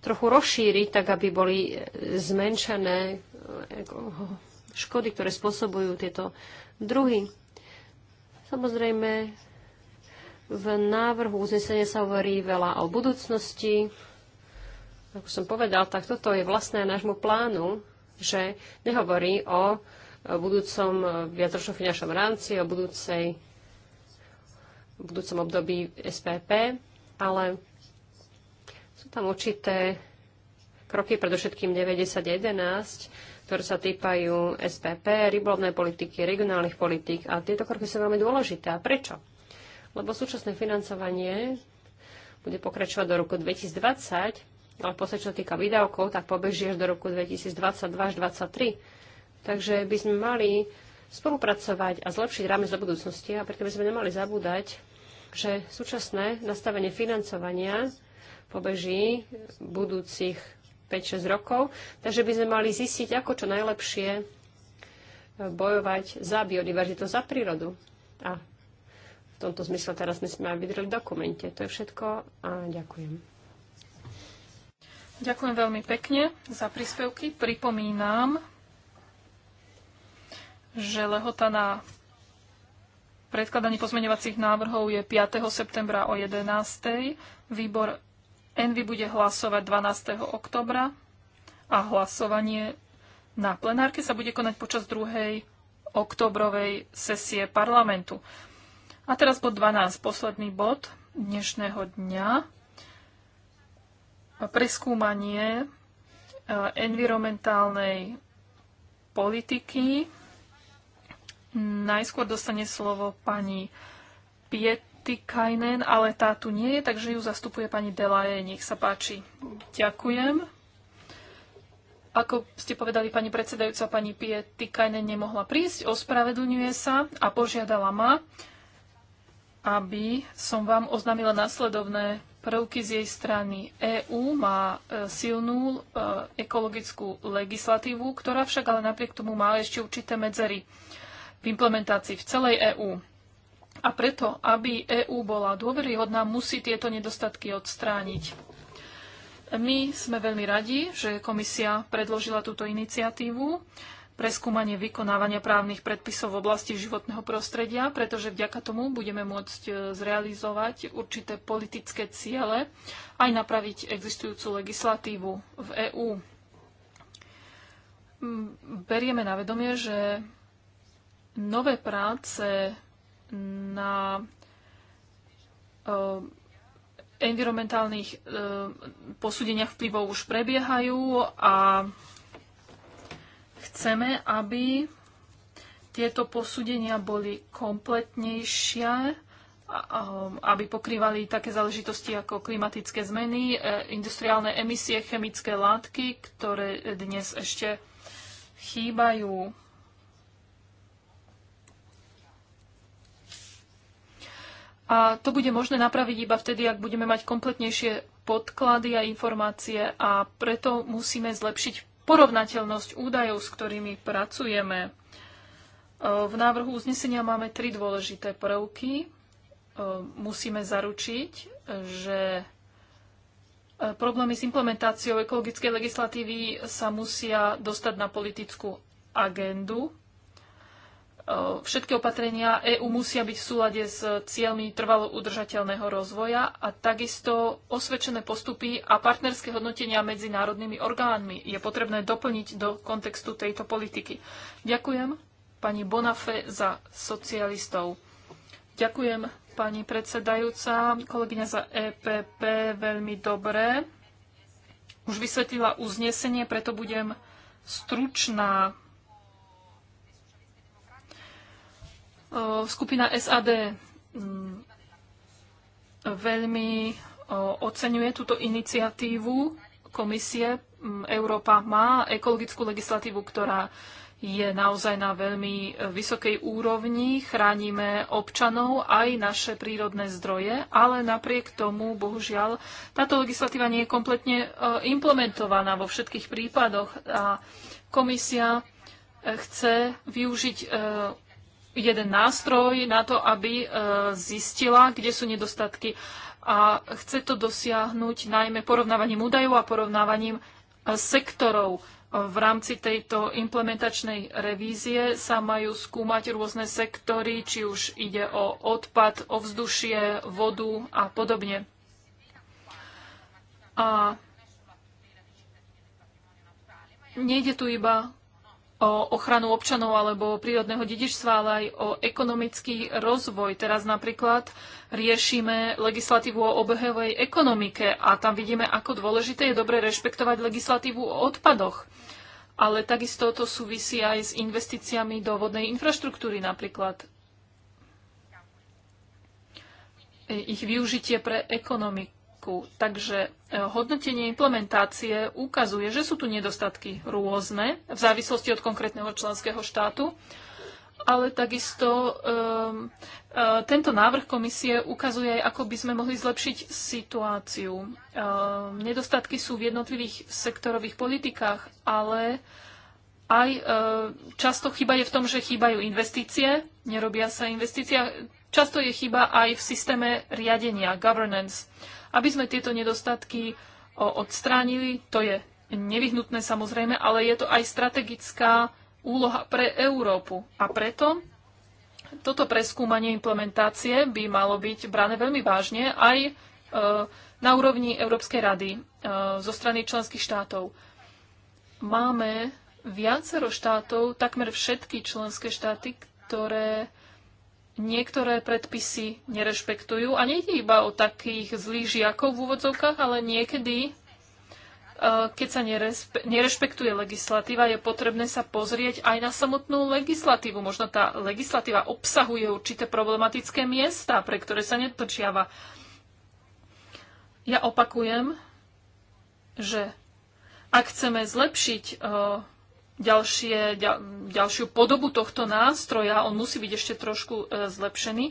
C: trochu rozšíriť, tak aby boli zmenšené škody, ktoré spôsobujú tieto druhy. Samozrejme, v návrhu uznesenia sa hovorí veľa o budúcnosti. Ako som povedal, tak toto je vlastné nášmu plánu, že nehovorí o budúcom e, viacročnom finančnom rámci, o budúcej, budúcom období SPP, ale sú tam určité kroky, predovšetkým 9011, ktoré sa týkajú SPP, rybolovnej politiky, regionálnych politik a tieto kroky sú veľmi dôležité. A prečo? lebo súčasné financovanie bude pokračovať do roku 2020, ale podstate, čo týka výdavkov, tak pobeží až do roku 2022 až 2023. Takže by sme mali spolupracovať a zlepšiť rámec do budúcnosti a preto by sme nemali zabúdať, že súčasné nastavenie financovania pobeží budúcich 5-6 rokov, takže by sme mali zistiť, ako čo najlepšie bojovať za biodiverzitu, za prírodu. A v tomto zmysle teraz sme aj vydreli v dokumente. To je všetko a ďakujem.
B: Ďakujem veľmi pekne za príspevky. Pripomínam, že lehota na predkladanie pozmeňovacích návrhov je 5. septembra o 11. Výbor Envy bude hlasovať 12. oktobra a hlasovanie na plenárke sa bude konať počas druhej oktobrovej sesie parlamentu. A teraz bod 12, posledný bod dnešného dňa. Preskúmanie e, environmentálnej politiky. Najskôr dostane slovo pani Pietikainen, ale tá tu nie je, takže ju zastupuje pani Delaje. Nech sa páči. Ďakujem. Ako ste povedali, pani predsedajúca, pani Pietikainen nemohla prísť, ospravedlňuje sa a požiadala ma, aby som vám oznámila nasledovné prvky z jej strany. EÚ má e, silnú e, ekologickú legislatívu, ktorá však ale napriek tomu má ešte určité medzery v implementácii v celej EÚ. A preto, aby EÚ bola dôveryhodná, musí tieto nedostatky odstrániť. My sme veľmi radi, že komisia predložila túto iniciatívu preskúmanie vykonávania právnych predpisov v oblasti životného prostredia, pretože vďaka tomu budeme môcť e, zrealizovať určité politické ciele aj napraviť existujúcu legislatívu v EÚ. Mm, berieme na vedomie, že nové práce na e, environmentálnych e, posúdeniach vplyvov už prebiehajú a Chceme, aby tieto posúdenia boli kompletnejšie, aby pokrývali také záležitosti ako klimatické zmeny, e, industriálne emisie, chemické látky, ktoré dnes ešte chýbajú. A to bude možné napraviť iba vtedy, ak budeme mať kompletnejšie podklady a informácie a preto musíme zlepšiť porovnateľnosť údajov, s ktorými pracujeme. E, v návrhu uznesenia máme tri dôležité prvky. E, musíme zaručiť, že e, problémy s implementáciou ekologickej legislatívy sa musia dostať na politickú agendu Všetky opatrenia EÚ musia byť v súlade s cieľmi trvalo udržateľného rozvoja a takisto osvedčené postupy a partnerské hodnotenia medzi národnými orgánmi je potrebné doplniť do kontextu tejto politiky. Ďakujem pani Bonafé za socialistov. Ďakujem pani predsedajúca, kolegyňa za EPP veľmi dobre. Už vysvetlila uznesenie, preto budem stručná. Skupina SAD mm, veľmi oceňuje túto iniciatívu komisie. Mm, Európa má ekologickú legislatívu, ktorá je naozaj na veľmi vysokej úrovni, chránime občanov aj naše prírodné zdroje, ale napriek tomu, bohužiaľ, táto legislatíva nie je kompletne e, implementovaná vo všetkých prípadoch a komisia e, chce využiť e, jeden nástroj na to, aby e, zistila, kde sú nedostatky. A chce to dosiahnuť najmä porovnávaním údajov a porovnávaním e, sektorov. V rámci tejto implementačnej revízie sa majú skúmať rôzne sektory, či už ide o odpad, ovzdušie, vodu a podobne. A nejde tu iba o ochranu občanov alebo prírodného dedičstva, ale aj o ekonomický rozvoj. Teraz napríklad riešime legislatívu o obehovej ekonomike a tam vidíme, ako dôležité je dobre rešpektovať legislatívu o odpadoch. Ale takisto to súvisí aj s investíciami do vodnej infraštruktúry napríklad. Ich využitie pre ekonomiku roku. Takže e, hodnotenie implementácie ukazuje, že sú tu nedostatky rôzne v závislosti od konkrétneho členského štátu, ale takisto um, uh, tento návrh komisie ukazuje aj, ako by sme mohli zlepšiť situáciu. Um, nedostatky sú v jednotlivých sektorových politikách, ale aj um, často chyba je v tom, že chýbajú investície, nerobia sa investícia, často je chyba aj v systéme riadenia, governance aby sme tieto nedostatky odstránili. To je nevyhnutné samozrejme, ale je to aj strategická úloha pre Európu. A preto toto preskúmanie implementácie by malo byť brané veľmi vážne aj e, na úrovni Európskej rady e, zo strany členských štátov. Máme viacero štátov, takmer všetky členské štáty, ktoré niektoré predpisy nerešpektujú. A nejde iba o takých zlých žiakov v úvodzovkách, ale niekedy, e, keď sa nerešpektuje legislatíva, je potrebné sa pozrieť aj na samotnú legislatívu. Možno tá legislatíva obsahuje určité problematické miesta, pre ktoré sa netočiava. Ja opakujem, že ak chceme zlepšiť e, ďalšie, ďal, ďalšiu podobu tohto nástroja, on musí byť ešte trošku e, zlepšený.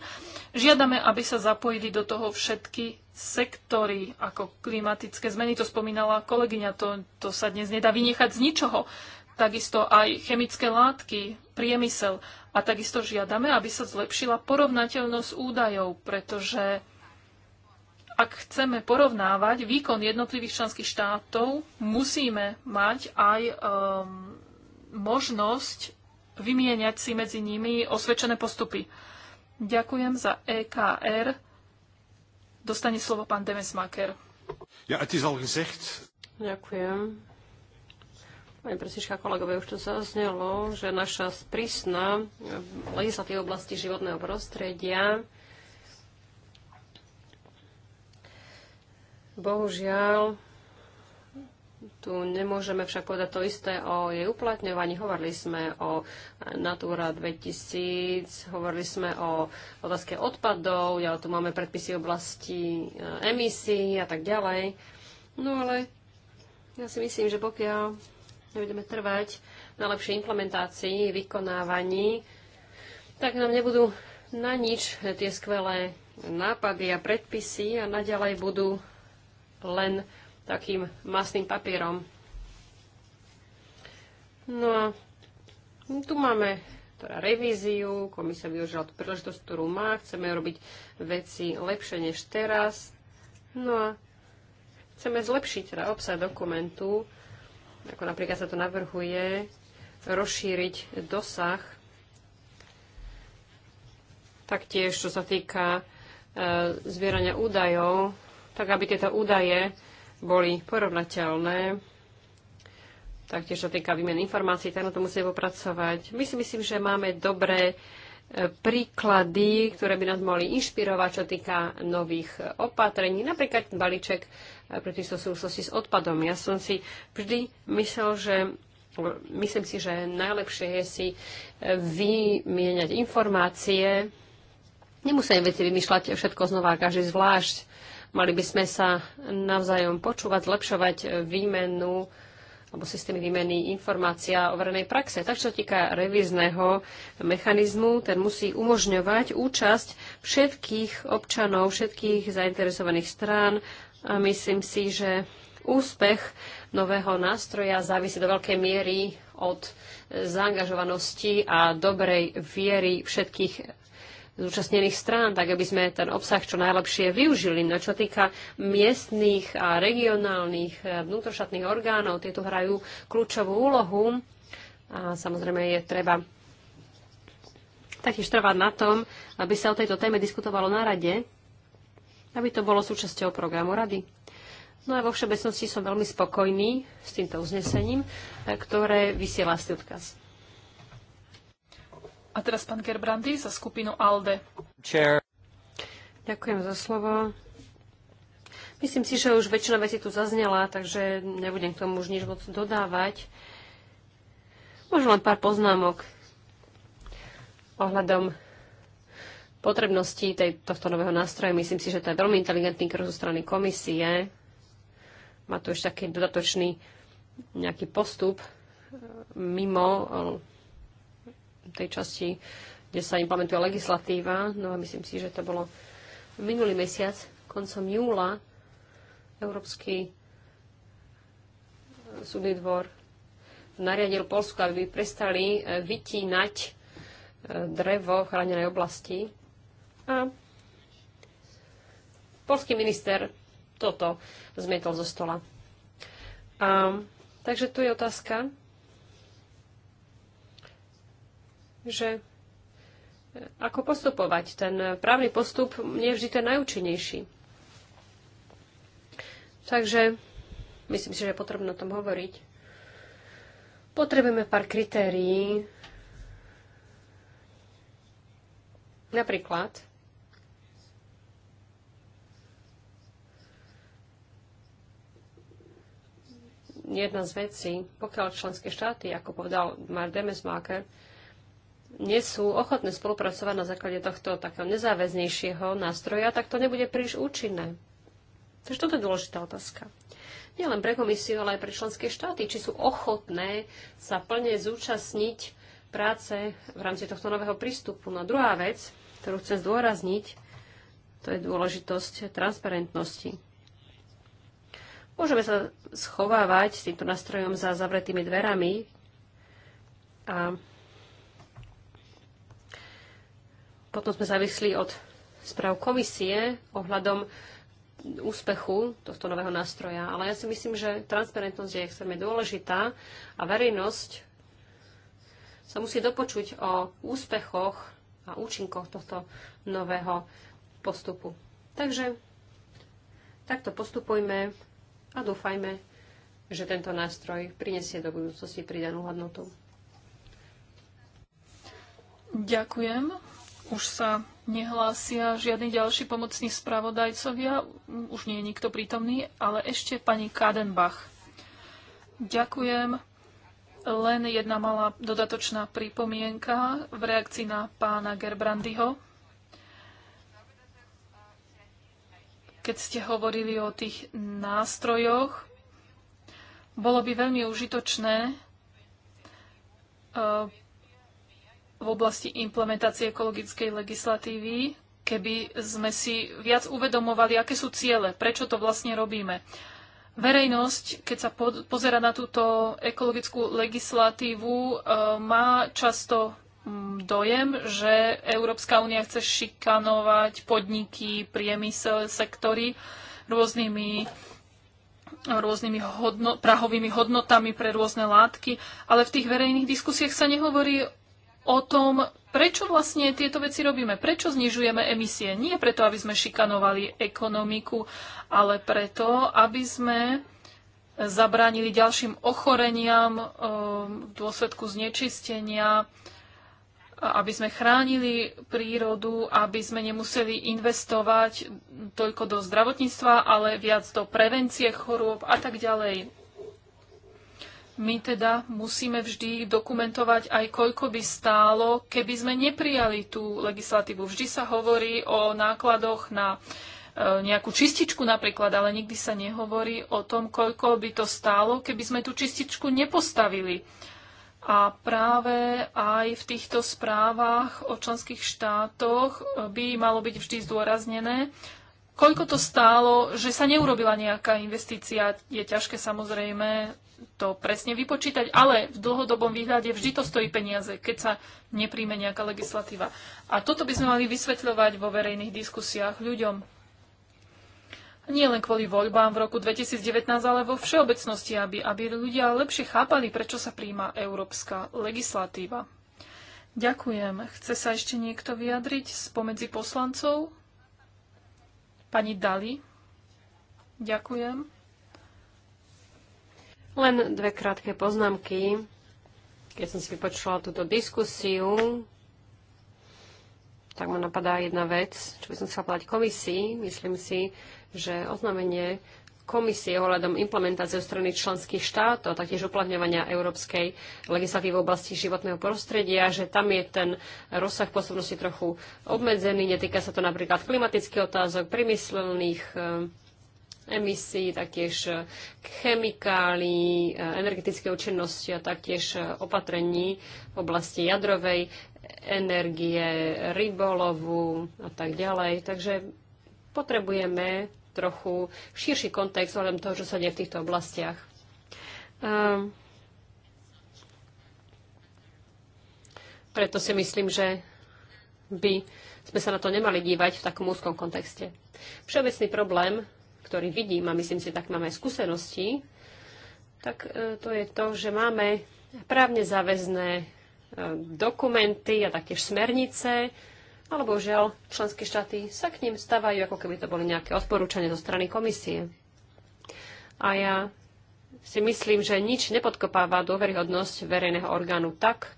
B: Žiadame, aby sa zapojili do toho všetky sektory, ako klimatické zmeny, to spomínala kolegyňa, to, to sa dnes nedá vynechať z ničoho. Takisto aj chemické látky, priemysel. A takisto žiadame, aby sa zlepšila porovnateľnosť údajov, pretože ak chceme porovnávať výkon jednotlivých členských štátov, musíme mať aj um, možnosť vymieňať si medzi nimi osvedčené postupy. Ďakujem za EKR. Dostane slovo pán Demesmaker.
A: Ja, a ty al gezegd.
C: Ďakujem. Pani presnička, kolegovia, už to zaznelo, že naša sprísna legislatíva oblasti životného prostredia bohužiaľ tu nemôžeme však povedať to isté o jej uplatňovaní. Hovorili sme o Natura 2000, hovorili sme o otázke odpadov, ja tu máme predpisy oblasti e, emisí a tak ďalej. No ale ja si myslím, že pokiaľ nebudeme trvať na lepšej implementácii, vykonávaní, tak nám nebudú na nič tie skvelé nápady a predpisy a naďalej budú len takým masným papierom. No a tu máme teda revíziu, komisia využila tú príležitosť, ktorú má, chceme robiť veci lepšie než teraz. No a chceme zlepšiť teda obsah dokumentu, ako napríklad sa to navrhuje, rozšíriť dosah. Taktiež, čo sa týka e, údajov, tak aby tieto údaje boli porovnateľné. Taktiež sa týka výmen informácií, tak na to musíme popracovať. My si myslím, že máme dobré e, príklady, ktoré by nás mohli inšpirovať, čo týka nových e, opatrení. Napríklad balíček e, pre týchto súvislosti s odpadom. Ja som si vždy myslel, že myslím si, že najlepšie je si vymieňať informácie. Nemusíme veci vymýšľať všetko znova, každý zvlášť. Mali by sme sa navzájom počúvať, zlepšovať výmenu alebo systémy výmeny informácia o verejnej praxe. Tak, čo týka revízneho mechanizmu, ten musí umožňovať účasť všetkých občanov, všetkých zainteresovaných strán a myslím si, že úspech nového nástroja závisí do veľkej miery od zaangažovanosti a dobrej viery všetkých zúčastnených strán, tak aby sme ten obsah čo najlepšie využili. No čo týka miestných a regionálnych eh, vnútrošatných orgánov, tie tu hrajú kľúčovú úlohu a samozrejme je treba taktiež trvať na tom, aby sa o tejto téme diskutovalo na rade, aby to bolo súčasťou programu rady. No a vo všeobecnosti som veľmi spokojný s týmto uznesením, eh, ktoré vysiela si odkaz. A teraz pán Gerbrandy za skupinu ALDE. Chair. Ďakujem za slovo. Myslím si, že už väčšina vecí tu zaznela, takže nebudem k tomu už nič moc dodávať. Možno len pár poznámok ohľadom potrebnosti tej, tohto nového nástroja. Myslím si, že to je veľmi inteligentný krok zo strany komisie. Má tu ešte taký dodatočný nejaký postup mimo tej časti, kde sa implementuje legislatíva. No a myslím si, že to bolo minulý mesiac, koncom júla, Európsky e, súdny dvor nariadil Polsku, aby prestali e, vytínať e, drevo v chránenej oblasti. A polský minister toto zmietol zo stola. A, takže tu je otázka, že e, ako postupovať. Ten právny postup nie je vždy ten najúčinnejší. Takže myslím si, že je potrebné o tom hovoriť. Potrebujeme pár kritérií. Napríklad, jedna z vecí, pokiaľ členské štáty, ako povedal Mark Demesmaker, nie sú ochotné spolupracovať na základe tohto takého nezáväznejšieho nástroja, tak to nebude príliš účinné. Takže toto je dôležitá otázka. Nie len pre komisiu, ale aj pre členské štáty, či sú ochotné sa plne zúčastniť práce v rámci tohto nového prístupu. No druhá vec, ktorú chcem zdôrazniť, to je dôležitosť transparentnosti. Môžeme sa schovávať s týmto nástrojom za zavretými dverami a Potom sme závisli od správ komisie ohľadom úspechu tohto nového nástroja. Ale ja si myslím, že transparentnosť je extrémne dôležitá a verejnosť sa musí dopočuť o úspechoch a účinkoch tohto nového postupu. Takže takto postupujme a dúfajme, že tento nástroj prinesie do budúcnosti pridanú hodnotu. Ďakujem.
B: Už sa nehlásia žiadni ďalší pomocní spravodajcovia, už nie je nikto prítomný, ale ešte pani Kadenbach. Ďakujem. Len jedna malá dodatočná pripomienka v reakcii na pána Gerbrandyho. Keď ste hovorili o tých nástrojoch, bolo by veľmi užitočné e, v oblasti implementácie ekologickej legislatívy, keby sme si viac uvedomovali, aké sú ciele, prečo to vlastne robíme. Verejnosť, keď sa pozera na túto ekologickú legislatívu, e, má často mm, dojem, že Európska únia chce šikanovať podniky, priemysel, sektory rôznymi rôznymi hodno, prahovými hodnotami pre rôzne látky, ale v tých verejných diskusiách sa nehovorí o tom, prečo vlastne tieto veci robíme, prečo znižujeme emisie. Nie preto, aby sme šikanovali ekonomiku, ale preto, aby sme zabránili ďalším ochoreniam eh, v dôsledku znečistenia, aby sme chránili prírodu, aby sme nemuseli investovať toľko do zdravotníctva, ale viac do prevencie chorôb a tak ďalej. My teda musíme vždy dokumentovať aj koľko by stálo, keby sme neprijali tú legislatívu. Vždy sa hovorí o nákladoch na e, nejakú čističku napríklad, ale nikdy sa nehovorí o tom, koľko by to stálo, keby sme tú čističku nepostavili. A práve aj v týchto správach o členských štátoch e, by malo byť vždy zdôraznené, koľko to stálo, že sa neurobila nejaká investícia. Je ťažké samozrejme to presne vypočítať, ale v dlhodobom výhľade vždy to stojí peniaze, keď sa nepríjme nejaká legislatíva. A toto by sme mali vysvetľovať vo verejných diskusiách ľuďom. Nie len kvôli voľbám v roku 2019, ale vo všeobecnosti, aby, aby ľudia lepšie chápali, prečo sa príjma európska legislatíva. Ďakujem. Chce sa ešte niekto vyjadriť spomedzi poslancov? Pani Dali. Ďakujem.
C: Len dve krátke poznámky. Keď som si vypočula túto diskusiu, tak ma napadá jedna vec, čo by som chcela povedať komisii. Myslím si, že oznámenie komisie ohľadom implementácie strany členských štátov, taktiež uplatňovania európskej legislatívy v oblasti životného prostredia, že tam je ten rozsah pôsobnosti trochu obmedzený. Netýka sa to napríklad klimatických otázok, priemyselných eh, emisí, taktiež eh, chemikálí, eh, energetické účinnosti a taktiež opatrení v oblasti jadrovej energie, rybolovu a tak ďalej. Takže potrebujeme trochu širší kontext ohľadom toho, čo sa deje v týchto oblastiach. Um, preto si myslím, že by sme sa na to nemali dívať v takom úzkom kontexte. Všeobecný problém, ktorý vidím, a myslím si, tak máme aj skúsenosti, tak e, to je to, že máme právne záväzné e, dokumenty a taktiež smernice, alebo žiaľ, členské štáty sa k ním stávajú, ako keby to boli nejaké odporúčania zo strany komisie. A ja si myslím, že nič nepodkopáva dôveryhodnosť verejného orgánu tak,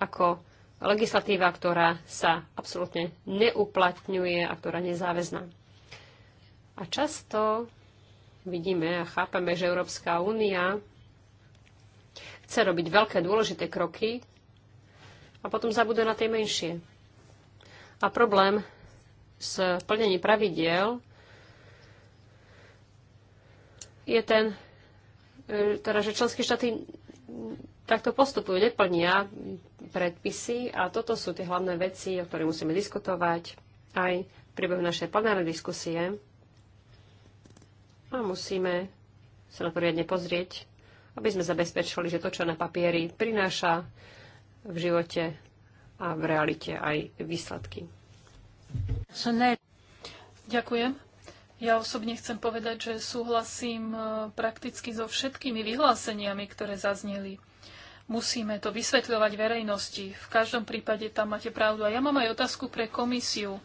C: ako legislatíva, ktorá sa absolútne neuplatňuje a ktorá nezáväzná. A často vidíme a chápeme, že Európska únia chce robiť veľké dôležité kroky a potom zabude na tie menšie. A problém s plnením pravidiel je ten, e, teda, že členské štáty takto postupujú, neplnia predpisy a toto sú tie hlavné veci, o ktorých musíme diskutovať aj v priebehu našej plenárnej diskusie. A musíme sa na to riadne pozrieť, aby sme zabezpečili, že to, čo na papieri prináša v živote, a v realite aj výsledky. Ďakujem. Ja osobne chcem povedať, že
B: súhlasím e, prakticky so všetkými vyhláseniami, ktoré zazneli. Musíme to vysvetľovať verejnosti. V každom prípade tam máte pravdu. A ja mám aj otázku pre komisiu.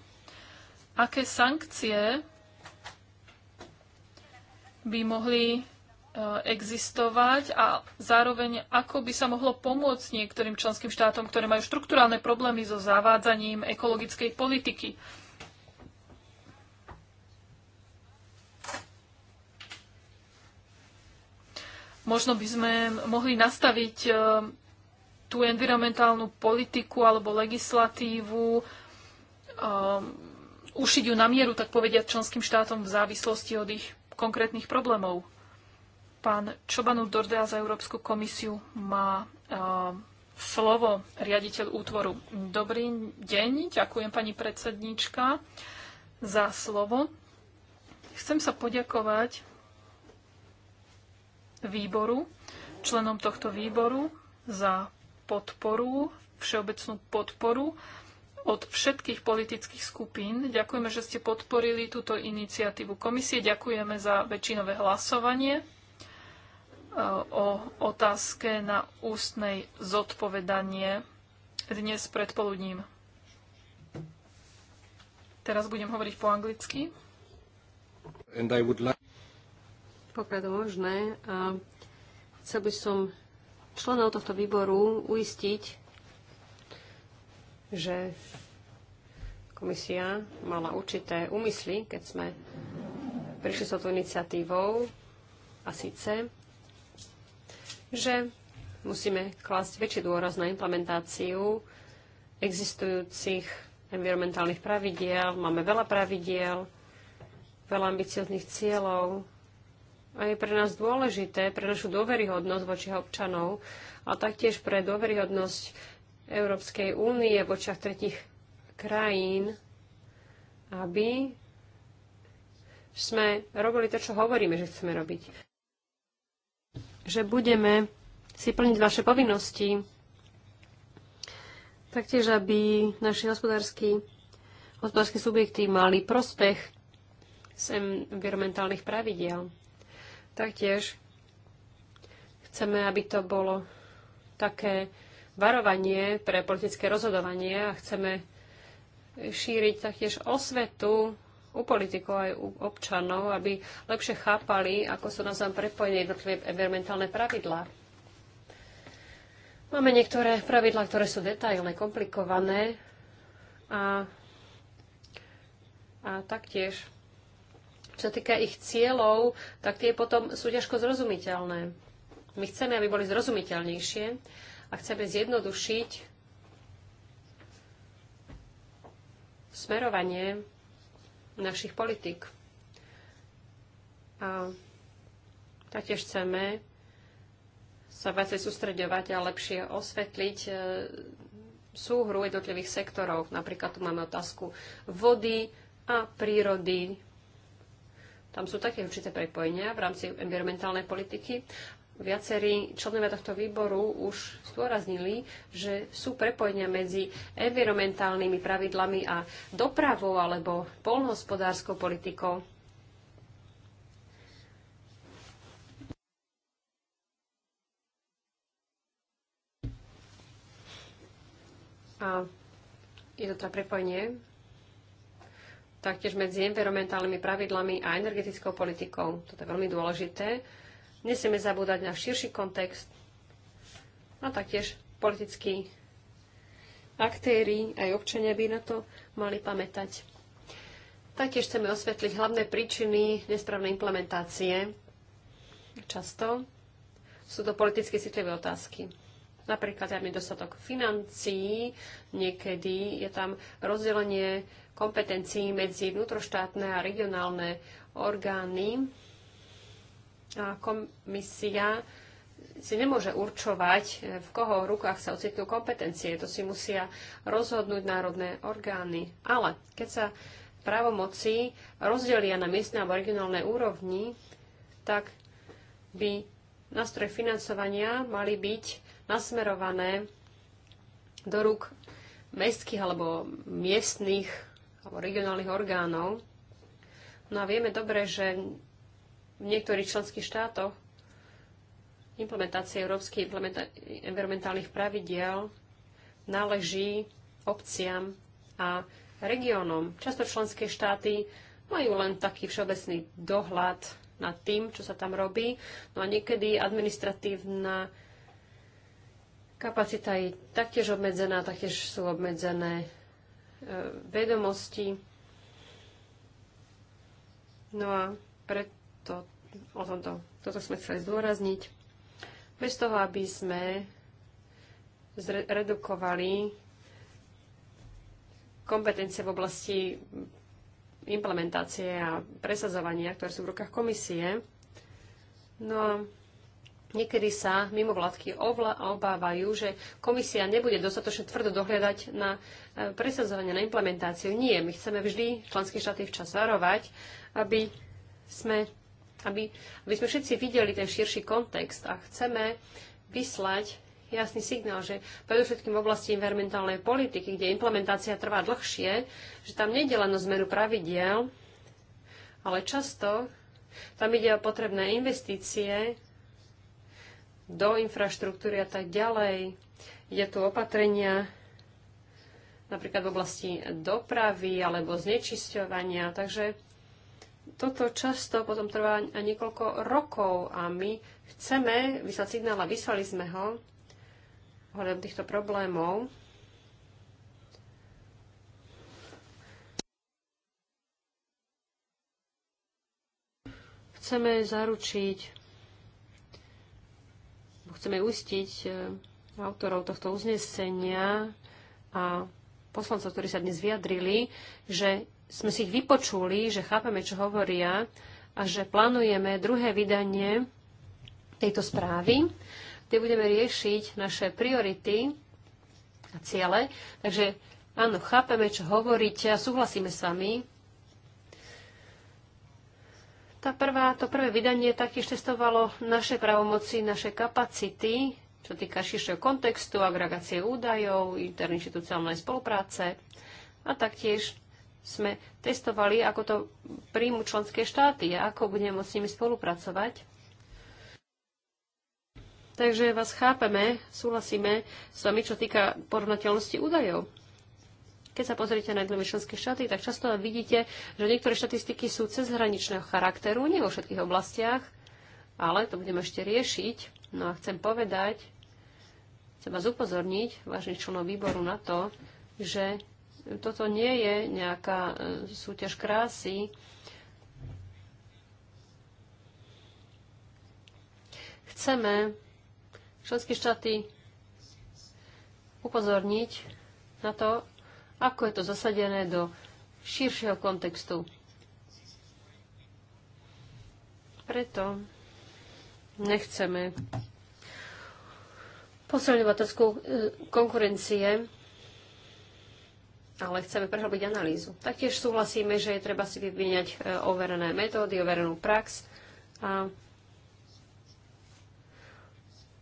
B: Aké sankcie by mohli Eh, existovať a zároveň ako by sa mohlo pomôcť niektorým členským štátom, ktoré majú štruktúrálne problémy so zavádzaním ekologickej politiky. Možno by sme mohli nastaviť eh, tú environmentálnu politiku alebo legislatívu, eh, ušiť ju na mieru, tak povediať, členským štátom v závislosti od ich konkrétnych problémov. Pán Čobanu Dordea za Európsku komisiu má uh, slovo riaditeľ útvoru. Dobrý deň, ďakujem pani predsednička za slovo. Chcem sa poďakovať výboru, členom tohto výboru za podporu, všeobecnú podporu od všetkých politických skupín. Ďakujeme, že ste podporili túto iniciatívu komisie. Ďakujeme za väčšinové hlasovanie o otázke na ústnej zodpovedanie dnes predpoludním.
C: Teraz budem hovoriť po anglicky. Like... Pokiaľ to možné, chcel by som členov tohto výboru uistiť, že komisia mala určité úmysly, keď sme prišli s touto iniciatívou a síce že musíme klásť väčší dôraz na implementáciu existujúcich environmentálnych pravidiel. Máme veľa pravidiel, veľa ambicioznych cieľov. A je pre nás dôležité, pre našu dôveryhodnosť voči občanov a taktiež pre dôveryhodnosť Európskej únie v očiach tretich krajín, aby sme robili to, čo hovoríme, že chceme robiť že budeme si plniť vaše povinnosti, taktiež, aby naši hospodársky, hospodársky subjekty mali prospech z environmentálnych pravidiel. Taktiež chceme, aby to bolo také varovanie pre politické rozhodovanie a chceme šíriť taktiež osvetu u politikov aj u občanov, aby lepšie chápali, ako sú navzájom prepojené jednotlivé environmentálne pravidlá. Máme niektoré pravidlá, ktoré sú detailné, komplikované a, a taktiež, čo sa týka ich cieľov, tak tie potom sú ťažko zrozumiteľné. My chceme, aby boli zrozumiteľnejšie a chceme zjednodušiť smerovanie našich politik. A taktiež chceme sa viacej sústreďovať a lepšie osvetliť e, súhru jednotlivých sektorov. Napríklad tu máme otázku vody a prírody. Tam sú také určité prepojenia v rámci environmentálnej politiky viacerí členovia tohto výboru už zdôraznili, že sú prepojenia medzi environmentálnymi pravidlami a dopravou alebo polnohospodárskou politikou. A je to teda prepojenie taktiež medzi environmentálnymi pravidlami a energetickou politikou. Toto je veľmi dôležité Nesieme zabúdať na širší kontext a taktiež politickí aktéry aj občania by na to mali pamätať. Taktiež chceme osvetliť hlavné príčiny nesprávnej implementácie. Často sú to politicky citlivé otázky. Napríklad aj nedostatok financií, niekedy je tam rozdelenie kompetencií medzi vnútroštátne a regionálne orgány a komisia si nemôže určovať, e, v koho rukách sa ocitnú kompetencie. To si musia rozhodnúť národné orgány. Ale keď sa právomoci rozdelia na miestne alebo regionálne úrovni, tak by nástroje financovania mali byť nasmerované do rúk mestských alebo miestných alebo regionálnych orgánov. No a vieme dobre, že v niektorých členských štátoch implementácia európskych environmentálnych pravidiel náleží obciam a regiónom. Často členské štáty majú len taký všeobecný dohľad nad tým, čo sa tam robí. No a niekedy administratívna kapacita je taktiež obmedzená, taktiež sú obmedzené e, vedomosti. No a pred to, o tomto. Toto sme chceli zdôrazniť. Bez toho, aby sme zredukovali kompetencie v oblasti implementácie a presadzovania, ktoré sú v rukách komisie. No a niekedy sa mimo vládky obávajú, že komisia nebude dostatočne tvrdo dohľadať na e, presadzovanie, na implementáciu. Nie, my chceme vždy členské štáty včas varovať, aby sme aby, aby sme všetci videli ten širší kontext a chceme vyslať jasný signál, že predovšetkým v oblasti environmentálnej politiky, kde implementácia trvá dlhšie, že tam nejde len o zmeru pravidiel, ale často tam ide o potrebné investície do infraštruktúry a tak ďalej. Ide tu opatrenia napríklad v oblasti dopravy alebo znečisťovania. Takže toto často potom trvá niekoľko rokov a my chceme vyslať signál a vyslali sme ho ohľadom týchto problémov. Chceme zaručiť, chceme uistiť eh, autorov tohto uznesenia a poslancov, ktorí sa dnes vyjadrili, že sme si ich vypočuli, že chápeme, čo hovoria a že plánujeme druhé vydanie tejto správy, kde budeme riešiť naše priority a ciele. Takže áno, chápeme, čo hovoríte a súhlasíme s vami. Tá prvá, to prvé vydanie taktiež testovalo naše pravomoci, naše kapacity, čo týka širšieho kontextu, agregácie údajov, interinstitucionálnej spolupráce a taktiež sme testovali, ako to príjmu členské štáty a ako budeme s nimi spolupracovať. Takže vás chápeme, súhlasíme s vami, čo týka porovnateľnosti údajov. Keď sa pozrite na jednotlivé členské štáty, tak často vidíte, že niektoré štatistiky sú cezhraničného charakteru, nie vo všetkých oblastiach, ale to budeme ešte riešiť. No a chcem povedať, chcem vás upozorniť, vážnych členov výboru, na to, že toto nie je nejaká e, súťaž krásy. Chceme členské štáty upozorniť na to, ako je to zasadené do širšieho kontextu. Preto nechceme posilňovať otázku e, konkurencie ale chceme prehlbiť analýzu. Taktiež súhlasíme, že je treba si vyvíjať e, overené metódy, overenú prax. A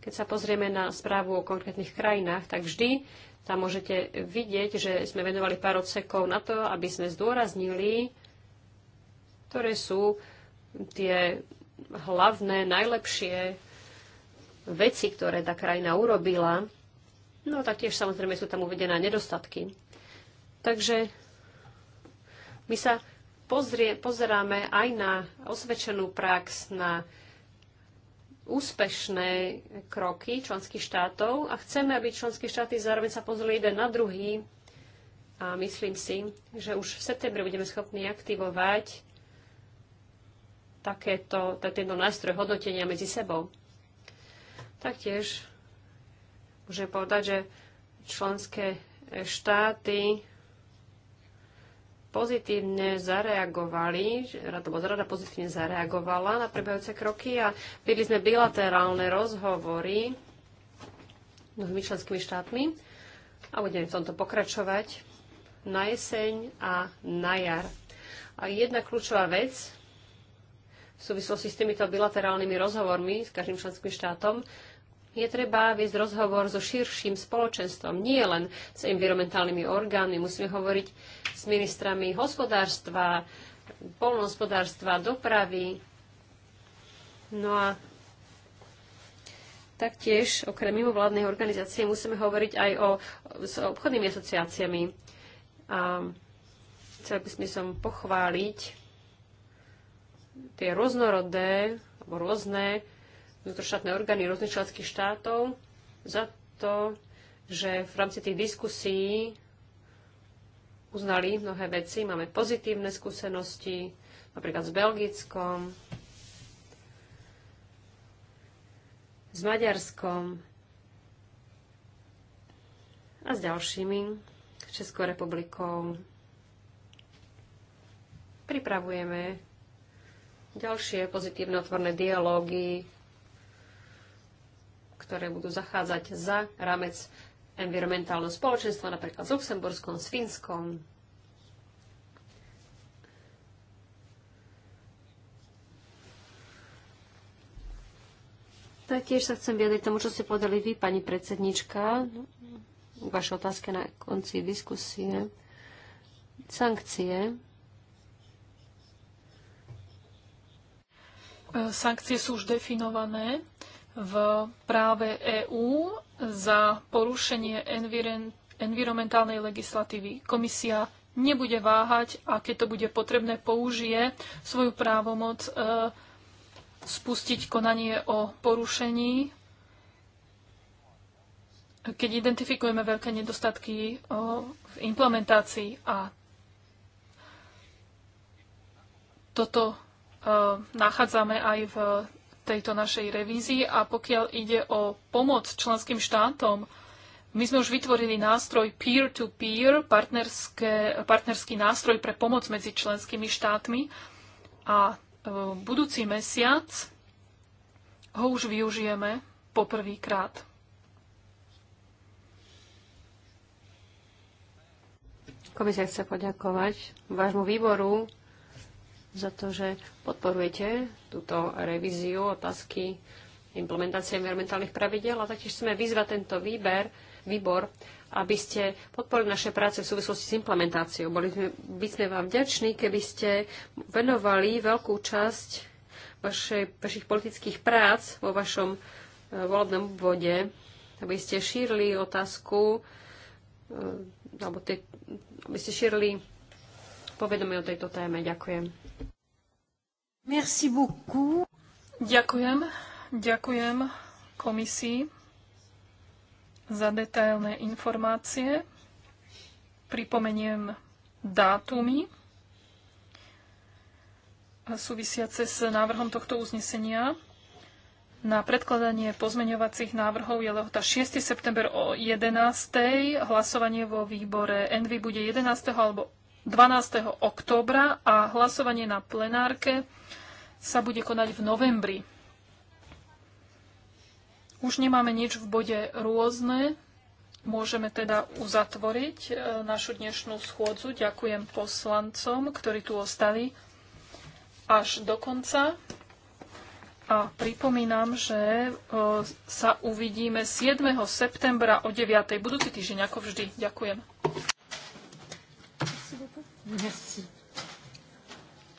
C: keď sa pozrieme na správu o konkrétnych krajinách, tak vždy tam môžete vidieť, že sme venovali pár odsekov na to, aby sme zdôraznili, ktoré sú tie hlavné, najlepšie veci, ktoré tá krajina urobila. No taktiež samozrejme sú tam uvedené nedostatky. Takže my sa pozrie, pozeráme aj na osvedčenú prax, na úspešné kroky členských štátov a chceme, aby členské štáty zároveň sa pozreli jeden na druhý a myslím si, že už v septembri budeme schopní aktivovať takéto, tento nástroj hodnotenia medzi sebou. Taktiež môžem povedať, že členské štáty pozitívne zareagovali, rada pozitívne zareagovala na prebiehajúce kroky a viedli sme bilaterálne rozhovory s členskými štátmi a budeme v tomto pokračovať na jeseň a na jar. A jedna kľúčová vec v súvislosti s týmito bilaterálnymi rozhovormi s každým členským štátom je treba viesť rozhovor so širším spoločenstvom, nie len s environmentálnymi orgánmi. Musíme hovoriť s ministrami hospodárstva, polnohospodárstva, dopravy. No a taktiež, okrem mimovládnej organizácie, musíme hovoriť aj o, s obchodnými asociáciami. A chcel by sme som pochváliť tie rôznorodé alebo rôzne vnútroštátne orgány rôznych členských štátov za to, že v rámci tých diskusí uznali mnohé veci. Máme pozitívne skúsenosti, napríklad s Belgickom, s Maďarskom a s ďalšími, Českou republikou. Pripravujeme ďalšie pozitívne otvorné dialógy ktoré budú zachádzať za ramec environmentálneho spoločenstva, napríklad s Luxemburskom, s Fínskom. Taktiež sa chcem vyjadriť tomu, čo ste povedali vy, pani predsednička, k vašej otázke na konci diskusie. Sankcie.
B: Sankcie sú už definované v práve EÚ za porušenie environmentálnej legislatívy. Komisia nebude váhať a keď to bude potrebné, použije svoju právomoc e, spustiť konanie o porušení, keď identifikujeme veľké nedostatky e, v implementácii a toto e, nachádzame aj v tejto našej revízii a pokiaľ ide o pomoc členským štátom, my sme už vytvorili nástroj peer-to-peer, -peer, partnerský nástroj pre pomoc medzi členskými štátmi a e, budúci mesiac ho už využijeme poprvýkrát.
C: Komisia chce poďakovať vášmu výboru za to, že podporujete túto revíziu otázky implementácie environmentálnych pravidel a taktiež chceme vyzvať tento výber, výbor, aby ste podporili naše práce v súvislosti s implementáciou. Boli sme, by sme vám vďační, keby ste venovali veľkú časť vašej, vašich politických prác vo vašom eh, volebnom obvode, aby ste šírili otázku, eh, alebo tie, aby ste šírili povedomie o tejto téme. Ďakujem. Merci beaucoup.
B: Ďakujem. Ďakujem komisii za detailné informácie. Pripomeniem dátumy súvisiace s návrhom tohto uznesenia. Na predkladanie pozmeňovacích návrhov je lehota 6. september o 11. Hlasovanie vo výbore Envy bude 11. alebo 12. októbra a hlasovanie na plenárke sa bude konať v novembri. Už nemáme nič v bode rôzne. Môžeme teda uzatvoriť e, našu dnešnú schôdzu. Ďakujem poslancom, ktorí tu ostali až do konca. A pripomínam, že e, sa uvidíme 7. septembra o 9. budúci týždeň, ako vždy. Ďakujem. Merci.